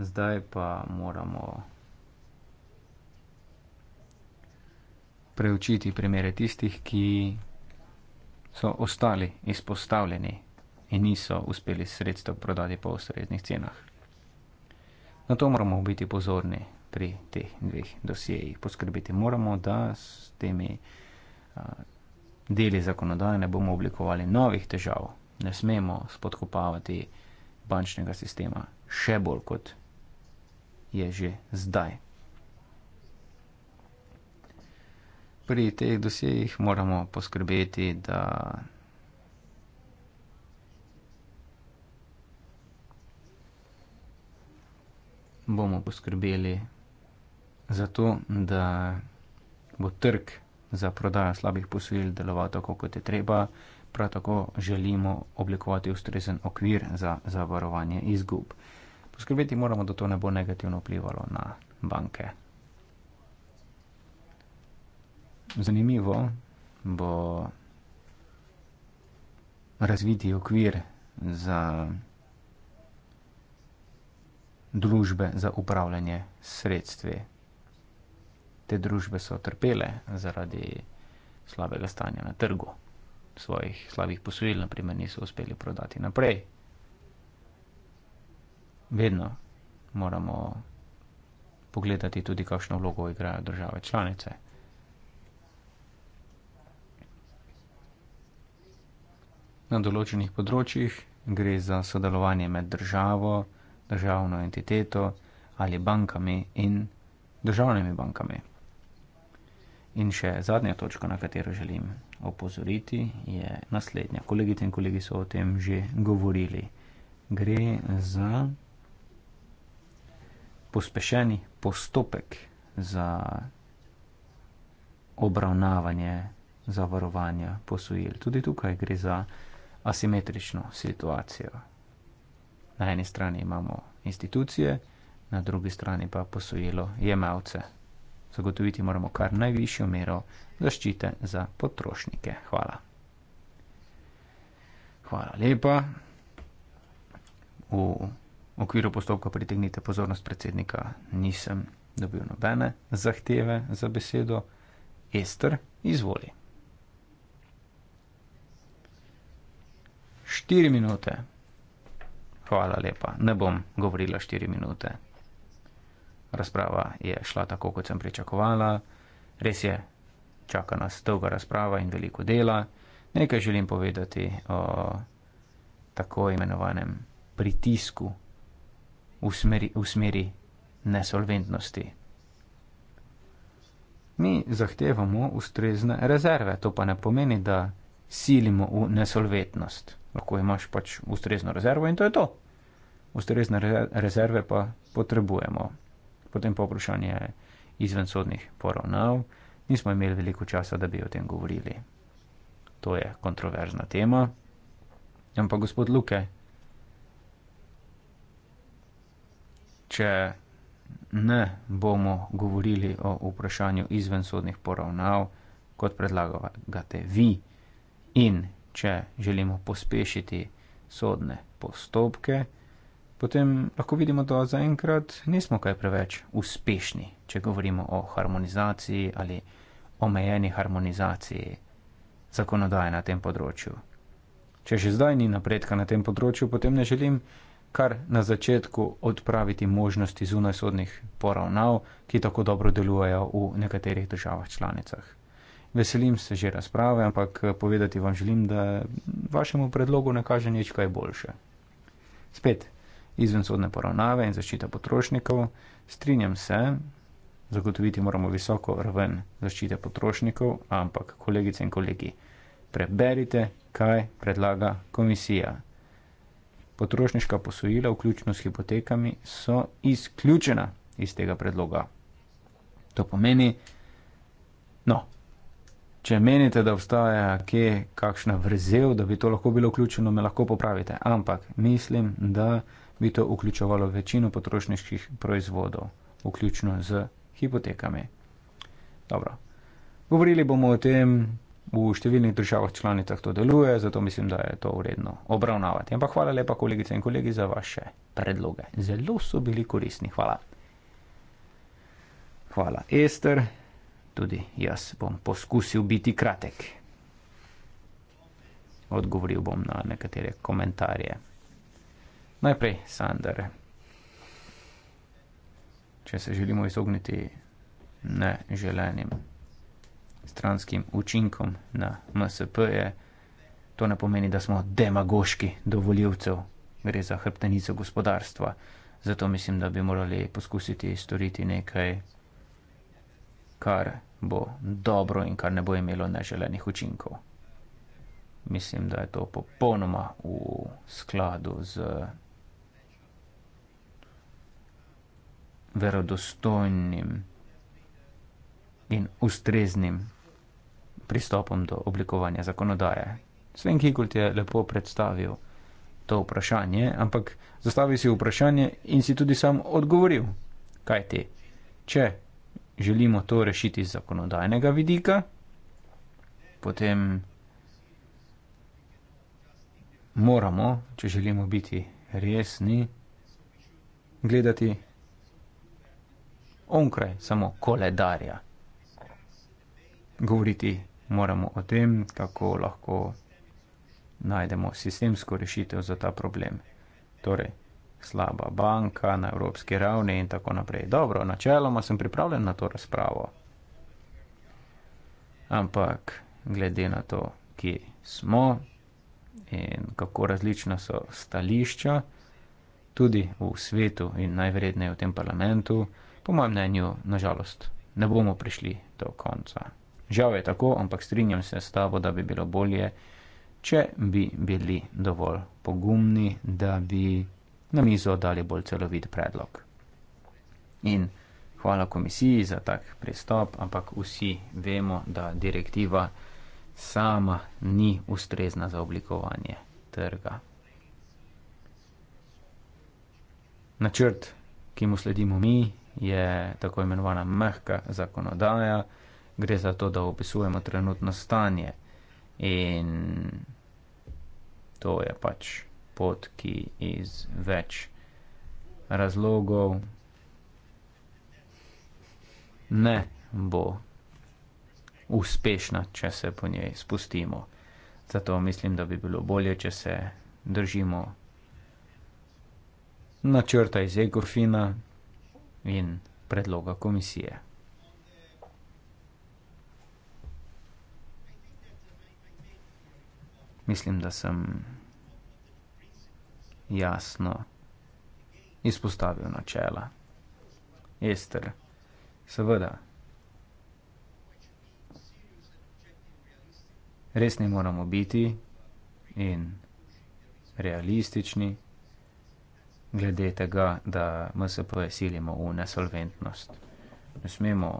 Zdaj pa moramo preučiti primere tistih, ki so ostali izpostavljeni in niso uspeli sredstev prodati po ustreznih cenah. Na to moramo biti pozorni pri teh dveh dosjejih. Poskrbiti moramo, da s temi deli zakonodaje ne bomo oblikovali novih težav. Ne smemo spodkopavati bančnega sistema še bolj kot je že zdaj. Pri teh dosjejih moramo poskrbeti, da bomo poskrbeli za to, da bo trg za prodajo slabih posojil deloval tako, kot je treba. Prav tako želimo oblikovati ustrezen okvir za zavarovanje izgub. Poskrbeti moramo, da to ne bo negativno vplivalo na banke. Zanimivo bo razviti okvir za družbe za upravljanje sredstvi. Te družbe so trpele zaradi slabega stanja na trgu svojih slabih posojil, naprimer niso uspeli prodati naprej vedno moramo pogledati tudi, kakšno vlogo igrajo države članice. Na določenih področjih gre za sodelovanje med državo, državno entiteto ali bankami in državnimi bankami. In še zadnja točka, na katero želim opozoriti, je naslednja. Kolegice in kolegi so o tem že govorili. Gre za pospešeni postopek za obravnavanje zavarovanja posojil. Tudi tukaj gre za asimetrično situacijo. Na eni strani imamo institucije, na drugi strani pa posojilo jemalce. Zagotoviti moramo kar najvišjo mero zaščite za potrošnike. Hvala. Hvala lepa. V okviru postopka pritegnite pozornost predsednika, nisem dobil nobene zahteve za besedo. Ester, izvoli. Štiri minute. Hvala lepa, ne bom govorila štiri minute. Razprava je šla tako, kot sem pričakovala. Res je, čaka nas dolga razprava in veliko dela. Nekaj želim povedati o tako imenovanem pritisku v smeri, v smeri nesolventnosti. Mi zahtevamo ustrezne rezerve, to pa ne pomeni, da silimo v nesolventnost. Lahko imaš pač ustrezno rezervo in to je to. Ustrezne rezerve pa potrebujemo. Potem pa vprašanje izven sodnih poravnav. Nismo imeli veliko časa, da bi o tem govorili. To je kontroverzna tema. Ampak gospod Luke, če ne bomo govorili o vprašanju izven sodnih poravnav, kot predlagate vi, in če želimo pospešiti sodne postopke, potem lahko vidimo, da zaenkrat nismo kaj preveč uspešni, če govorimo o harmonizaciji ali omejeni harmonizaciji zakonodaje na tem področju. Če že zdaj ni napredka na tem področju, potem ne želim kar na začetku odpraviti možnosti zunajsodnih poravnav, ki tako dobro delujejo v nekaterih državah članicah. Veselim se že razprave, ampak povedati vam želim, da vašemu predlogu ne kaže nič kaj boljše. Spet, izvensodne poravnave in zaščita potrošnikov, strinjam se, zagotoviti moramo visoko raven zaščite potrošnikov, ampak kolegice in kolegi, preberite, kaj predlaga komisija potrošniška posojila, vključno s hipotekami, so izključena iz tega predloga. To pomeni, no, če menite, da obstaja kje kakšna vrzel, da bi to lahko bilo vključeno, me lahko popravite, ampak mislim, da bi to vključovalo večino potrošniških proizvodov, vključno z hipotekami. Dobro. Govorili bomo o tem, v številnih državah članicah to deluje, zato mislim, da je to vredno obravnavati. Ampak hvala lepa, kolegice in kolegi, za vaše predloge. Zelo so bili koristni. Hvala. Hvala, Ester. Tudi jaz bom poskusil biti kratek. Odgovoril bom na nekatere komentarje. Najprej, Sander. Če se želimo izogniti neželenim stranskim učinkom na MSP-je. To ne pomeni, da smo demagoški do voljivcev, gre za hrbtenico gospodarstva. Zato mislim, da bi morali poskusiti storiti nekaj, kar bo dobro in kar ne bo imelo neželenih učinkov. Mislim, da je to popolnoma v skladu z verodostojnim in ustreznim pristopom do oblikovanja zakonodaje. Sven Kikult je lepo predstavil to vprašanje, ampak zastavil si vprašanje in si tudi sam odgovoril. Kaj ti? Če želimo to rešiti z zakonodajnega vidika, potem moramo, če želimo biti resni, gledati onkraj samo koledarja, govoriti moramo o tem, kako lahko najdemo sistemsko rešitev za ta problem. Torej, slaba banka na evropski ravni in tako naprej. Dobro, načeloma sem pripravljen na to razpravo. Ampak, glede na to, kje smo in kako različna so stališča, tudi v svetu in najvredneje v tem parlamentu, po mojem mnenju, nažalost, ne bomo prišli do konca. Žal je tako, ampak strinjam se s tabo, da bi bilo bolje, če bi bili dovolj pogumni, da bi na mizo dali bolj celovit predlog. In hvala komisiji za tak pristop, ampak vsi vemo, da direktiva sama ni ustrezna za oblikovanje trga. Načrt, ki mu sledimo mi, je tako imenovana mehka zakonodaja gre za to, da opisujemo trenutno stanje in to je pač pot, ki iz več razlogov ne bo uspešna, če se po njej spustimo. Zato mislim, da bi bilo bolje, če se držimo načrta iz Egofina in predloga komisije. Mislim, da sem jasno izpostavil načela. Ester, seveda, resni moramo biti in realistični glede tega, da MSP silimo v nesolventnost. Ne smemo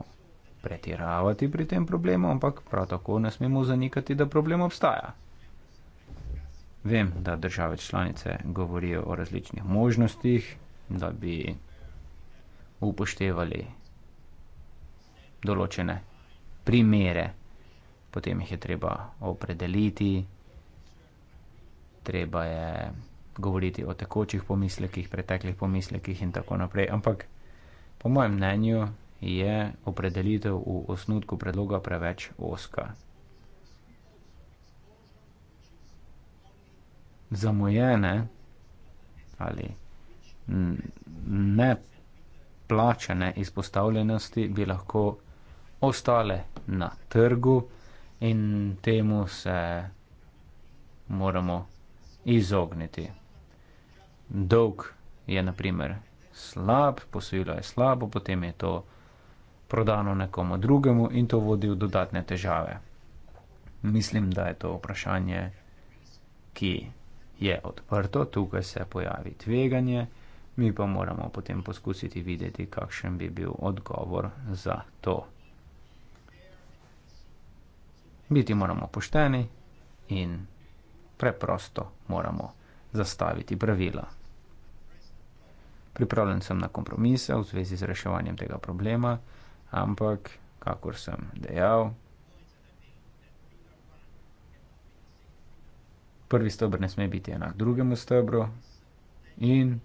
pretiravati pri tem problemu, ampak prav tako ne smemo zanikati, da problem obstaja. Vem, da države članice govorijo o različnih možnostih, da bi upoštevali določene primere, potem jih je treba opredeliti, treba je govoriti o tekočih pomislekih, preteklih pomislekih in tako naprej. Ampak po mojem mnenju je opredelitev v osnutku predloga preveč oska. zamujene ali neplačene izpostavljenosti bi lahko ostale na trgu in temu se moramo izogniti. Dolg je na primer slab, posojilo je slabo, potem je to prodano nekomu drugemu in to vodi v dodatne težave. Mislim, da je to vprašanje, ki je odprto, tukaj se pojavi tveganje, mi pa moramo potem poskusiti videti, kakšen bi bil odgovor za to. Biti moramo pošteni in preprosto moramo zastaviti pravila. Pripravljen sem na kompromise v zvezi z reševanjem tega problema, ampak, kakor sem dejal, prvi stebr ne sme biti enak drugemu stebru in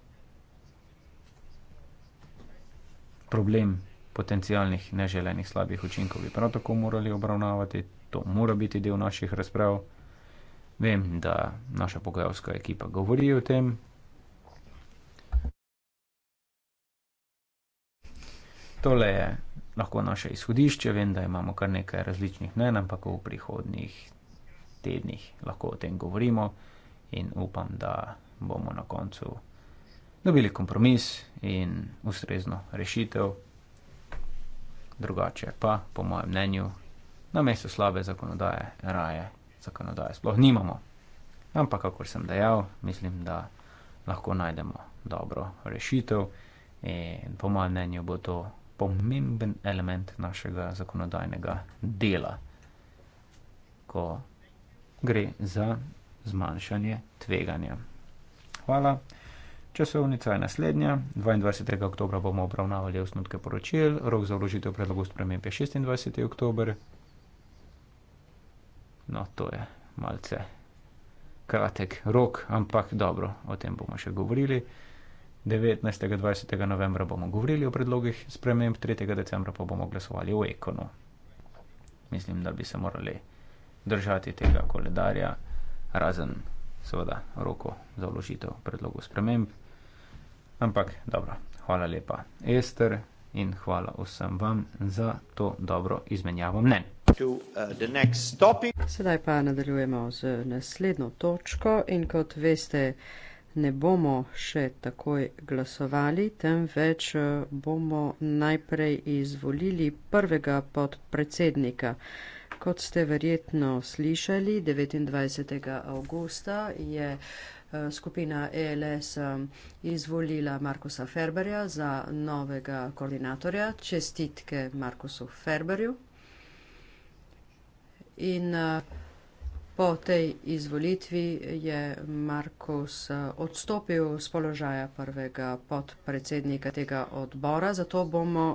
problem potencijalnih neželenih slabih učinkov bi prav tako morali obravnavati, to mora biti del naših razprav. Vem, da naša pogajalska ekipa govori o tem. Tole je lahko naše izhodišče, vem, da imamo kar nekaj različnih mnen, ampak v prihodnjih tednih lahko o tem govorimo in upam, da bomo na koncu dobili kompromis in ustrezno rešitev. Drugače pa, po mojem mnenju, na mestu slabe zakonodaje raje zakonodaje sploh nimamo. Ampak, kakor sem dejal, mislim, da lahko najdemo dobro rešitev in po mojem mnenju bo to pomemben element našega zakonodajnega dela. Ko gre za zmanjšanje tveganja. Hvala. Časovnica je naslednja. 22. oktober bomo obravnavali osnutke poročil, rok za vložitev predlogov sprememb je 26. oktober. No, to je malce kratek rok, ampak dobro, o tem bomo še govorili. 19. in 20. novembra bomo govorili o predlogih sprememb, 3. decembra pa bomo glasovali o ekonu. Mislim, da bi se morali držati tega koledarja, razen seveda roko za vložitev predlogov sprememb. Ampak dobro, hvala lepa Ester in hvala vsem vam za to dobro izmenjavo mnen. Uh, Sedaj pa nadaljujemo z naslednjo točko in kot veste, ne bomo še takoj glasovali, temveč uh, bomo najprej izvolili prvega podpredsednika kot ste verjetno slišali, 29. avgusta je eh, skupina ELS eh, izvolila Markusa Ferberja za novega koordinatorja. Čestitke Markusu Ferberju. In eh, po tej izvolitvi je Markus odstopil z položaja prvega podpredsednika tega odbora, zato bomo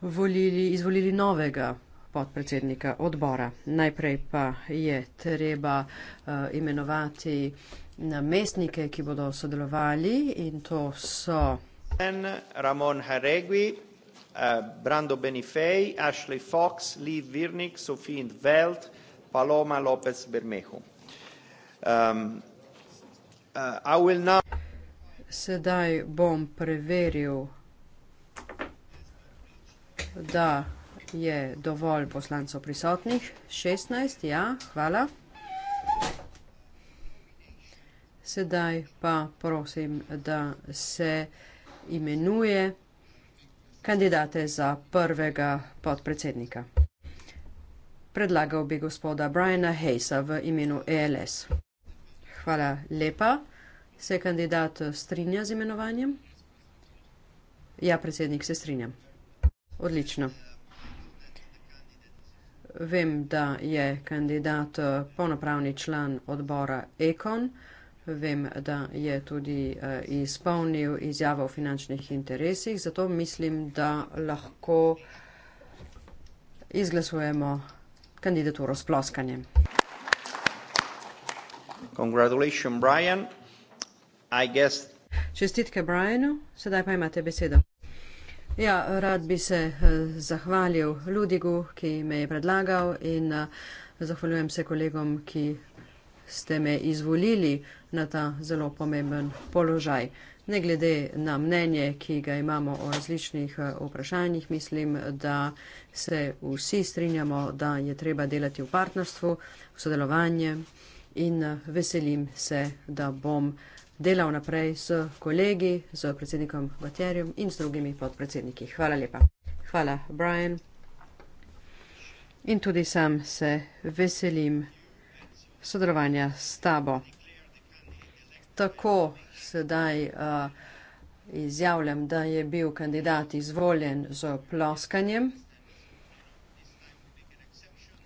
volili, izvolili novega podpredsednika odbora. Najprej pa je treba uh, imenovati namestnike, ki bodo sodelovali in to so. Ramon Haregui, uh, Brando Benifej, Ashley Fox, Lee Virnik, Sofijn Veld, Paloma Lopez Bermehu. Um, uh, now... Sedaj bom preveril, da je dovolj poslancov prisotnih. 16, ja, hvala. Sedaj pa prosim, da se imenuje kandidate za prvega podpredsednika. Predlagal bi gospoda Briana Hayesa v imenu ELS. Hvala lepa. Se kandidat strinja z imenovanjem? Ja, predsednik, se strinjam. Odlično vem, da je kandidat eh, polnopravni član odbora Ekon, vem, da je tudi eh, izpolnil izjavo o finančnih interesih, zato mislim, da lahko izglasujemo kandidaturo s ploskanjem. Congratulations, Brian. I guess. Čestitke Brianu, sedaj pa imate besedo. Ja, rad bi se eh, zahvalil Ludigu, ki me je predlagal in eh, zahvaljujem se kolegom, ki ste me izvolili na ta zelo pomemben položaj. Ne glede na mnenje, ki ga imamo o različnih eh, vprašanjih, mislim, da se vsi strinjamo, da je treba delati v partnerstvu, v sodelovanju in veselim se, da bom delal naprej s kolegi, z predsednikom Gotjerjem in z drugimi podpredsedniki. Hvala lepa. Hvala, Brian. In tudi sam se veselim sodelovanja s tabo. Tako sedaj uh, izjavljam, da je bil kandidat izvoljen z ploskanjem.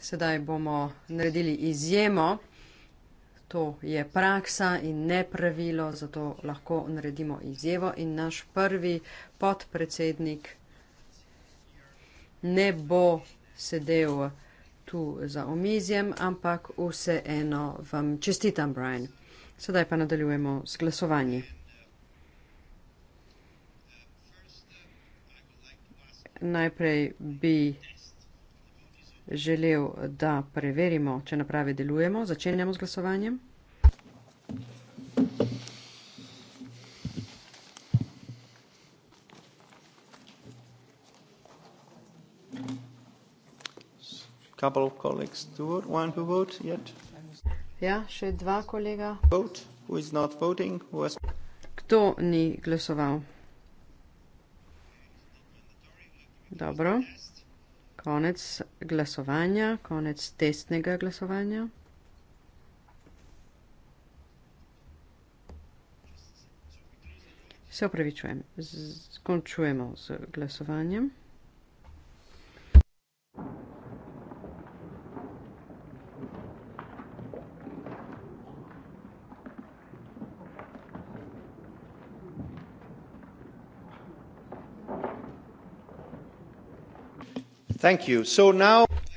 Sedaj bomo naredili izjemo. To je praksa in ne pravilo, zato lahko naredimo izjevo in naš prvi podpredsednik ne bo sedel tu za omizjem, ampak vseeno vam čestitam, Brian. Sedaj pa nadaljujemo z glasovanji. Najprej bi želel, da preverimo, če naprave delujemo. Začenjamo z glasovanjem. Couple of colleagues do want to vote yet. Ja, še dva kolega. Vote. Who is not voting? Who has... Kdo ni glasoval? Dobro konec glasovanja, konec testnega glasovanja. Se opravičujem, skončujemo z glasovanjem.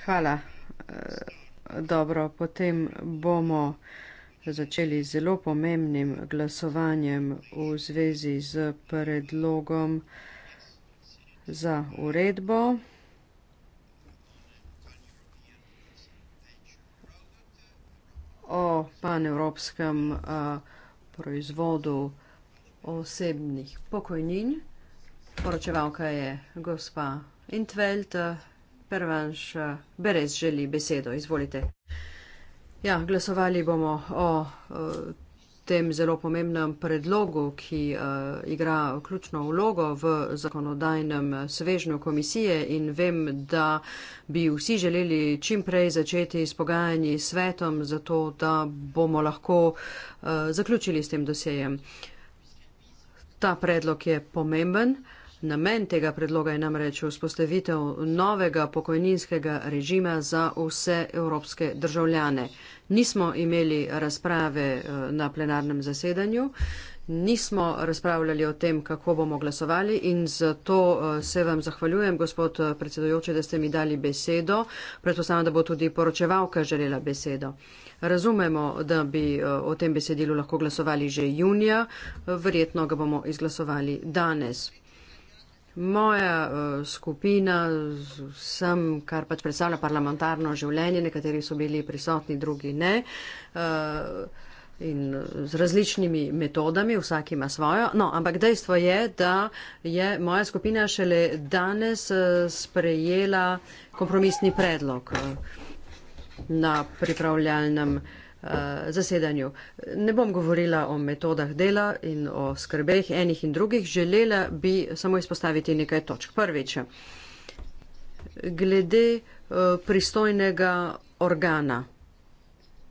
Hvala. Eh, dobro, potem bomo začeli z zelo pomembnim glasovanjem v zvezi z predlogom za uredbo. o panevropskem a, eh, proizvodu osebnih pokojnin. Poročevalka je gospa in tvelt, eh, prvanš, eh, berez želi besedo, izvolite. Ja, glasovali bomo o, o eh, tem zelo pomembnem predlogu, ki o, igra ključno vlogo v zakonodajnem svežnju komisije in vem, da bi vsi želeli čimprej začeti s pogajanji s svetom, zato da bomo lahko o, zaključili s tem dosejem. Ta predlog je pomemben. O, Namen tega predloga je namreč vzpostavitev novega pokojninskega režima za vse evropske državljane. Nismo imeli razprave eh, na plenarnem zasedanju, nismo razpravljali o tem, kako bomo glasovali in zato eh, se vam zahvaljujem, gospod eh, predsedujoči, da ste mi dali besedo. Predpostavljam, da bo tudi poročevalka želela besedo. Razumemo, da bi o tem besedilu lahko glasovali že junija, verjetno ga bomo izglasovali danes. Moja uh, skupina z vsem, kar pač predstavlja parlamentarno življenje, nekateri so bili prisotni, drugi ne. Uh, In z različnimi metodami, vsak ima svojo. No, ampak dejstvo je, da je moja skupina šele danes eh, sprejela kompromisni predlog na pripravljalnem. Eh, zasedanju. Ne bom govorila o metodah dela in o skrbeh enih in drugih. Želela bi samo izpostaviti nekaj točk. Prvič, glede eh, pristojnega organa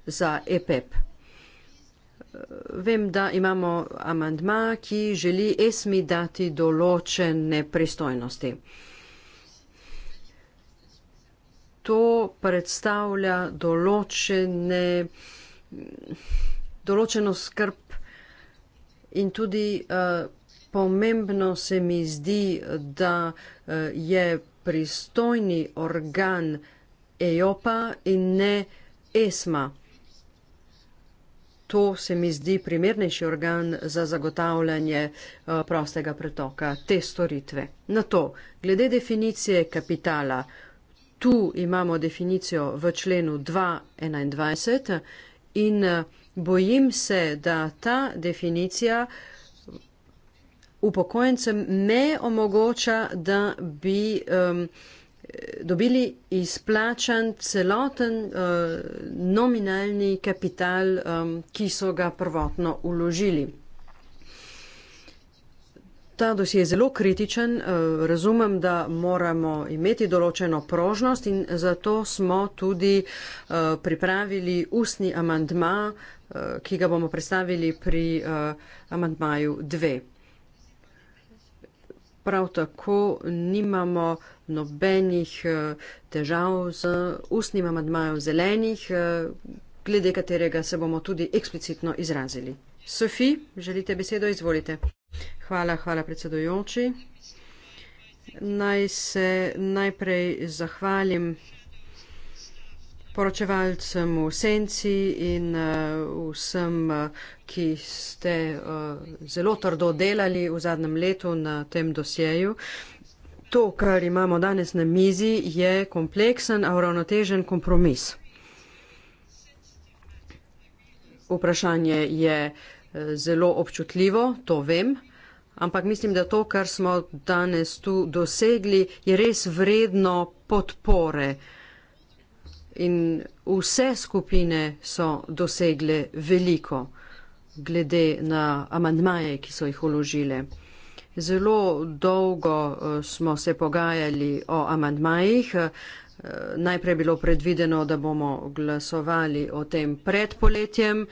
za EPEP. E eh, vem, da imamo amandma, ki želi ESMI dati določene pristojnosti. To predstavlja določene pristojnosti določeno skrb in tudi uh, pomembno se mi zdi, da uh, je pristojni organ EOPA in ne ESMA. To se mi zdi primernejši organ za zagotavljanje eh, prostega pretoka te storitve. Na to, glede definicije kapitala, tu imamo definicijo v členu 221. In eh, bojim se, da ta definicija upokojencem ne omogoča, da bi um, dobili izplačan celoten uh, nominalni kapital, um, ki so ga prvotno uložili. Ta dosje je zelo kritičen, eh, razumem, da moramo imeti določeno prožnost in zato smo tudi eh, pripravili ustni amandma, eh, ki ga bomo predstavili pri amandmaju 2. Prav tako nimamo nobenih težav z ustnim amandmajem zelenih, glede katerega se bomo tudi eksplicitno izrazili. Sofi, želite besedo, izvolite. Hvala, hvala predsedujoči. Naj se najprej zahvalim poročevalcem v senci in uh, vsem, uh, ki ste uh, zelo trdo delali v zadnjem letu na tem dosjeju. To, kar imamo danes na mizi, je kompleksen, a uravnotežen kompromis. Vprašanje je, zelo občutljivo, to vem. Ampak mislim, da to, kar smo danes tu dosegli, je res vredno podpore. In vse skupine so dosegle veliko glede na amandmaje, ki so jih uložile. Zelo dolgo eh, smo se pogajali o amandmajih. Eh, najprej bilo predvideno, da bomo glasovali o tem pred poletjem.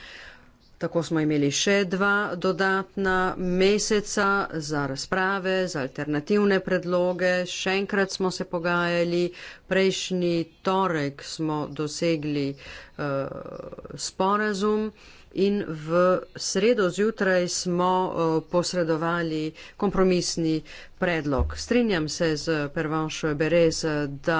Tako smo imeli še dva dodatna meseca za razprave, za alternativne predloge. Še enkrat smo se pogajali, prejšnji torek smo dosegli uh, sporazum. In v sredo zjutraj smo eh, posredovali kompromisni predlog. Strinjam se z Pervanšo Berez, da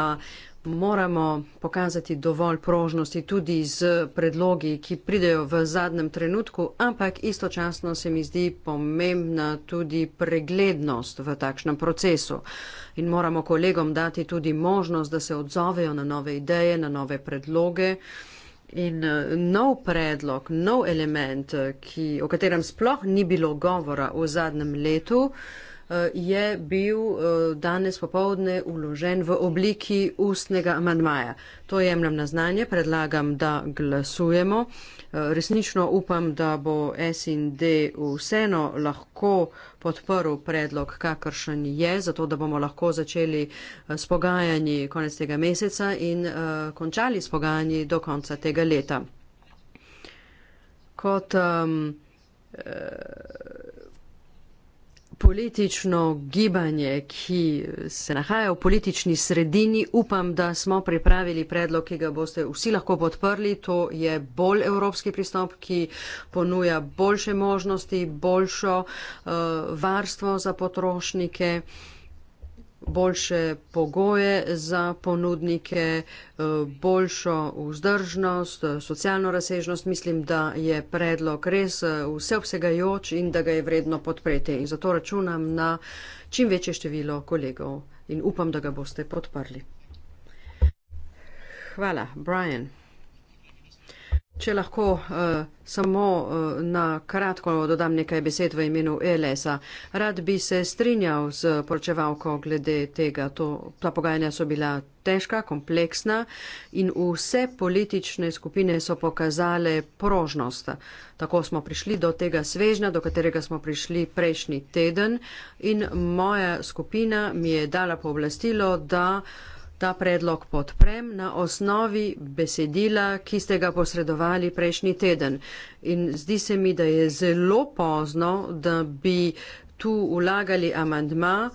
moramo pokazati dovolj prožnosti tudi z predlogi, ki pridejo v zadnjem trenutku, ampak istočasno se mi zdi pomembna tudi preglednost v takšnem procesu. In moramo kolegom dati tudi možnost, da se odzovejo na nove ideje, na nove predloge. In eh, nov predlog, nov element, eh, ki, o katerem sploh ni bilo govora v zadnjem letu, je bil eh, danes popovdne uložen v obliki ustnega amadmaja. To jemljem na znanje, predlagam, da glasujemo. Eh, resnično upam, da bo SND vseeno lahko podporil predlog, kakršen je, zato da bomo lahko začeli eh, s pogajanji konec tega meseca in končali s pogajanji do konca tega leta. Kot um, Politično gibanje, ki se nahaja v politični sredini, upam, da smo pripravili predlog, ki ga boste vsi lahko podprli. To je bolj evropski pristop, ki ponuja boljše možnosti, boljšo uh, varstvo za potrošnike. Uh, boljše pogoje za ponudnike, eh, boljšo vzdržnost, eh, socialno razsežnost. Mislim, da je predlog res eh, vseobsegajoč in da ga je vredno podpreti. In zato računam na čim večje število kolegov in upam, da ga boste podprli. Hvala, Brian. Če lahko uh, samo uh, na kratko dodam nekaj besed v imenu ELS-a. Rad bi se strinjal z poročevalko glede tega. To, ta pogajanja so bila težka, kompleksna in vse politične skupine so pokazale prožnost. Tako smo prišli do tega svežna, do katerega smo prišli prejšnji teden in moja skupina mi je dala pooblastilo, da uh, ta predlog podprem na osnovi besedila, ki ste ga posredovali prejšnji teden. In zdi se mi, da je zelo pozno, da bi tu ulagali amandma.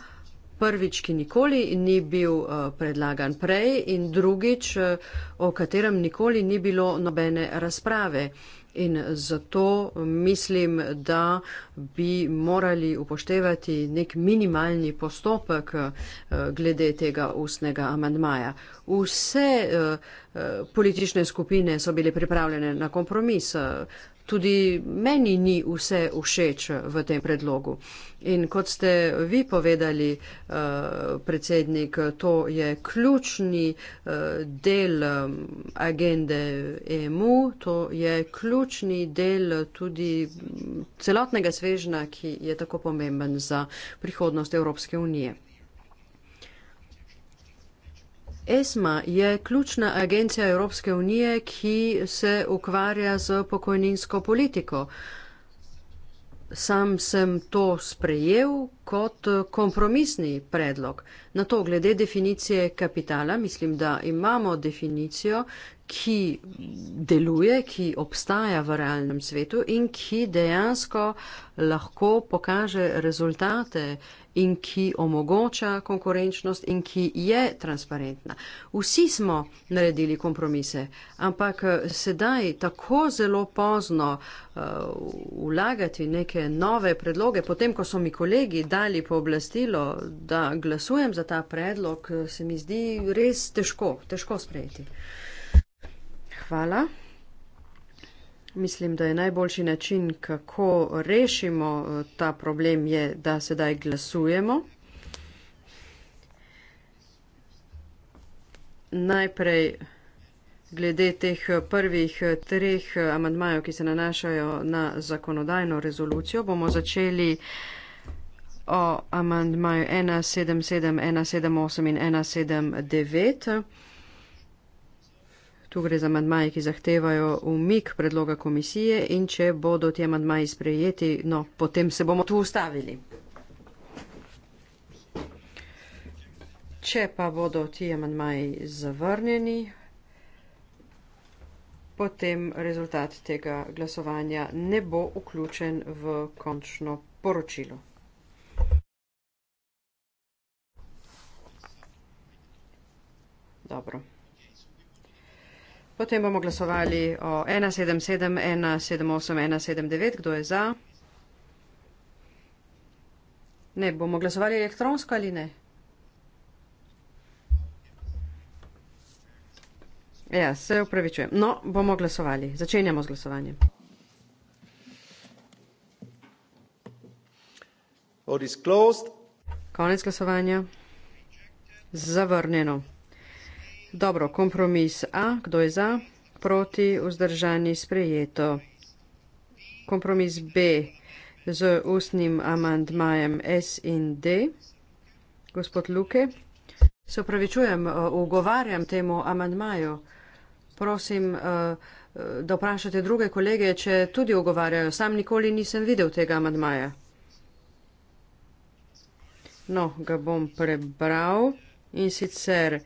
Prvič, ki nikoli ni bil uh, predlagan prej in drugič, uh, o katerem nikoli ni bilo nobene razprave. Uh, In zato mislim, da bi morali upoštevati nek minimalni postopek eh, glede tega ustnega amandmaja. Vse eh, eh, politične skupine so bile pripravljene na kompromis tudi meni ni vse všeč v tem predlogu. In kot ste vi povedali, eh, predsednik, to je ključni eh, del eh, agende EMU, to je ključni del tudi mm, celotnega svežna, ki je tako pomemben za prihodnost Evropske unije. ESMA je ključna agencija Evropske unije, ki se ukvarja z pokojninsko politiko. Sam sem to sprejel kot kompromisni predlog. Na to glede definicije kapitala, mislim, da imamo definicijo, ki deluje, ki obstaja v realnem svetu in ki dejansko lahko pokaže rezultate in ki omogoča konkurenčnost in ki je transparentna. Vsi smo naredili kompromise, ampak eh, sedaj tako zelo pozno uh, vlagati neke nove predloge, potem, ko so mi kolegi dali pooblastilo, da glasujem za ta predlog, se mi zdi res težko, težko sprejeti. Uh, hvala. Mislim, da je najboljši način, kako rešimo eh, ta problem, je, da sedaj glasujemo. Najprej glede teh eh, prvih eh, treh amadmajev, ki se nanašajo na zakonodajno rezolucijo, bomo začeli o amadmaju 177, 178 in 179. Tu gre za amadmaje, ki zahtevajo umik predloga komisije in če bodo ti amadmaji sprejeti, no, potem se bomo tu ustavili. Če pa bodo ti amadmaji zavrnjeni, potem rezultat tega glasovanja ne bo vključen v končno poročilo. Dobro. Potem bomo glasovali o 177, 178, 179. Kdo je za? Ne, bomo glasovali elektronsko ali ne? Ja, se upravičujem. No, bomo glasovali. Začenjamo z glasovanjem. Konec glasovanja. Zavrnjeno. Dobro, kompromis A, kdo je za, proti, vzdržani, sprejeto. Kompromis B z ustnim amandmajem S in D, gospod Luke. Se upravičujem, eh, ugovarjam temu amandmaju. Prosim, eh, eh, da vprašate druge kolege, če tudi ugovarjajo. Sam nikoli nisem videl tega amandmaja. No, ga bom prebral in sicer.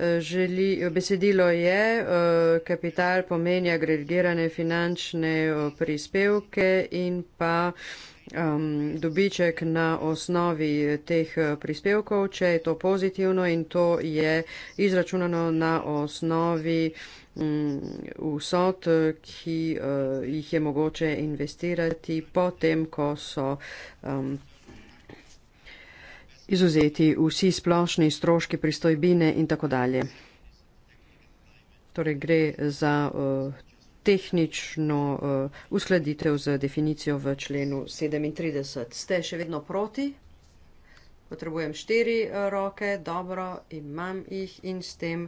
Eh, želi, besedilo je, eh, kapital pomeni agregirane finančne eh, prispevke in pa um, dobiček na osnovi teh prispevkov, če je to pozitivno in to je izračunano na osnovi mm, vsot, ki uh, jih je mogoče investirati potem, ko so um, izuzeti vsi splošni stroški pristojbine in tako dalje. Torej gre za uh, tehnično uh, uskladitev z definicijo v členu 37. Ste še vedno proti? Potrebujem štiri eh, roke, dobro, imam jih in s tem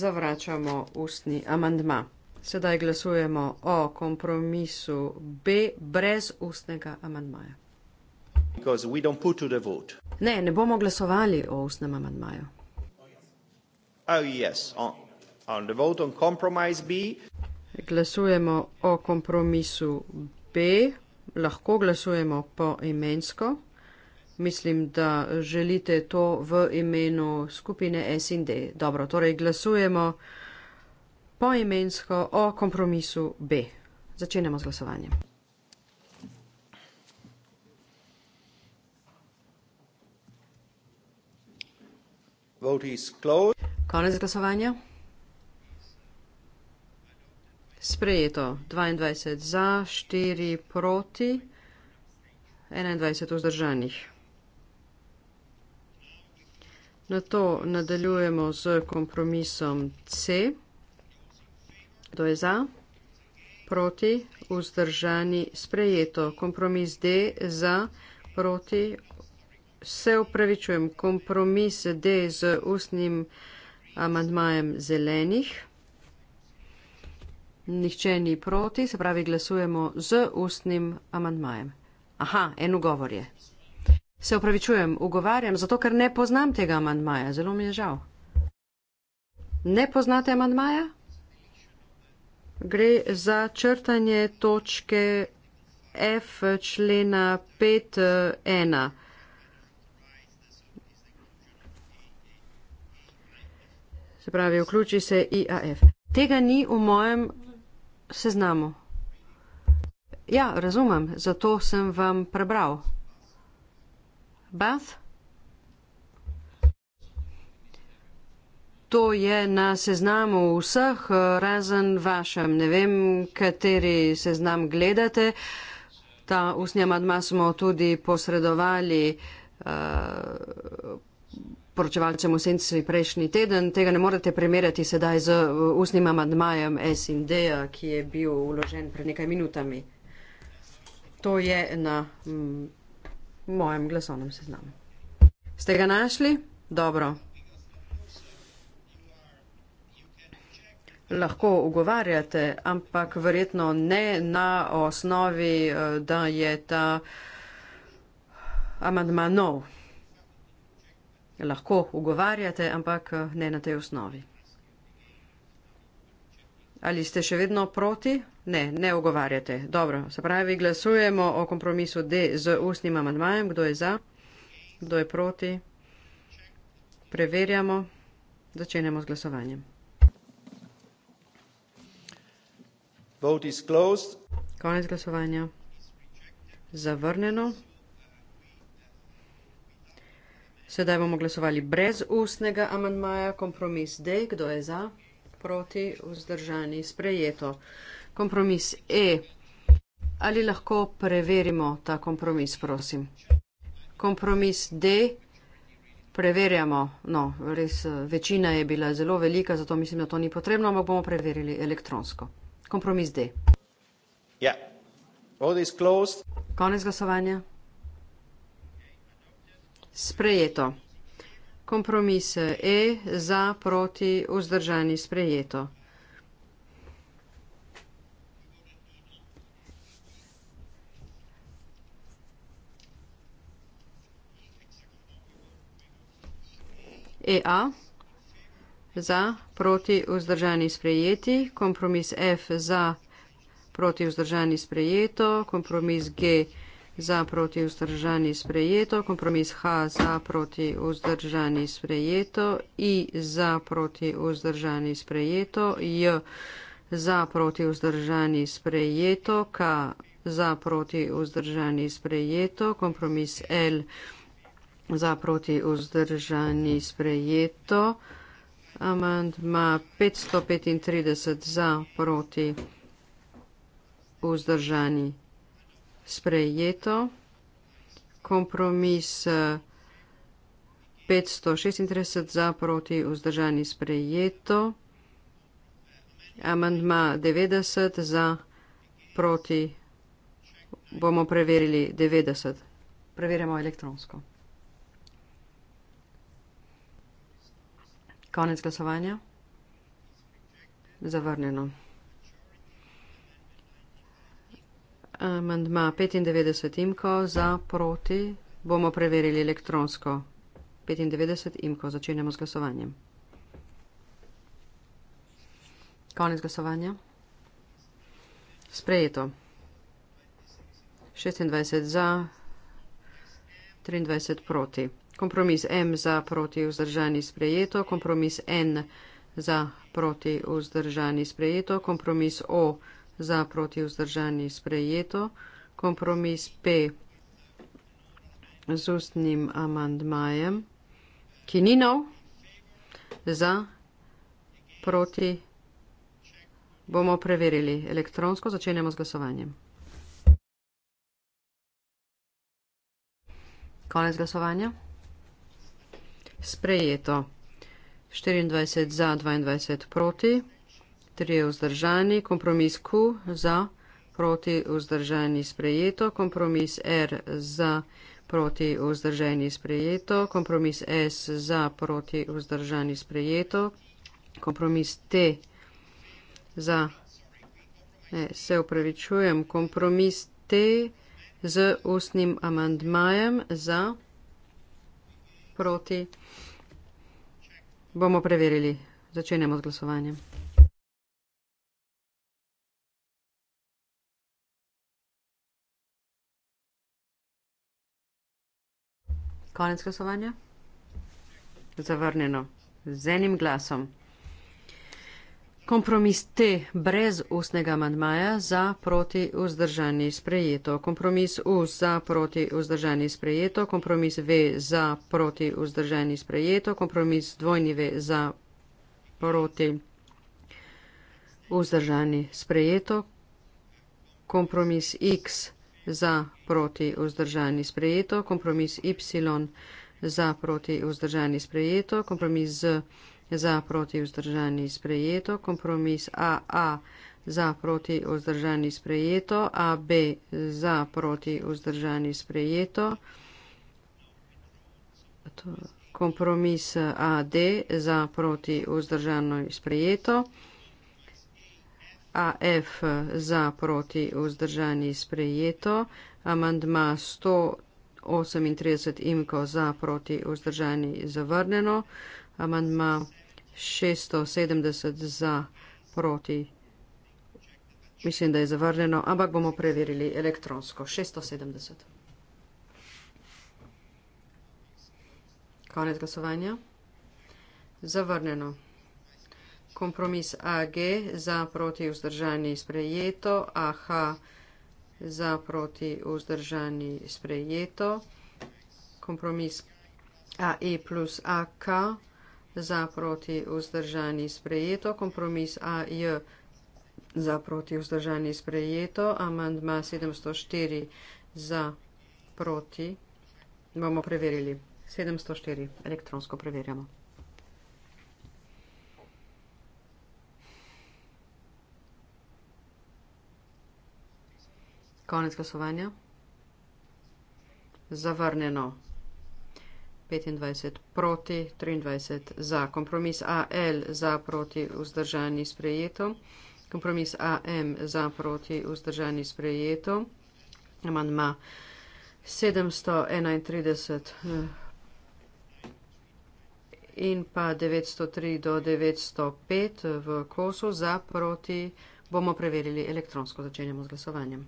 zavračamo ustni amandma. Sedaj glasujemo o kompromisu B brez ustnega amandmaja. Ne, ne bomo glasovali o ustnem amandmaju. Oh, glasujemo o kompromisu B, lahko glasujemo po imensko. Mislim, da želite to v imenu skupine SND. Dobro, torej glasujemo po imensko o kompromisu B. Začenjamo z glasovanjem. Konec glasovanja. Sprejeto. 22 za, 4 proti, 21 vzdržanih. Na to nadaljujemo z kompromisom C. Kdo je za? Proti, vzdržani, sprejeto. Kompromis D za, proti, se upravičujem, kompromis D z ustnim amantmajem zelenih. Nihče ni proti, se pravi, glasujemo z ustnim amantmajem. Aha, eno govor je. Se upravičujem, ugovarjam, zato ker ne poznam tega amantmaja, zelo mi je žal. Ne poznate amantmaja? Gre za črtanje točke F člena 5.1. Se pravi, vključi se IAF. Tega ni v mojem seznamu. Ja, razumem, zato sem vam prebral. Bath. To je na seznamu vseh, razen vašem. Ne vem, kateri seznam gledate. Ta usnja madma smo tudi posredovali uh, poročevalcem osenci prejšnji teden. Tega ne morete primerjati sedaj z uh, usnim amadmajem S&D, ki je bil uložen pred nekaj minutami. To je na m, mm, mojem glasovnem seznamu. Ste ga našli? Dobro. Lahko ugovarjate, ampak verjetno ne na osnovi, uh, da je ta amandma nov lahko ugovarjate, ampak ne na tej osnovi. Ali ste še vedno proti? Ne, ne ogovarjate. Dobro, se pravi, glasujemo o kompromisu D z ustnim amadmajem. Kdo je za? Kdo je proti? Preverjamo. Začenjamo z glasovanjem. Konec glasovanja. Zavrnjeno. Sedaj bomo glasovali brez ustnega amantmaja, kompromis D, kdo je za, proti, vzdržani, sprejeto. Kompromis E. Ali lahko preverimo ta kompromis, prosim? Kompromis D. Preverjamo. No, res večina je bila zelo velika, zato mislim, da to ni potrebno, ampak bomo preverili elektronsko. Kompromis D. Ja. Yeah. Konec glasovanja. Sprejeto. Kompromis E za, proti, vzdržani sprejeto. EA za, proti, vzdržani sprejeti. Kompromis F za, proti, vzdržani sprejeto. Kompromis G za, proti, vzdržani sprejeto za proti vzdržani sprejeto, kompromis H za proti vzdržani sprejeto, I za proti vzdržani sprejeto, J za proti vzdržani sprejeto, K za proti vzdržani sprejeto, kompromis L za proti vzdržani sprejeto, amandma 535 za proti vzdržani sprejeto sprejeto. Kompromis 536 eh, za proti vzdržani sprejeto. Amandma 90 za proti bomo preverili 90. Preverjamo elektronsko. Konec glasovanja. Zavrnjeno. Amandma 95 imko za proti bomo preverili elektronsko. 95 imko začenjamo z glasovanjem. Konec glasovanja. Sprejeto. 26 za, 23 proti. Kompromis M za proti vzdržani sprejeto, kompromis N za proti vzdržani sprejeto, kompromis O za proti vzdržani sprejeto za proti vzdržani sprejeto, kompromis P z ustnim amandmajem, ki ni nov, za proti bomo preverili elektronsko, začenjamo z glasovanjem. Konec glasovanja. Sprejeto. 24 za, 22 proti. Trije vzdržani, kompromis Q za, proti vzdržani sprejeto, kompromis R za, proti vzdržani sprejeto, kompromis S za, proti vzdržani sprejeto, kompromis T za, ne, se upravičujem, kompromis T z ustnim amandmajem za, proti. Bomo preverili. Začenjamo z glasovanjem. Konec glasovanja? Zavrnjeno. Z enim glasom. Kompromis T brez ustnega amandmaja za proti vzdržani sprejeto. Kompromis U za proti vzdržani sprejeto. Kompromis V za proti vzdržani sprejeto. Kompromis dvojni V za proti vzdržani sprejeto. Kompromis X za proti vzdržani sprejeto za proti vzdržani sprejeto, kompromis Y za proti vzdržani sprejeto, kompromis Z za proti vzdržani sprejeto, kompromis AA za proti vzdržani sprejeto, AB za proti vzdržani sprejeto, kompromis AD za proti vzdržani sprejeto. AF za proti vzdržani sprejeto, amandma 138 imko za proti vzdržani zavrnjeno, amandma 670 za proti. Mislim, da je zavrnjeno, ampak bomo preverili elektronsko. 670. Konec glasovanja. Zavrnjeno kompromis AG za proti vzdržani sprejeto, AH za proti vzdržani sprejeto, kompromis AE plus AK za proti vzdržani sprejeto, kompromis AJ za proti vzdržani sprejeto, amandma 704 za proti, bomo preverili. 704, elektronsko preverjamo. Konec glasovanja. Zavrnjeno. 25 proti, 23 za. Kompromis AL za proti vzdržani sprejeto. Kompromis AM za proti vzdržani sprejeto. Amandma 731 eh, in pa 903 do 905 v kosu za proti bomo preverili elektronsko. Začenjamo z glasovanjem.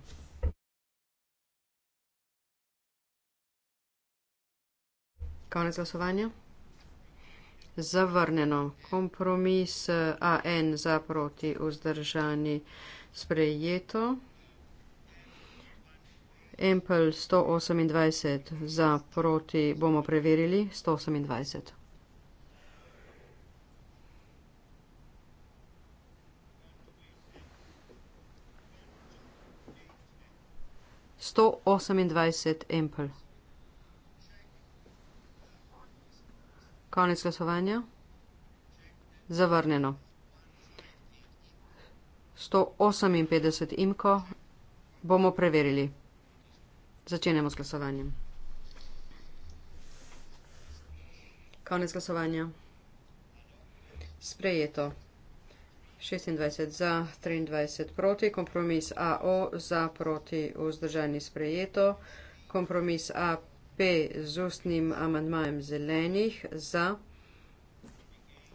Konec glasovanja. Zavrnjeno. Kompromis eh, AN za proti vzdržani sprejeto. Empel 128 za proti bomo preverili 128. Sto osemindvajset empel. Konec glasovanja. Zavrnjeno. 158 imko bomo preverili. Začenjamo s glasovanjem. Konec glasovanja. Sprejeto. 26 za, 23 proti, kompromis AO za, proti, vzdržani sprejeto, kompromis AP P z ustnim amandmajem zelenih, za,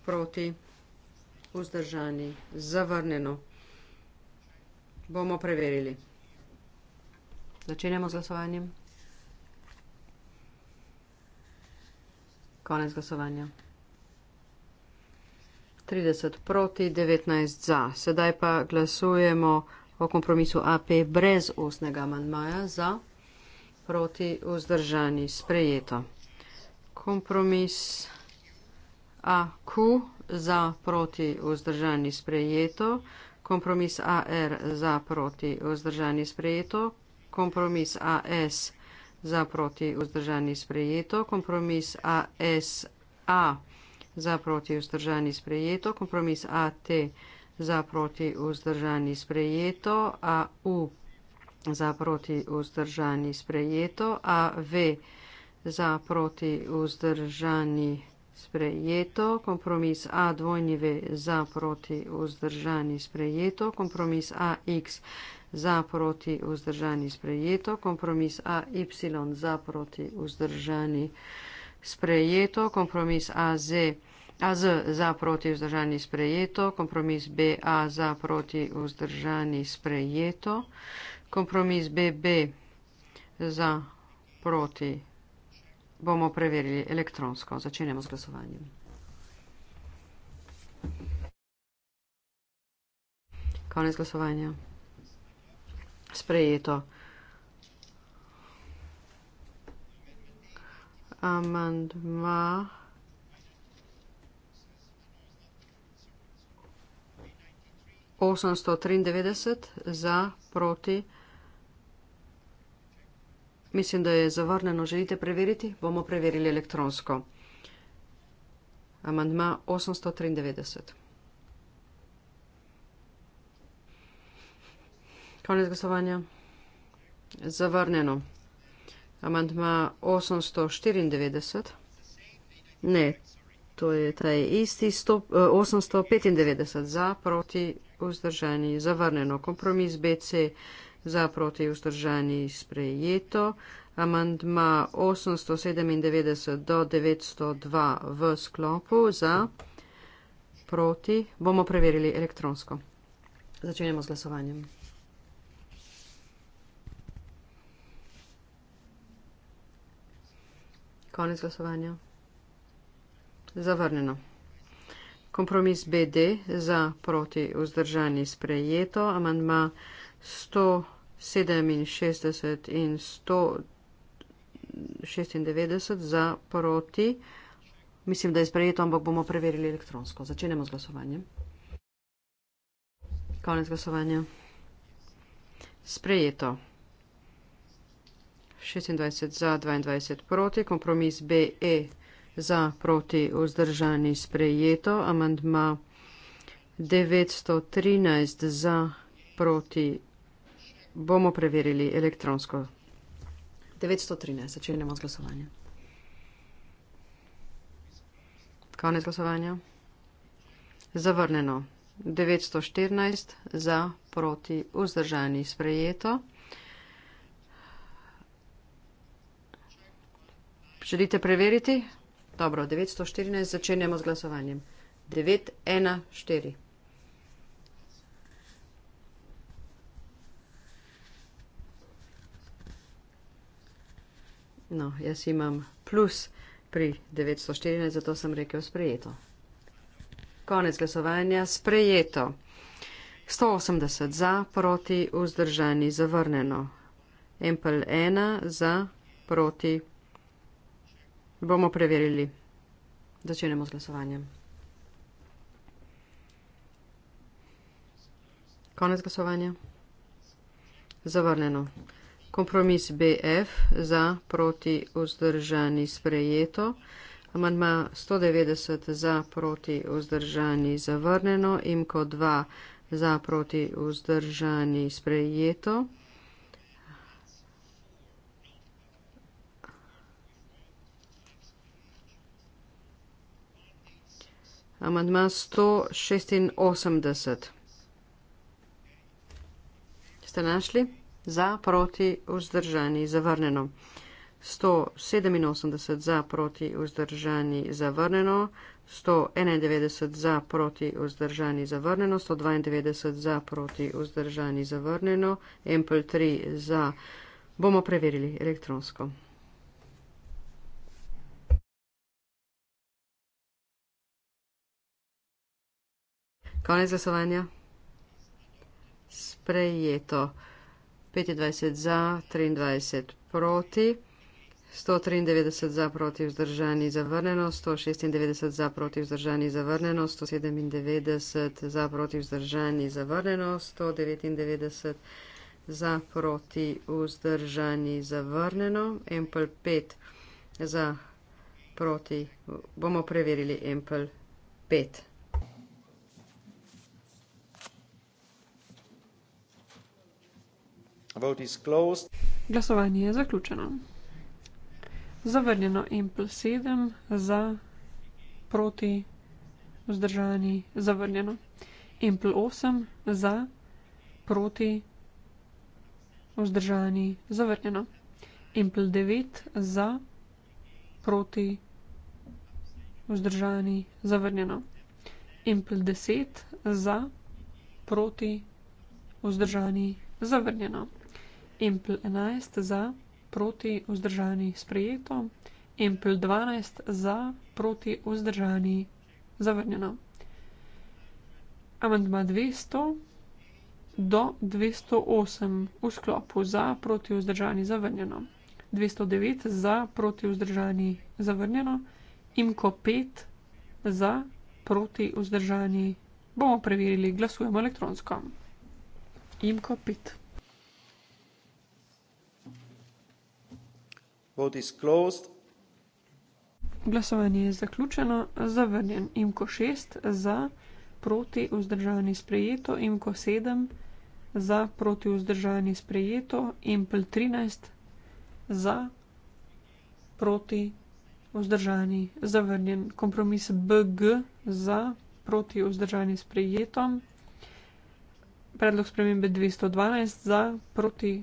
proti, vzdržani, zavrnjeno. Bomo preverili. Začenjamo z glasovanjem. Konec glasovanja. 30 proti, 19 za. Sedaj pa glasujemo o kompromisu AP brez ustnega amandmaja za proti vzdržani sprejeto. Kompromis AQ za proti vzdržani sprejeto. Kompromis AR za proti vzdržani sprejeto. Kompromis AS za proti vzdržani sprejeto. Kompromis ASA za proti vzdržani sprejeto. Kompromis AT za proti vzdržani sprejeto. AU za proti vzdržani sprejeto, a v za proti vzdržani sprejeto, kompromis a dvojni v za proti vzdržani sprejeto, kompromis a x za proti vzdržani sprejeto, kompromis a y za proti vzdržani sprejeto, kompromis a z AZ za proti vzdržani sprejeto, kompromis BA za proti vzdržani sprejeto kompromis BB za proti bomo preverili elektronsko. Začenjamo z glasovanjem. Konec glasovanja. Sprejeto. Amandma osemsto triindevetdeset za proti Mislim, da je zavrneno. Želite preveriti? Bomo preverili elektronsko. Amandma 893. Konec glasovanja. Zavrneno. Amandma 894. Ne, to je ta je isti. 100, 895 eh, za, proti, vzdržani. Zavrneno. Kompromis BC za proti vzdržani sprejeto. Amandma 897 do 902 v sklopu za proti bomo preverili elektronsko. Začenjamo z glasovanjem. Konec glasovanja. Zavrnjeno. Kompromis BD za proti vzdržani sprejeto. Amandma 100. 67 in 196 za proti. Mislim, da je sprejeto, ampak bomo preverili elektronsko. Začenjamo z glasovanjem. Konec glasovanja. Sprejeto. 26 za, 22 proti. Kompromis BE za, proti, vzdržani, sprejeto. Amandma 913 za, proti, bomo preverili elektronsko. 913, začenjamo z glasovanjem. Konec glasovanja. Zavrnjeno. 914 za, proti, vzdržani, sprejeto. Želite preveriti? Dobro, 914 začenjamo z glasovanjem. 914. No, jaz imam plus pri 914, zato sem rekel sprejeto. Konec glasovanja, sprejeto. 180 za, proti, vzdržani, zavrneno. Empel 1 za, proti. Bomo preverili. Začenjamo z glasovanjem. Konec glasovanja. Zavrneno. Kompromis BF za proti vzdržani sprejeto. Amandma 190 za proti vzdržani zavrneno. Imko 2 za proti vzdržani sprejeto. Amandma 186. Ste našli? za, proti, vzdržani, zavrnjeno. 187 za, proti, vzdržani, zavrnjeno. 191 za, proti, vzdržani, zavrnjeno. 192 za, proti, vzdržani, zavrnjeno. Ample 3 za. Bomo preverili elektronsko. Konec glasovanja. Sprejeto. 25 za, 23 proti, 193 za proti vzdržani zavrnjeno, 196 za proti vzdržani zavrnjeno, 197 za proti vzdržani zavrnjeno, 199 za proti vzdržani zavrnjeno, Empel 5 za proti, bomo preverili Empel 5. Glasovanje je zaključeno. Zavrnjeno impl 7, za, proti, vzdržani, zavrnjeno. Impl 8, za, proti, vzdržani, zavrnjeno. Impl 9, za, proti, vzdržani, zavrnjeno. Impl 10, za, proti, vzdržani, zavrnjeno. Empl 11 za, proti vzdržani sprejeto. Empl 12 za, proti vzdržani zavrnjeno. Amandma 200 do 208 v sklopu za, proti vzdržani zavrnjeno. 209 za, proti vzdržani zavrnjeno. Imko 5 za, proti vzdržani. Bomo preverili, glasujemo elektronsko. Imko 5. Glasovanje je zaključeno, zavrnjen imko 6 za, proti vzdržavanje sprejeto, imko 7 za, proti vzdržavanje sprejeto, impl 13 za, proti vzdržavanje zavrnjen, kompromis BG za, proti vzdržavanje sprejeto, predlog spremembe 212 za, proti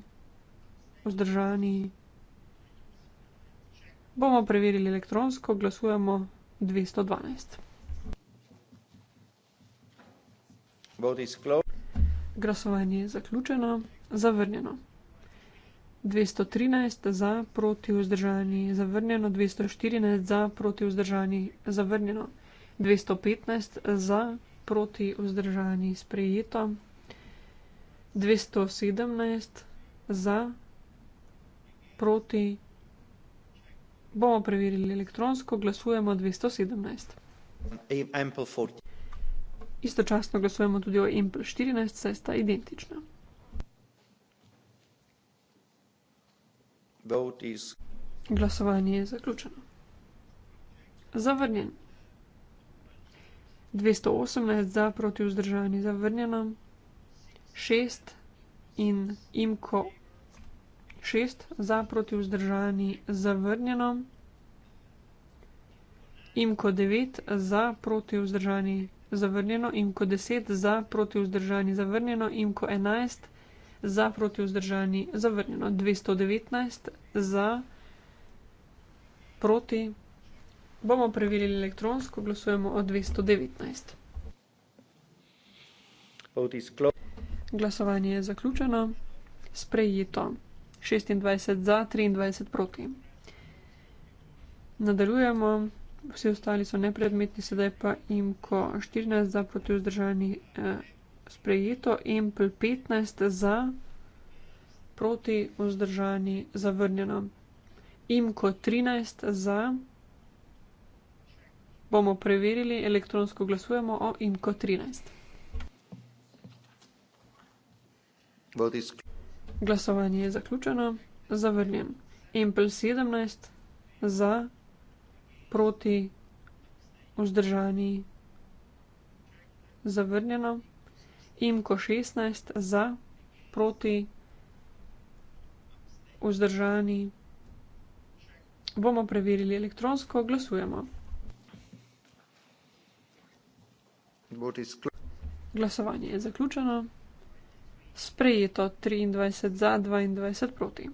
vzdržavanje sprejeto. Bomo preverili elektronsko, glasujemo 212. Glasovanje je zaključeno, zavrnjeno. 213 za, proti vzdržani, zavrnjeno. 214 za, proti vzdržani, zavrnjeno. 215 za, proti vzdržani, sprejeto. 217 za, proti vzdržani. Bomo preverili elektronsko, glasujemo 217. Istočasno glasujemo tudi o IMPL 14, saj sta identična. Is... Glasovanje je zaključeno. Zavrnjen. 218 za proti vzdržanje zavrnjeno, 6 in IMKO šest za, proti vzdržani zavrnjeno. Imko devet za, proti vzdržani zavrnjeno. Imko deset za, proti vzdržani zavrnjeno. Imko enajst za, proti vzdržani zavrnjeno. Dvesto devetnajst za, proti. Bomo preverili elektronsko, glasujemo o dvesto devetnajst. Glasovanje je zaključeno. Sprejeto. 26 za, 23 proti. Nadaljujemo, vsi ostali so nepredmetni, sedaj pa jim ko 14 za proti vzdržani eh, sprejeto, jim pa 15 za proti vzdržani zavrnjeno. Imko 13 za, bomo preverili, elektronsko glasujemo o imko 13. Vodiski. Glasovanje je zaključeno. Zavrnjen. Impel 17 za, proti, vzdržani, zavrnjeno. Imko 16 za, proti, vzdržani. Bomo preverili elektronsko, glasujemo. Glasovanje je zaključeno sprejeto 23 za, 22 proti.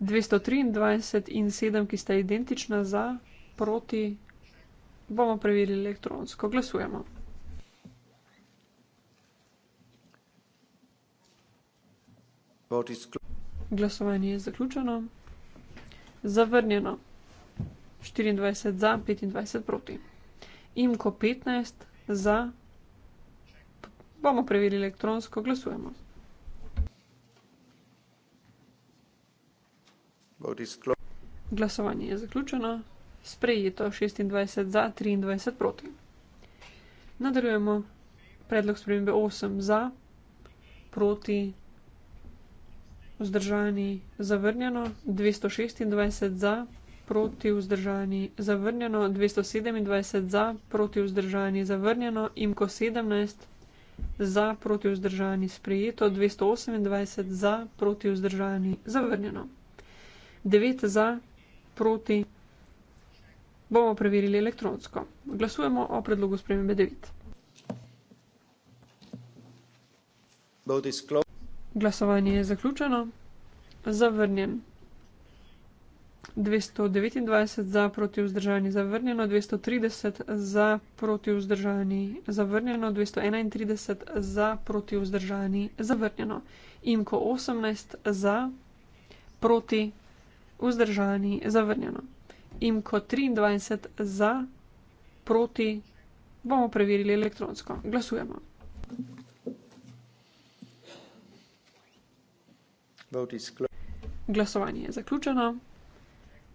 223 in 7, ki sta identična za, proti, bomo preverili elektronsko. Glasujemo. Glasovanje je zaključeno. Zavrnjeno. 24 za, 25 proti. Imko 15 za, Bomo preverili elektronsko, glasujemo. Glasovanje je zaključeno, sprejeto 26 za, 23 proti. Nadaljujemo predlog spremembe 8 za, proti, vzdržani, zavrnjeno, 226 za, proti, vzdržani, zavrnjeno, 227 za, proti, vzdržani, zavrnjeno, imko 17, za, proti vzdržani, sprejeto, 228 za, proti vzdržani, zavrnjeno. 9 za, proti, bomo preverili elektronsko. Glasujemo o predlogu spremembe 9. Glasovanje je zaključeno, zavrnjen dvesto devetindvajset za, proti vzdržani zavrnjeno, dvesto trideset za, proti vzdržani zavrnjeno, dvesto enaintrideset za, proti vzdržani zavrnjeno. Imko osemnajst za, proti vzdržani zavrnjeno. Imko triindvajset za, proti, bomo preverili elektronsko. Glasujemo. Glasovanje je zaključeno.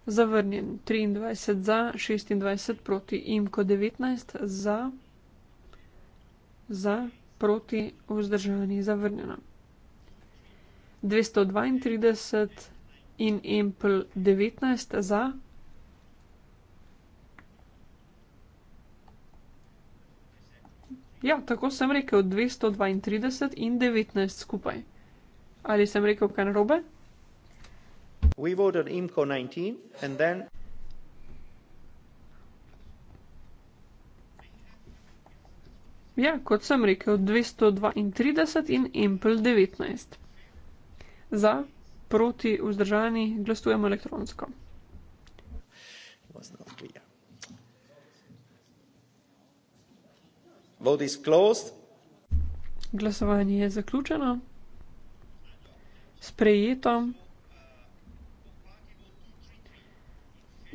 Zavrnjen 23 za, 26 proti. Imko 19 za, za, proti, vzdržani, zavrnjeno. 232 in empl 19 za. Ja, tako sem rekel 232 in 19 skupaj. Ali sem rekel kaj narobe? We voted IMCO 19 and then Ja, kot sem rekel, 232 in Impel 19. Za, proti, vzdržani, glasujemo elektronsko. Glasovanje je zaključeno. Sprejeto.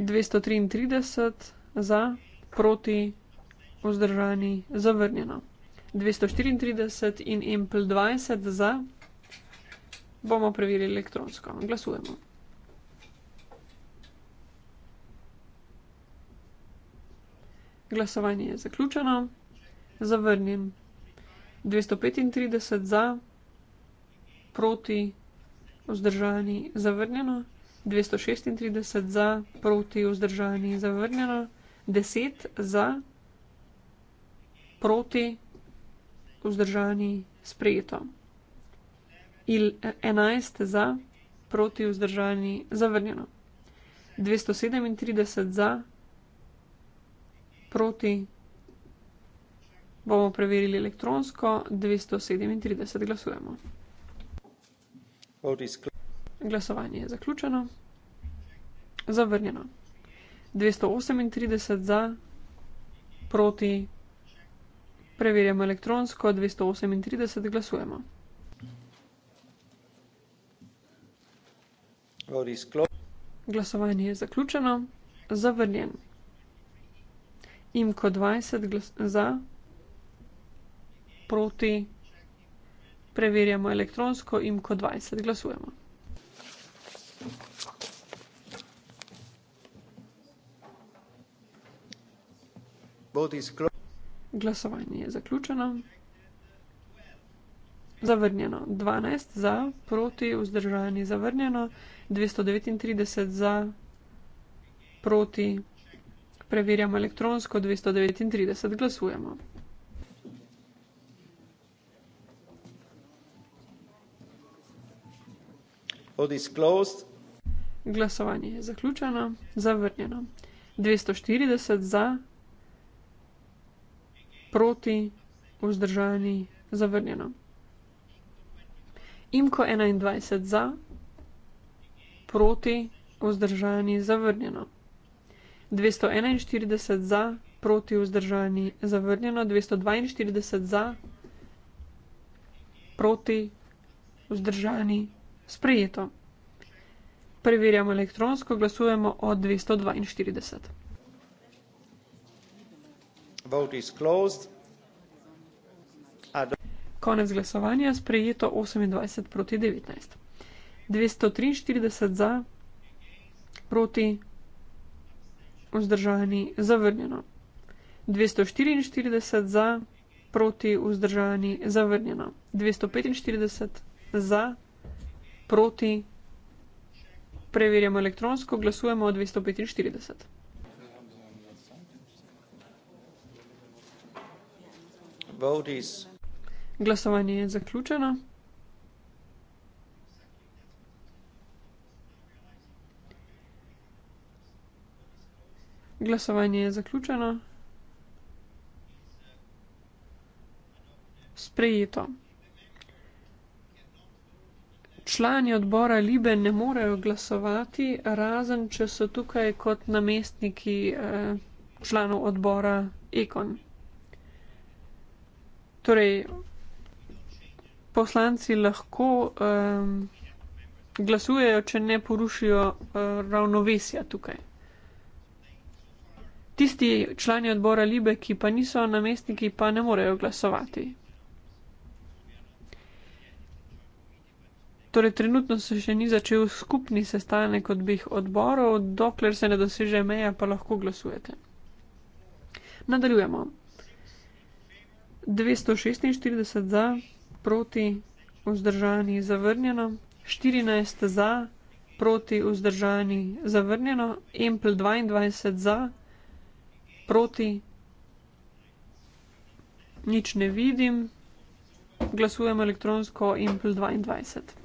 233 za, proti, vzdržani, zavrnjeno. 234 in Impel 20 za, bomo preverili elektronsko. Glasujemo. Glasovanje je zaključeno, zavrnjen. 235 za, proti, vzdržani, zavrnjeno. 236 za, proti, vzdržani, zavrnjeno, 10 za, proti, vzdržani, sprejeto. Il 11 za, proti, vzdržani, zavrnjeno. 237 za, proti, bomo preverili elektronsko, 237 glasujemo. Glasovanje je zaključeno. Zavrnjeno. 238 za, proti, preverjamo elektronsko, 238 glasujemo. Glasovanje je zaključeno, zavrnjen. Imko 20 za, proti, preverjamo elektronsko, imko 20 glasujemo. Glasovanje je zaključeno. Zavrnjeno. Dvanajst za, proti, vzdržani zavrnjeno. Dvesto devetintrideset za, proti. Preverjamo elektronsko. Dvesto devetintrideset. Glasujemo. Vote is closed. Glasovanje je zaključeno, zavrnjeno. 240 za, proti, vzdržani, zavrnjeno. Imko 21 za, proti, vzdržani, zavrnjeno. 241 za, proti, vzdržani, zavrnjeno. 242 za, proti, vzdržani, sprejeto preverjamo elektronsko, glasujemo od 242. Vote is closed. Konec glasovanja je sprejeto 28 proti 19. 243 za, proti, vzdržani, zavrnjeno. 244 za, proti, vzdržani, zavrnjeno. 245 za, proti, vzdržani preverjamo elektronsko, glasujemo 245. Glasovanje je zaključeno. Glasovanje je zaključeno. Sprejeto člani odbora Libe ne morejo glasovati, razen če so tukaj kot namestniki eh, članov odbora Ekon. Torej, poslanci lahko eh, glasujejo, če ne porušijo eh, ravnovesja tukaj. Tisti člani odbora Libe, ki pa niso namestniki, pa ne morejo glasovati. Torej, trenutno se še ni začel skupni sestanek odbih odborov, dokler se ne doseže meja, pa lahko glasujete. Nadaljujemo. 246 za, proti, vzdržani, zavrnjeno, 14 za, proti, vzdržani, zavrnjeno, Empl 22 za, proti, nič ne vidim, glasujem elektronsko Empl 22.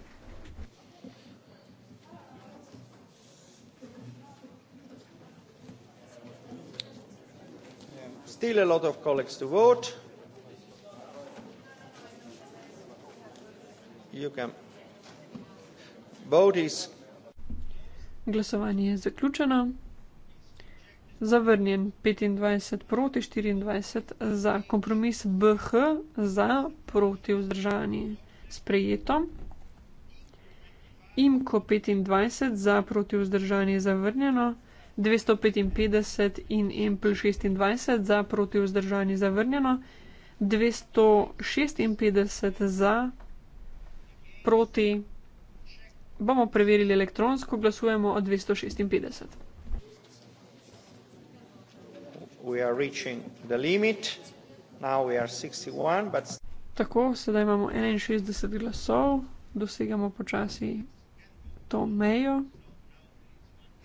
still a lot of colleagues to vote. You can. Vote is. Glasovanje je zaključeno. Zavrnjen 25 proti 24 za kompromis BH za proti vzdržani sprejeto. IMKO 25 za proti vzdržani zavrnjeno. 255 in Impl 26 za proti vzdržani zavrnjeno, 256 za proti. Bomo preverili elektronsko, glasujemo o 256. We are reaching the limit. Now we are 61, but... Tako, sedaj imamo 61 glasov, dosegamo počasi to mejo.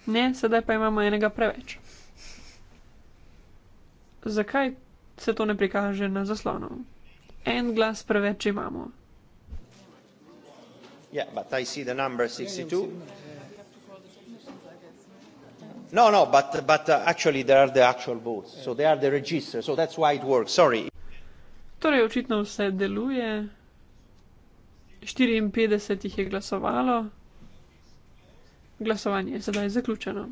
Ne, sedaj pa imamo enega preveč. Zakaj se to ne prikaže na zaslonu? En glas preveč imamo. Ja, ampak vidim številko 62. No, no, but, but uh, actually there are the actual votes. So they are the register. So that's why it works. Sorry. Torej, očitno vse deluje. 54 jih je glasovalo. Glasovanje je sedaj zaključeno.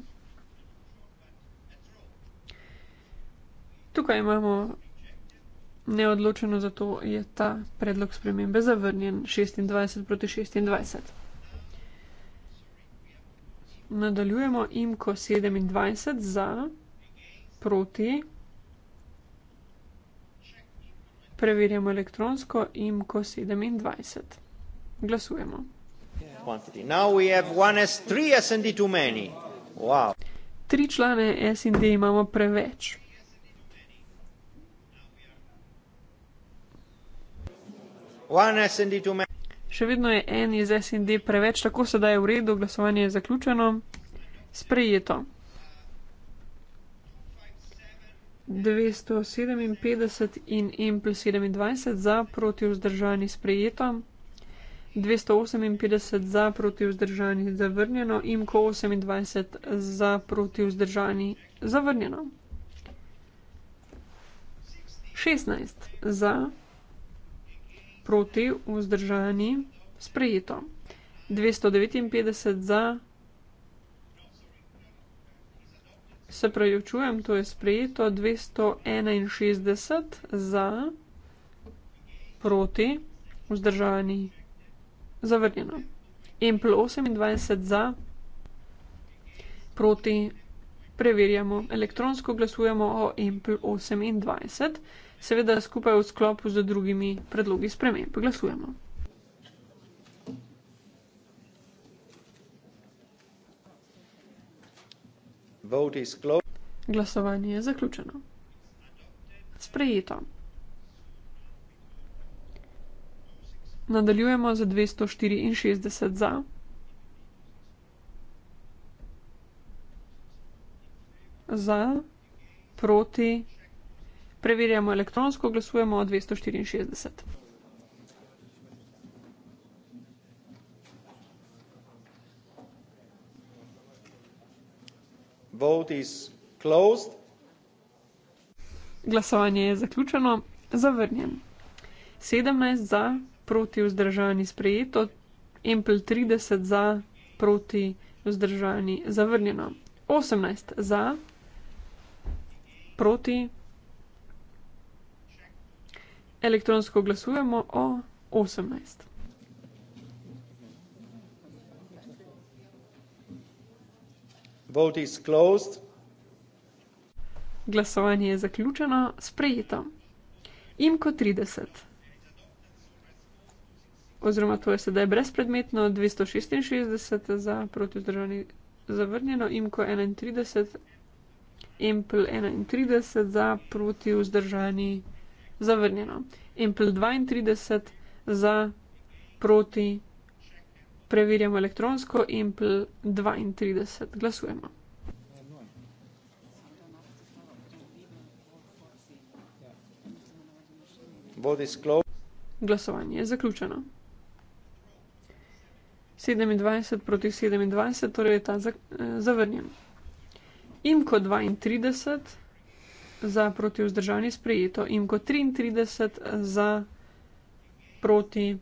Tukaj imamo neodločeno, zato je ta predlog spremembe zavrnjen 26 proti 26. Nadaljujemo imko 27 za proti. Preverjamo elektronsko imko 27. Glasujemo quantity. Now we have one S3, SND too many. Wow. Tri člane SND imamo preveč. One SND too many. Še vedno je en iz SND preveč, tako sedaj je v redu, glasovanje je zaključeno. Sprejeto. 957 in M plus 27 za proti vzdržani sprejeto. 258 za proti vzdržani zavrnjeno in ko 28 za proti vzdržani zavrnjeno. 16 za proti vzdržani sprejeto. 259 za. Se pravi, učujem, to je sprejeto. 261 za proti vzdržani sprejeto zavrnjeno. Emplo 28 za, proti preverjamo, elektronsko glasujemo o Emplo 28, seveda skupaj v sklopu z drugimi predlogi sprememb glasujemo. Glasovanje je zaključeno. Sprejeto. nadaljujemo za 264 za. Za, proti, preverjamo elektronsko, glasujemo o 264. Vote is closed. Glasovanje je zaključeno, zavrnjen. 17 za, proti vzdržani sprejeto, Empel 30 za, proti vzdržani zavrnjeno. 18 za, proti. Elektronsko glasujemo o 18. Vote is closed. Glasovanje je zaključeno, sprejeto. Imko 30 oziroma to je sedaj brezpredmetno, 266 za protizdržani zavrnjeno, imko 31. Empl 31 za proti vzdržani zavrnjeno. Empl 32 za proti preverjamo elektronsko. Empl 32 glasujemo. Glasovanje je zaključeno. 27 proti 27, torej je ta eh, zavrnjen. Imko 32 za proti vzdržanje sprejeto, imko 33 za proti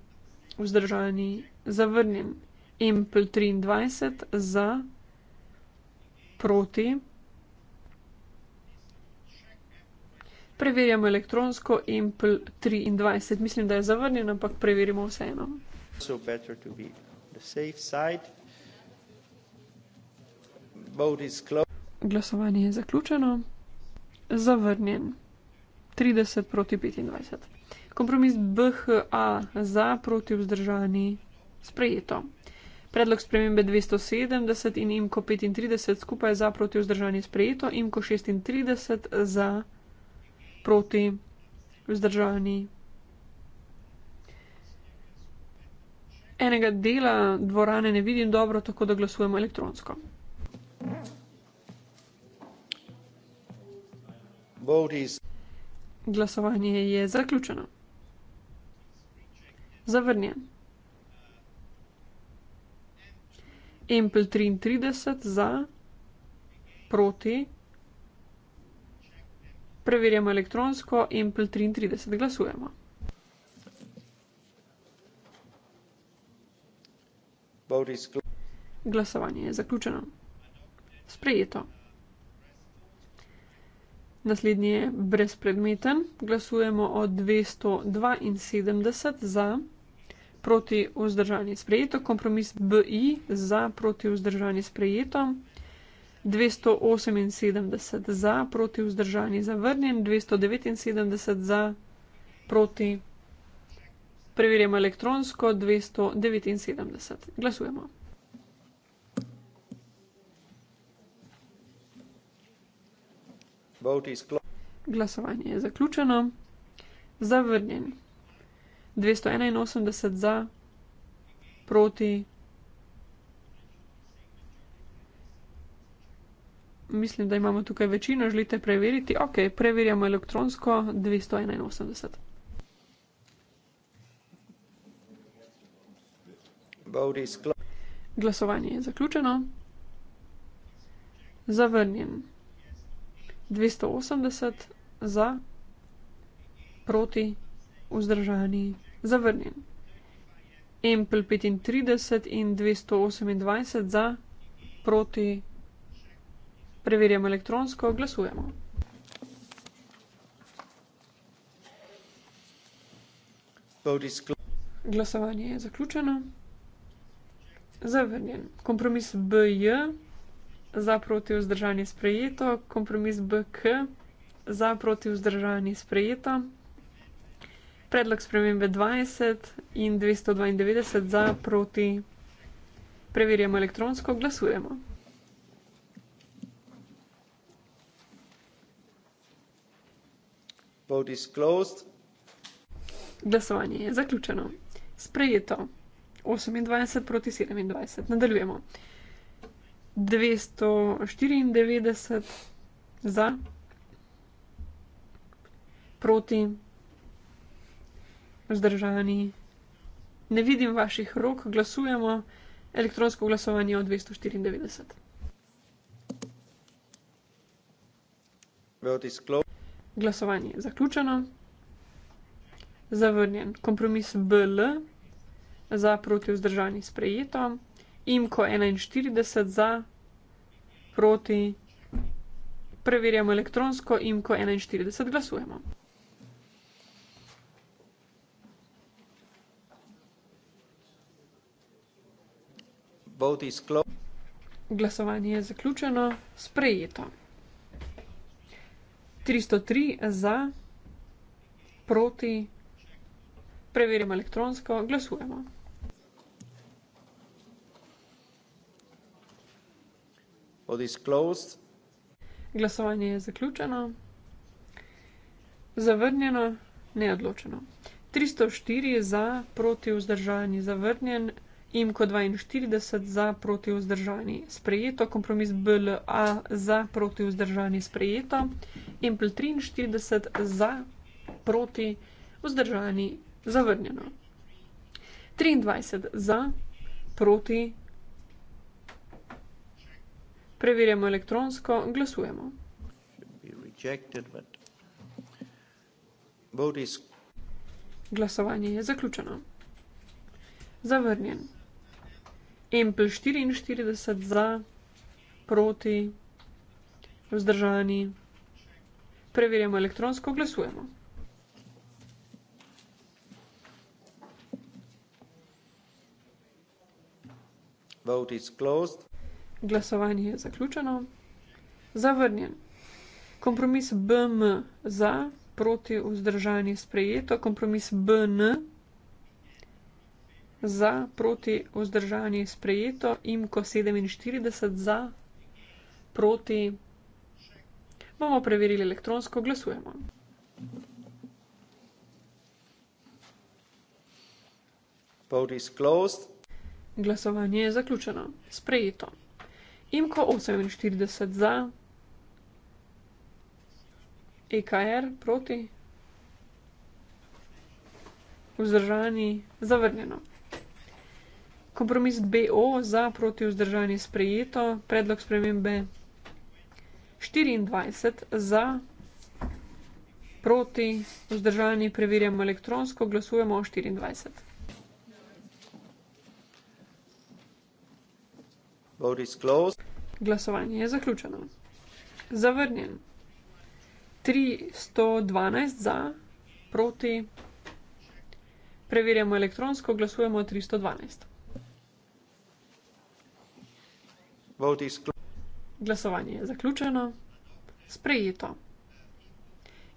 vzdržanje zavrnjen, impl 23 za proti. Preverjamo elektronsko impl 23, mislim, da je zavrnjen, ampak preverimo vseeno. So better to be the safe side. Vote is closed. Glasovanje je zaključeno. Zavrnjen. 30 proti 25. Kompromis BHA za proti vzdržani sprejeto. Predlog spremembe 270 in IMKO 35 skupaj za proti vzdržani sprejeto, IMKO 36 za proti vzdržani sprejeto. enega dela dvorane ne vidim dobro, tako da glasujemo elektronsko. Glasovanje je zaključeno. Zavrnjen. Empel 33 za, proti. Preverjamo elektronsko, Empel 33, glasujemo. Glasovanje je zaključeno. Sprejeto. Naslednji je brezpredmeten. Glasujemo o 272 za, proti vzdržanje sprejeto. Kompromis BI za, proti vzdržanje sprejeto. 278 za, proti vzdržanje zavrnjen. 279 za, proti vzdržanje. Preverjamo elektronsko 279. Glasujemo. Glasovanje je zaključeno. Zavrnjen. 281 za, proti. Mislim, da imamo tukaj večino. Želite preveriti? Ok, preverjamo elektronsko 281. Glasovanje je zaključeno. Zavrnjen. 280 za, proti, vzdržani, zavrnjen. Empl 35 in 228 za, proti, preverjamo elektronsko, glasujemo. Glasovanje je zaključeno zavrnjen. Kompromis BJ za proti vzdržanje sprejeto, kompromis BK za proti vzdržanje sprejeto, predlog spremembe 20 in 292 za proti preverjamo elektronsko, glasujemo. Glasovanje je zaključeno. Sprejeto. 28 proti 27. Nadaljujemo. 294 za, proti, vzdržani. Ne vidim vaših rok, glasujemo. Elektronsko glasovanje je od 294. Glasovanje je zaključeno, zavrnjen kompromis BL, za proti vzdržani sprejeto, imko 41 za proti, preverjamo elektronsko, imko 41 glasujemo. Glasovanje je zaključeno, sprejeto. 303 za, proti, preverjamo elektronsko, glasujemo. Vote is closed. Glasovanje je zaključeno. Zavrnjeno, neodločeno. 304 je za, proti vzdržani, zavrnjen, imko 42 za, proti vzdržani, sprejeto, kompromis BLA za, proti vzdržani, sprejeto, impl 43 za, proti vzdržani, zavrnjeno. 23 za, proti Preverjamo elektronsko, glasujemo. Glasovanje je zaključeno. Zavrnjen. Empl 44 za, proti, vzdržani. Preverjamo elektronsko, glasujemo. Vote is closed. Glasovanje je zaključeno. Zavrnjen. Kompromis BM za, proti vzdržanje sprejeto. Kompromis BN za, proti vzdržanje sprejeto. Imko 47 za, proti. Bomo preverili elektronsko, glasujemo. Glasovanje je zaključeno. Sprejeto. IMKO 48 za. EKR er proti. Vzdržani zavrnjeno. Kompromis BO za proti vzdržani sprejeto. Predlog spremembe 24 za. Proti vzdržani preverjamo elektronsko. Glasujemo 24. Glasovanje je zaključeno. Zavrnjen. 312 za, proti. Preverjamo elektronsko, glasujemo 312. Glasovanje je zaključeno. Sprejeto.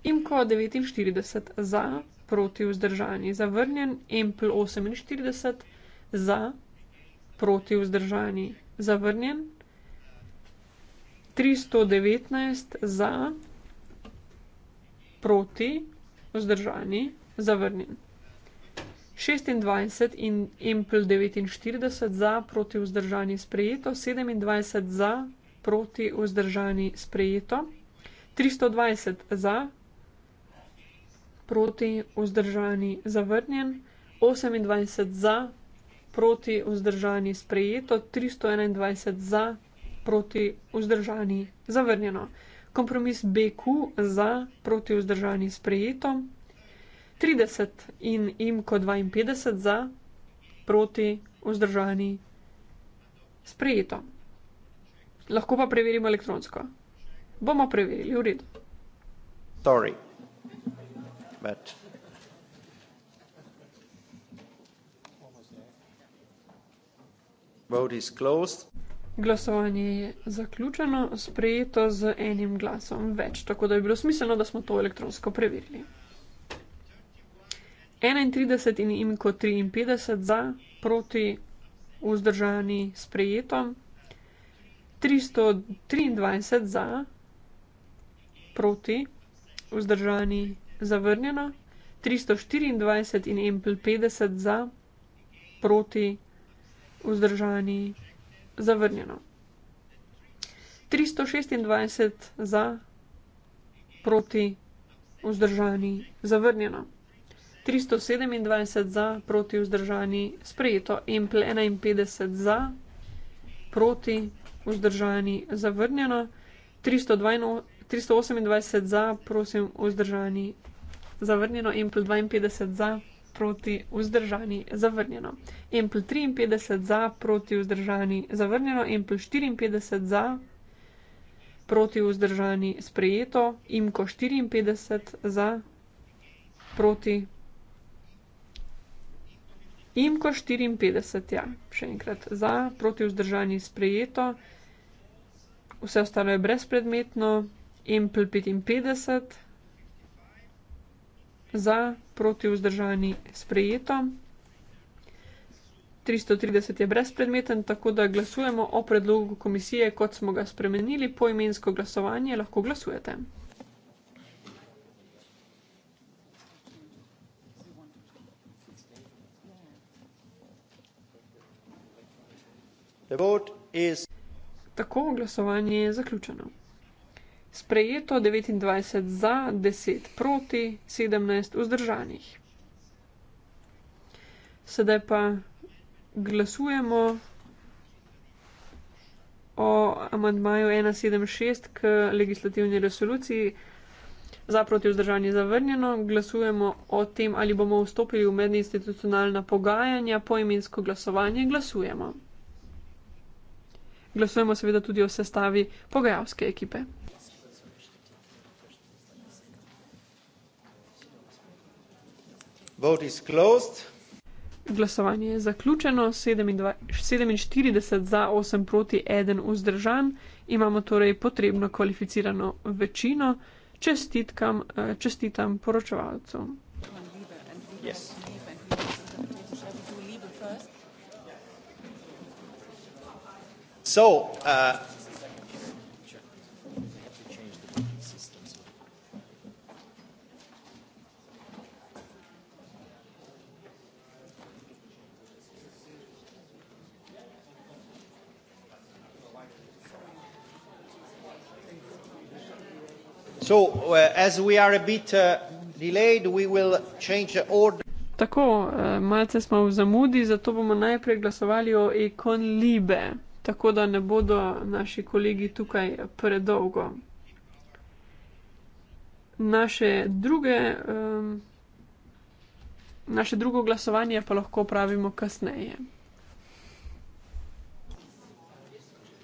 Imko 49 za, proti vzdržani zavrnjen, Empl 48 za, proti vzdržani zavrnjen. 319 za, proti, vzdržani, zavrnjen. 26 in Empel 49 za, proti, vzdržani, sprejeto. 27 za, proti, vzdržani, sprejeto. 320 za, proti, vzdržani, zavrnjen. 28 za, proti vzdržani sprejeto, 321 za, proti vzdržani zavrnjeno. Kompromis BQ za, proti vzdržani sprejeto, 30 in IMKO 52 za, proti vzdržani sprejeto. Lahko pa preverimo elektronsko. Bomo preverili, v redu. Sorry, but Glasovanje je zaključeno, sprejeto z enim glasom več, tako da je bilo smiselno, da smo to elektronsko preverili. 31 in imko 53 za, proti, vzdržani, sprejeto. 323 za, proti, vzdržani, zavrnjeno. 324 in imko 50 za, proti, vzdržani, zavrnjeno. 326 za, proti, vzdržani, zavrnjeno. 327 za, proti, vzdržani, sprejeto. Emple 51 za, proti, vzdržani, zavrnjeno. 328 za, prosim, vzdržani, zavrnjeno. Emple 52 za proti vzdržani, zavrnjeno. Empl 53 za, proti vzdržani, zavrnjeno. Empl 54 za, proti vzdržani, sprejeto. Imko 54 za, proti. Imko 54, ja, še enkrat za, proti vzdržani, sprejeto. Vse ostalo je brezpredmetno. Empl 55 za za, proti vzdržani, sprejeto. 330 je brezpredmeten, tako da glasujemo o predlogu komisije, kot smo ga spremenili. Poimensko glasovanje lahko glasujete. Tako glasovanje je zaključeno sprejeto 29 za, 10 proti, 17 vzdržanih. Sedaj pa glasujemo o amantmaju 176 k legislativni resoluciji. Za proti vzdržanje je zavrnjeno, glasujemo o tem, ali bomo vstopili v medinstitucionalna pogajanja, poimensko glasovanje. Glasujemo. Glasujemo seveda tudi o sestavi pogajalske ekipe. Vote is closed. Glasovanje je zaključeno, 47 za, 8 proti, 1 vzdržan. Imamo torej potrebno kvalificirano večino. Čestitkam, eh, čestitam poročevalcu. Yes. So, uh, Uh, uh, tako, uh, malce smo v zamudi, zato bomo najprej glasovali o Econ Libe, tako da ne bodo naši kolegi tukaj predolgo. Naše, druge, um, naše drugo glasovanje pa lahko pravimo kasneje.